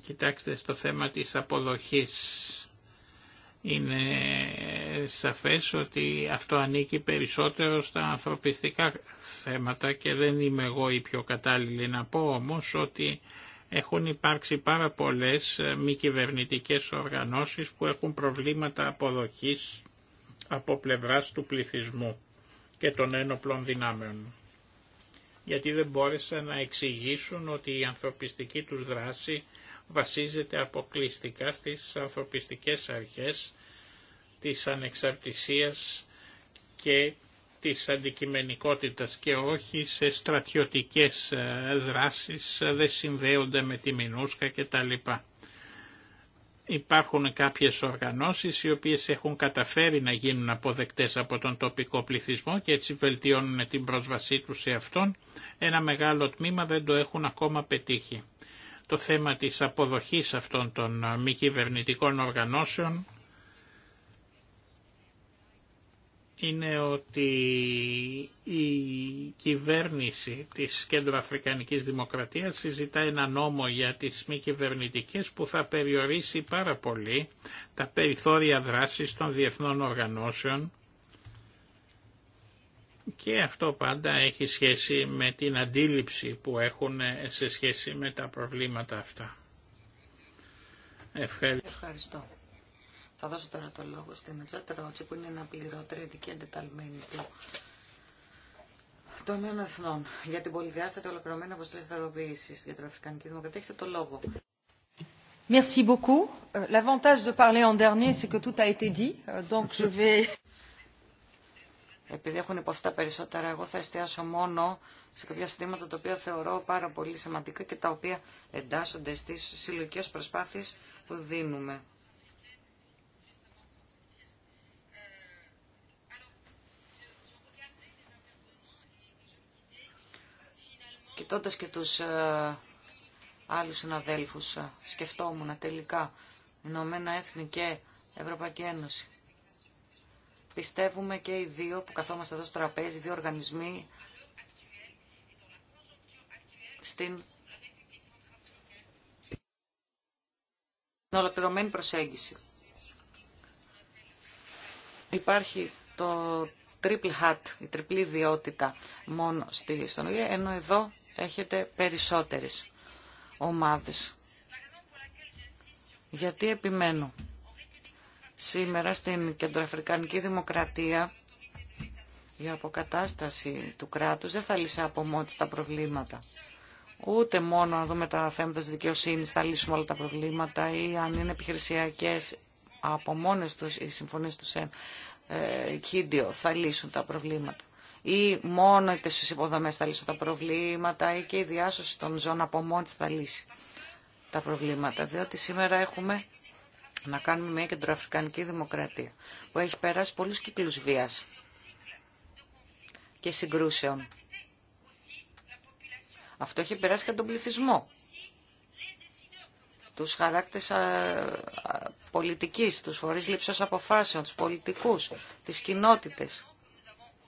Κοιτάξτε στο θέμα της αποδοχής. Είναι σαφές ότι αυτό ανήκει περισσότερο στα ανθρωπιστικά θέματα και δεν είμαι εγώ η πιο κατάλληλη να πω όμως ότι έχουν υπάρξει πάρα πολλές ε, μη κυβερνητικέ οργανώσεις που έχουν προβλήματα αποδοχής από πλευράς του πληθυσμού και των ένοπλων δυνάμεων. Γιατί δεν μπόρεσαν να εξηγήσουν ότι η ανθρωπιστική τους δράση βασίζεται αποκλειστικά στις ανθρωπιστικές αρχές της ανεξαρτησίας και της αντικειμενικότητας και όχι σε στρατιωτικές ε, δράσεις, ε, δεν συνδέονται με τη Μινούσκα κτλ. Υπάρχουν κάποιες οργανώσεις οι οποίες έχουν καταφέρει να γίνουν αποδεκτές από τον τοπικό πληθυσμό και έτσι βελτιώνουν την πρόσβασή τους σε αυτόν. Ένα μεγάλο τμήμα δεν το έχουν ακόμα πετύχει. Το θέμα της αποδοχής αυτών των μη κυβερνητικών οργανώσεων είναι ότι η κυβέρνηση της Κέντρο Αφρικανικής Δημοκρατίας συζητά ένα νόμο για τις μη κυβερνητικέ που θα περιορίσει πάρα πολύ τα περιθώρια δράσης των διεθνών οργανώσεων και αυτό πάντα έχει σχέση με την αντίληψη που έχουν σε σχέση με τα προβλήματα αυτά. Ευχαριστώ. Θα δώσω τώρα το λόγο στην Ατζάτα που είναι ένα και εντεταλμένη του των Εθνών για την πολυδιάστατη ολοκληρωμένη αποστολή θεραπευση για την Αφρικανική Δημοκρατία. Έχετε το λόγο. Merci beaucoup. Euh, l'avantage de parler en dernier, c'est que tout a été dit, euh, donc je vais επειδή έχουν υποθεί τα περισσότερα, εγώ θα εστιάσω μόνο σε κάποια συστήματα τα οποία θεωρώ πάρα πολύ σημαντικά και τα οποία εντάσσονται στις συλλογικές προσπάθειες που δίνουμε. Κοιτώντας και τους ε, άλλους συναδέλφους, ε, σκεφτόμουν τελικά Ηνωμένα Έθνη και Ευρωπαϊκή Ένωση. Πιστεύουμε και οι δύο που καθόμαστε εδώ στο τραπέζι, οι δύο οργανισμοί, στην ολοκληρωμένη προσέγγιση. Υπάρχει το triple hat, η τριπλή ιδιότητα μόνο στη, στον ενώ εδώ έχετε περισσότερες ομάδες. Γιατί επιμένω. Σήμερα στην Κεντροαφρικανική Δημοκρατία η αποκατάσταση του κράτους δεν θα λύσει από μόνη τα προβλήματα. Ούτε μόνο αν δούμε τα θέματα της δικαιοσύνης θα λύσουμε όλα τα προβλήματα ή αν είναι επιχειρησιακές από μόνες τους οι συμφωνίες του ΣΕΝ ε, θα λύσουν τα προβλήματα ή μόνο οι στις υποδομές θα λύσουν τα προβλήματα ή και η διάσωση των ζώων από μόνη θα λύσει τα προβλήματα. Διότι σήμερα έχουμε να κάνουμε μια κεντροαφρικανική δημοκρατία που έχει περάσει πολλούς κύκλους βίας και συγκρούσεων. Αυτό έχει περάσει και τον πληθυσμό. Τους χαράκτες πολιτικής, τους φορείς λήψεως αποφάσεων, τους πολιτικούς, τις κοινότητες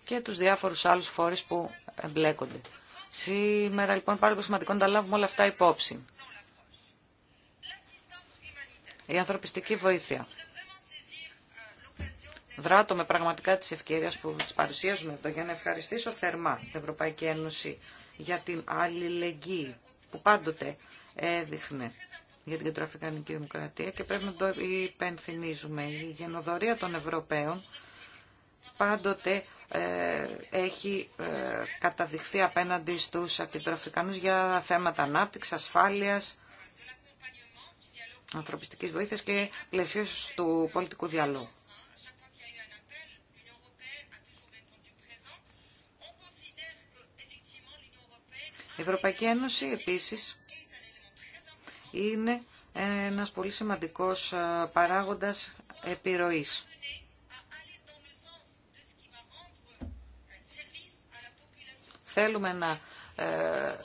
και τους διάφορους άλλους φόρους που εμπλέκονται. Σήμερα λοιπόν πάρα πολύ σημαντικό να τα λάβουμε όλα αυτά υπόψη. Η ανθρωπιστική βοήθεια. Δράτω με πραγματικά τις ευκαιρίες που τις παρουσιάζουμε εδώ για να ευχαριστήσω θερμά την Ευρωπαϊκή Ένωση για την αλληλεγγύη που πάντοτε έδειχνε για την Κεντροαφρικανική Δημοκρατία και πρέπει να το υπενθυμίζουμε. Η γενοδορία των Ευρωπαίων πάντοτε ε, έχει ε, καταδειχθεί απέναντι στους κεντροαφρικανούς για θέματα ανάπτυξης, ασφάλειας, ανθρωπιστικής βοήθειας και πλαισίωσης του πολιτικού διαλόγου. Η Ευρωπαϊκή Ένωση επίσης είναι ένας πολύ σημαντικός ε, παράγοντας επιρροής. Θέλουμε να ε,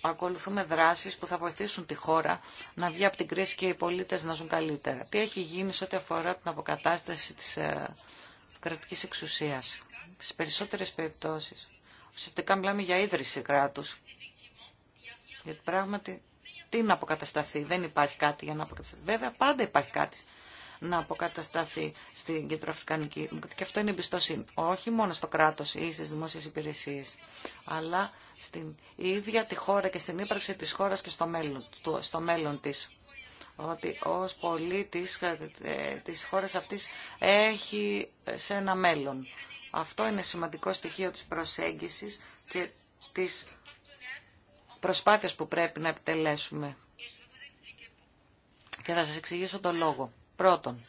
ακολουθούμε δράσεις που θα βοηθήσουν τη χώρα να βγει από την κρίση και οι πολίτες να ζουν καλύτερα. Τι έχει γίνει σε ό,τι αφορά την αποκατάσταση της ε, κρατικής εξουσίας. Στις περισσότερες περιπτώσεις. Ουσιαστικά μιλάμε για ίδρυση κράτους. Γιατί πράγματι τι να αποκατασταθεί. Δεν υπάρχει κάτι για να αποκατασταθεί. Βέβαια πάντα υπάρχει κάτι να αποκατασταθεί στην Κεντροαφρικανική Και αυτό είναι εμπιστοσύνη όχι μόνο στο κράτος ή στις δημόσιες υπηρεσίες, αλλά στην ίδια τη χώρα και στην ύπαρξη της χώρας και στο μέλλον, στο μέλλον της ότι ως πολίτης ε, της χώρας αυτής έχει σε ένα μέλλον. Αυτό είναι σημαντικό στοιχείο της προσέγγισης και της προσπάθειας που πρέπει να επιτελέσουμε. Και θα σας εξηγήσω το λόγο. Πρώτον,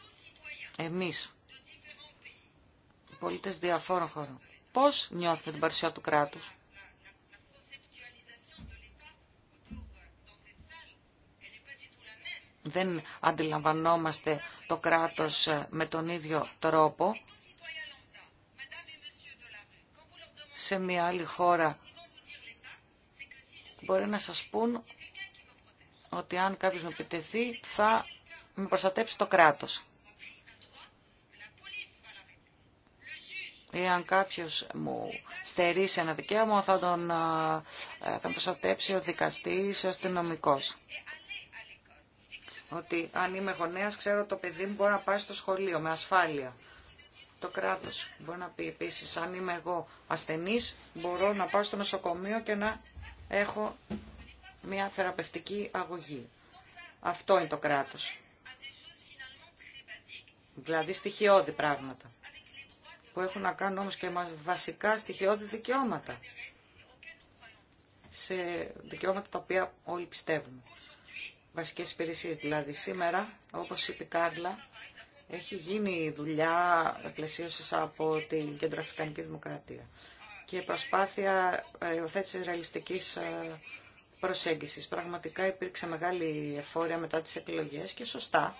εμείς, οι πολίτες διαφόρων χωρών, πώς νιώθουμε την παρουσία του κράτους. Δεν αντιλαμβανόμαστε το κράτος ε, με τον ίδιο τρόπο. Σε μια άλλη χώρα μπορεί να σας πούν ότι αν κάποιος με επιτεθεί θα με προστατέψει το κράτος. αν κάποιος μου στερήσει ένα δικαίωμα, θα τον ε, θα προστατέψει ο δικαστής, ο αστυνομικό. Ότι αν είμαι γονέας, ξέρω το παιδί μου μπορεί να πάει στο σχολείο με ασφάλεια. Το κράτος μπορεί να πει επίσης, αν είμαι εγώ ασθενής, μπορώ να πάω στο νοσοκομείο και να έχω μια θεραπευτική αγωγή. Αυτό είναι το κράτος. Δηλαδή στοιχειώδη πράγματα που έχουν να κάνουν όμως και βασικά στοιχειώδη δικαιώματα. Σε δικαιώματα τα οποία όλοι πιστεύουμε. Βασικές υπηρεσίες δηλαδή. Σήμερα, όπως είπε η Κάρλα, έχει γίνει δουλειά πλαισίωσης από την Κεντροαφρικανική Δημοκρατία και προσπάθεια ε, υιοθέτηση ρεαλιστικής ε, προσέγγισης. Πραγματικά υπήρξε μεγάλη εφόρια μετά τις εκλογές και σωστά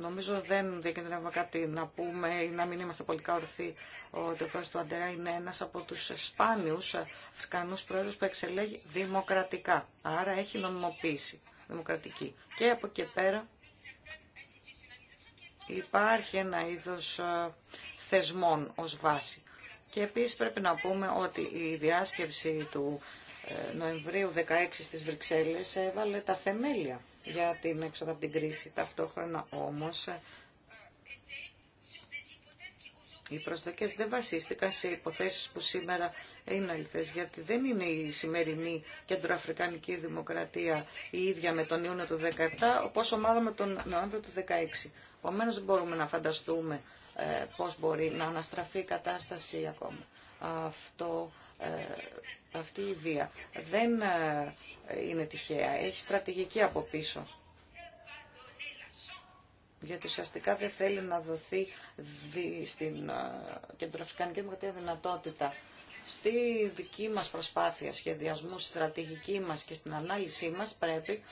Νομίζω δεν διακεντρεύουμε κάτι να πούμε ή να μην είμαστε πολιτικά ορθοί. Ο το του Αντερά είναι ένας από τους σπάνιους Αφρικανούς πρόεδρους που εξελέγει δημοκρατικά. Άρα έχει νομιμοποίηση δημοκρατική. Και από εκεί πέρα υπάρχει ένα είδος ε, θεσμών ως βάση. Και επίσης πρέπει να πούμε ότι η διάσκευση του ε, Νοεμβρίου 16 στις Βρυξέλλες έβαλε τα θεμέλια για την έξοδο από την κρίση. Ταυτόχρονα όμως οι προσδοκίες δεν βασίστηκαν σε υποθέσεις που σήμερα είναι αληθές, γιατί δεν είναι η σημερινή κεντροαφρικανική δημοκρατία η ίδια με τον Ιούνιο του 2017, όπως μάλλον με τον Νοέμβριο του 2016. Οπόμενος δεν μπορούμε να φανταστούμε ε, πώς μπορεί να αναστραφεί η κατάσταση ακόμα αυτό, ε, αυτή η βία. Δεν ε, είναι τυχαία. Έχει στρατηγική από πίσω. Γιατί ουσιαστικά δεν θέλει να δοθεί στην ε, Κεντροαφρικανική Δημοκρατία δυνατότητα. Στη δική μας προσπάθεια σχεδιασμού, στη στρατηγική μας και στην ανάλυση μας πρέπει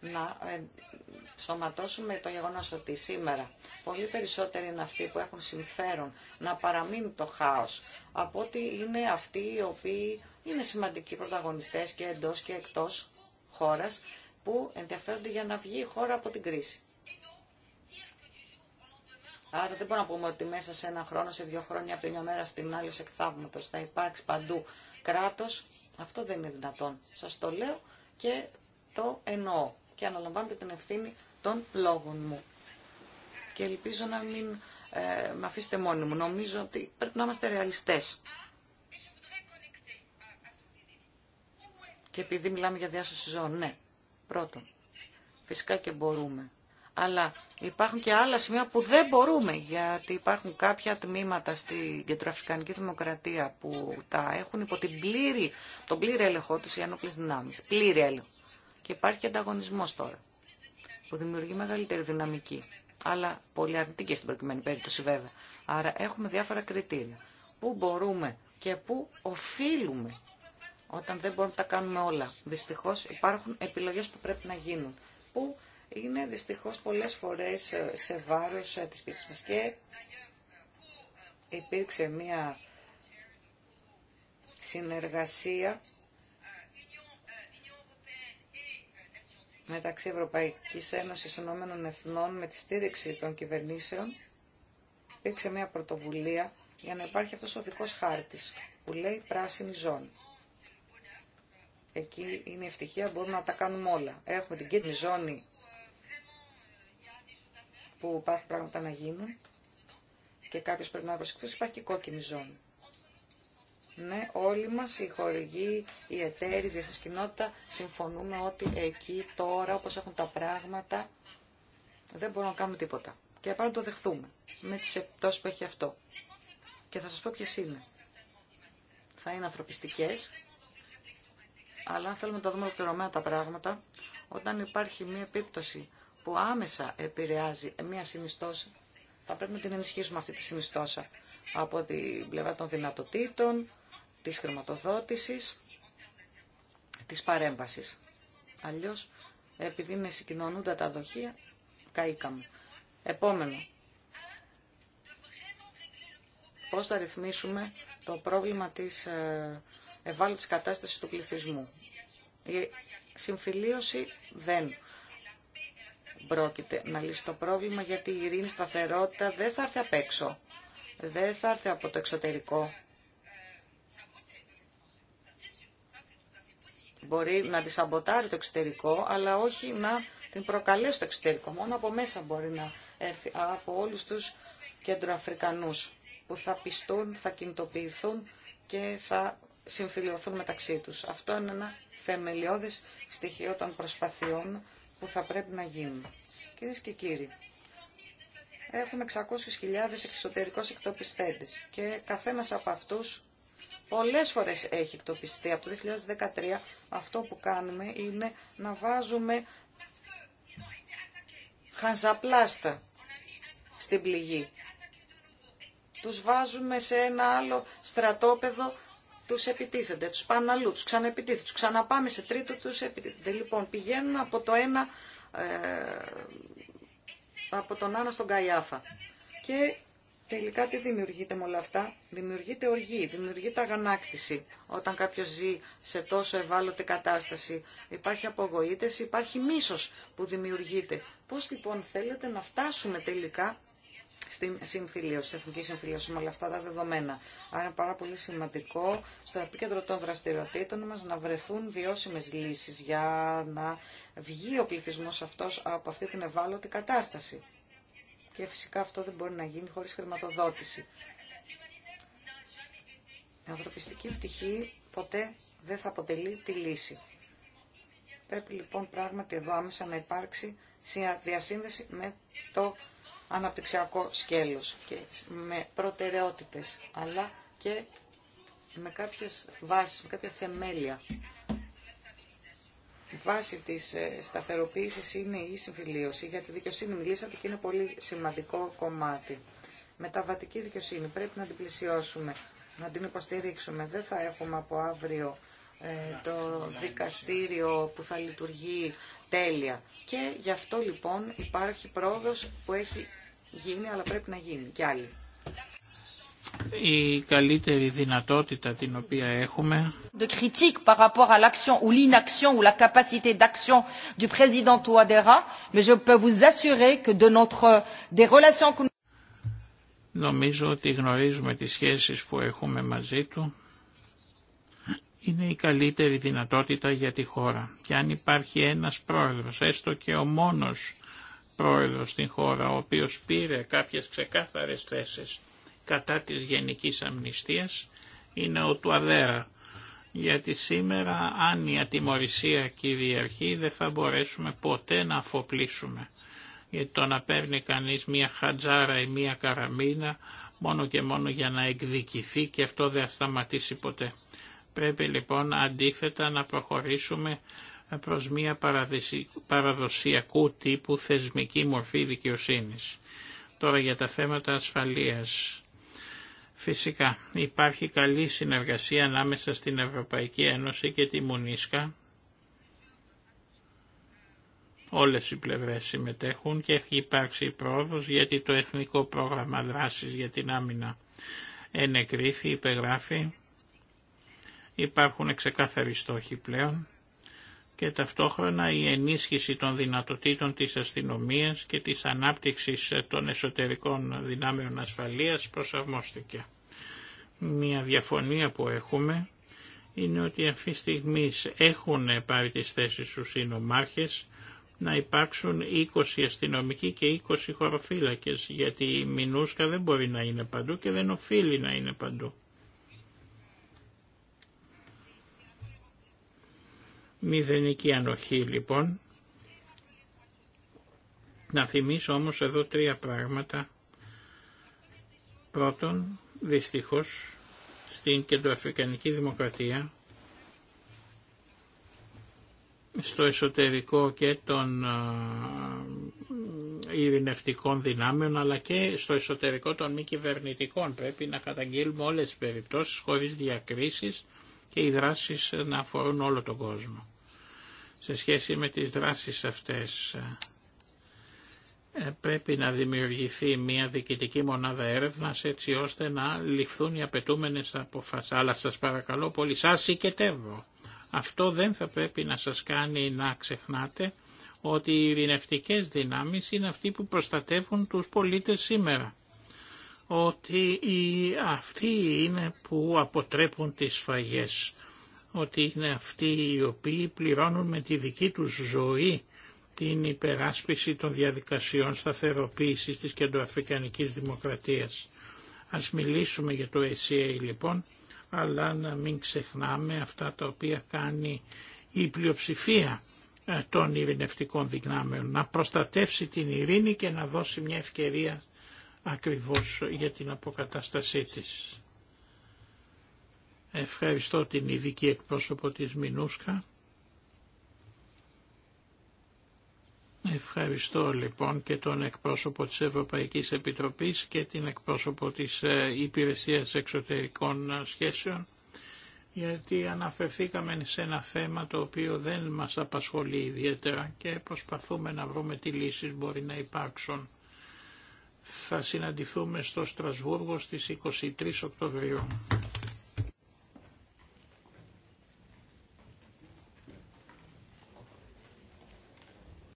να ε, σωματώσουμε το γεγονός ότι σήμερα πολύ περισσότεροι είναι αυτοί που έχουν συμφέρον να παραμείνει το χάος από ότι είναι αυτοί οι οποίοι είναι σημαντικοί πρωταγωνιστές και εντός και εκτός χώρας που ενδιαφέρονται για να βγει η χώρα από την κρίση. Άρα δεν μπορούμε να πούμε ότι μέσα σε ένα χρόνο, σε δύο χρόνια, από μια μέρα στην άλλη, σε εκθαύματος θα υπάρξει παντού κράτος. Αυτό δεν είναι δυνατόν. Σας το λέω και το εννοώ και αναλαμβάνω και την ευθύνη των λόγων μου. Και ελπίζω να μην ε, με αφήσετε μόνοι μου. Νομίζω ότι πρέπει να είμαστε ρεαλιστές. Και επειδή μιλάμε για διάσωση ζώων, ναι, πρώτον, φυσικά και μπορούμε. Αλλά υπάρχουν και άλλα σημεία που δεν μπορούμε, γιατί υπάρχουν κάποια τμήματα στην Κεντροαφρικανική Δημοκρατία που τα έχουν υπό τον πλήρη έλεγχό τους οι ένοπλες δυνάμεις. Πλήρη έλεγχο. Και υπάρχει και ανταγωνισμός τώρα, που δημιουργεί μεγαλύτερη δυναμική, αλλά πολύ αρνητική στην προκειμένη περίπτωση βέβαια. Άρα έχουμε διάφορα κριτήρια. Πού μπορούμε και πού οφείλουμε όταν δεν μπορούμε να τα κάνουμε όλα. Δυστυχώ υπάρχουν επιλογές που πρέπει να γίνουν, που είναι δυστυχώς πολλές φορές ε, σε βάρος ε, τη πίστη μα. και υπήρξε μια συνεργασία μεταξύ Ευρωπαϊκής Ένωσης και Εθνών με τη στήριξη των κυβερνήσεων υπήρξε μια πρωτοβουλία για να υπάρχει αυτός ο δικός χάρτης που λέει πράσινη ζώνη. Εκεί είναι η ευτυχία, μπορούμε να τα κάνουμε όλα. Έχουμε την κίτρινη ζώνη που υπάρχουν πράγματα να γίνουν και κάποιος πρέπει να προσεκτήσει, υπάρχει και η κόκκινη ζώνη. Ναι, όλοι μας οι χορηγοί, οι εταίροι, η διεθνής κοινότητα συμφωνούμε ότι εκεί τώρα όπως έχουν τα πράγματα δεν μπορούμε να κάνουμε τίποτα. Και απλά το δεχθούμε με τις επιπτώσεις που έχει αυτό. Και θα σας πω ποιες είναι. Θα είναι ανθρωπιστικές, αλλά αν θέλουμε να τα δούμε ολοκληρωμένα τα πράγματα, όταν υπάρχει μια επίπτωση που άμεσα επηρεάζει μια συνιστόση θα πρέπει να την ενισχύσουμε αυτή τη συνιστόσα από την πλευρά των δυνατοτήτων, της χρηματοδότησης, της παρέμβασης. Αλλιώς, επειδή είναι συγκοινωνούντα τα δοχεία, καήκαμε. Επόμενο, πώς θα ρυθμίσουμε το πρόβλημα της ε, ευάλωτης κατάστασης του πληθυσμού. Η συμφιλίωση δεν πρόκειται να λύσει το πρόβλημα γιατί η ειρήνη σταθερότητα δεν θα έρθει απ' έξω. Δεν θα έρθει από το εξωτερικό. Μπορεί να τη σαμποτάρει το εξωτερικό, αλλά όχι να την προκαλέσει το εξωτερικό. Μόνο από μέσα μπορεί να έρθει από όλους τους κεντροαφρικανούς που θα πιστούν, θα κινητοποιηθούν και θα συμφιλειωθούν μεταξύ τους. Αυτό είναι ένα θεμελιώδες στοιχείο των προσπαθειών που θα πρέπει να γίνουν. Κυρίε και κύριοι, έχουμε 600.000 εξωτερικούς εκτοπιστέντες και καθένας από αυτούς πολλές φορές έχει εκτοπιστεί. Από το 2013 αυτό που κάνουμε είναι να βάζουμε χανζαπλάστα στην πληγή. Τους βάζουμε σε ένα άλλο στρατόπεδο, τους επιτίθενται, τους πάνε αλλού, τους ξαναεπιτίθενται, τους ξαναπάμε σε τρίτο, τους επιτίθενται. Λοιπόν, πηγαίνουν από το ένα, ε, από τον Άννα στον Καϊάφα. Και Τελικά τι δημιουργείται με όλα αυτά. Δημιουργείται οργή, δημιουργείται αγανάκτηση όταν κάποιο ζει σε τόσο ευάλωτη κατάσταση. Υπάρχει απογοήτευση, υπάρχει μίσος που δημιουργείται. Πώ λοιπόν θέλετε να φτάσουμε τελικά στην συμφιλίωση, στην εθνική συμφιλίωση με όλα αυτά τα δεδομένα. Άρα είναι πάρα πολύ σημαντικό στο επίκεντρο των δραστηριοτήτων μας να βρεθούν βιώσιμες λύσεις για να βγει ο πληθυσμός αυτός από αυτή την ευάλωτη κατάσταση και φυσικά αυτό δεν μπορεί να γίνει χωρίς χρηματοδότηση. Η ανθρωπιστική πτυχή ποτέ δεν θα αποτελεί τη λύση. Πρέπει λοιπόν πράγματι εδώ άμεσα να υπάρξει διασύνδεση με το αναπτυξιακό σκέλος και με προτεραιότητες, αλλά και με κάποιες βάσεις, με κάποια θεμέλια. Η βάση της ε, σταθεροποίησης είναι η συμφιλίωση. Για τη δικαιοσύνη μιλήσατε και είναι πολύ σημαντικό κομμάτι. Μεταβατική δικαιοσύνη πρέπει να την πλησιώσουμε, να την υποστηρίξουμε. Δεν θα έχουμε από αύριο ε, το δικαστήριο που θα λειτουργεί τέλεια. Και γι' αυτό λοιπόν υπάρχει πρόοδος που έχει γίνει, αλλά πρέπει να γίνει κι άλλη η καλύτερη δυνατότητα την οποία έχουμε Νομίζω ότι γνωρίζουμε τις σχέσεις που έχουμε μαζί του. Είναι η καλύτερη δυνατότητα για τη χώρα. Και αν υπάρχει ένας πρόεδρος, έστω και ο μόνος πρόεδρος στην χώρα, ο οποίος πήρε κάποιες ξεκάθαρες θέσεις κατά της γενικής αμνηστίας είναι ο του Αδέρα. Γιατί σήμερα αν η ατιμορρησία κυριαρχεί δεν θα μπορέσουμε ποτέ να αφοπλίσουμε. Γιατί το να παίρνει κανείς μία χατζάρα ή μία καραμίνα μόνο και μόνο για να εκδικηθεί και αυτό δεν θα σταματήσει ποτέ. Πρέπει λοιπόν αντίθετα να προχωρήσουμε προς μία παραδοσιακού τύπου θεσμική μορφή δικαιοσύνης. Τώρα για τα θέματα ασφαλείας. Φυσικά υπάρχει καλή συνεργασία ανάμεσα στην Ευρωπαϊκή Ένωση και τη Μουνίσκα. Όλες οι πλευρές συμμετέχουν και έχει υπάρξει πρόοδος γιατί το Εθνικό Πρόγραμμα Δράσης για την Άμυνα ενεκρίθη, υπεγράφει. Υπάρχουν ξεκάθαροι στόχοι πλέον και ταυτόχρονα η ενίσχυση των δυνατοτήτων της αστυνομίας και της ανάπτυξης των εσωτερικών δυνάμεων ασφαλείας προσαρμόστηκε. Μια διαφωνία που έχουμε είναι ότι αυτή στιγμή έχουν πάρει τις θέσεις τους οι να υπάρξουν 20 αστυνομικοί και 20 χωροφύλακες, γιατί η Μινούσκα δεν μπορεί να είναι παντού και δεν οφείλει να είναι παντού. Μηδενική ανοχή λοιπόν. Να θυμίσω όμως εδώ τρία πράγματα. Πρώτον, δυστυχώς, στην Κεντροαφρικανική Δημοκρατία, στο εσωτερικό και των ειρηνευτικών δυνάμεων, αλλά και στο εσωτερικό των μη κυβερνητικών. Πρέπει να καταγγείλουμε όλες τις περιπτώσεις χωρίς διακρίσεις, και οι δράσεις να αφορούν όλο τον κόσμο. Σε σχέση με τις δράσεις αυτές ε, πρέπει να δημιουργηθεί μια διοικητική μονάδα έρευνας έτσι ώστε να ληφθούν οι απαιτούμενες αποφάσεις. Αλλά σας παρακαλώ πολύ, σας συγκετεύω. Αυτό δεν θα πρέπει να σας κάνει να ξεχνάτε ότι οι ειρηνευτικές δυνάμεις είναι αυτοί που προστατεύουν τους πολίτες σήμερα ότι οι, αυτοί είναι που αποτρέπουν τις φαγές, ότι είναι αυτοί οι οποίοι πληρώνουν με τη δική τους ζωή την υπεράσπιση των διαδικασιών σταθεροποίησης της κεντροαφρικανικής δημοκρατίας. Ας μιλήσουμε για το ΕΣΥΑ λοιπόν, αλλά να μην ξεχνάμε αυτά τα οποία κάνει η πλειοψηφία ε, των ειρηνευτικών δυνάμεων, να προστατεύσει την ειρήνη και να δώσει μια ευκαιρία ακριβώς για την αποκατάστασή της. Ευχαριστώ την ειδική εκπρόσωπο της Μινούσκα. Ευχαριστώ λοιπόν και τον εκπρόσωπο της Ευρωπαϊκής Επιτροπής και την εκπρόσωπο της ε, Υπηρεσίας Εξωτερικών Σχέσεων γιατί αναφερθήκαμε σε ένα θέμα το οποίο δεν μας απασχολεί ιδιαίτερα και προσπαθούμε να βρούμε τι λύσεις μπορεί να υπάρξουν θα συναντηθούμε στο Στρασβούργο στις 23 Οκτωβρίου.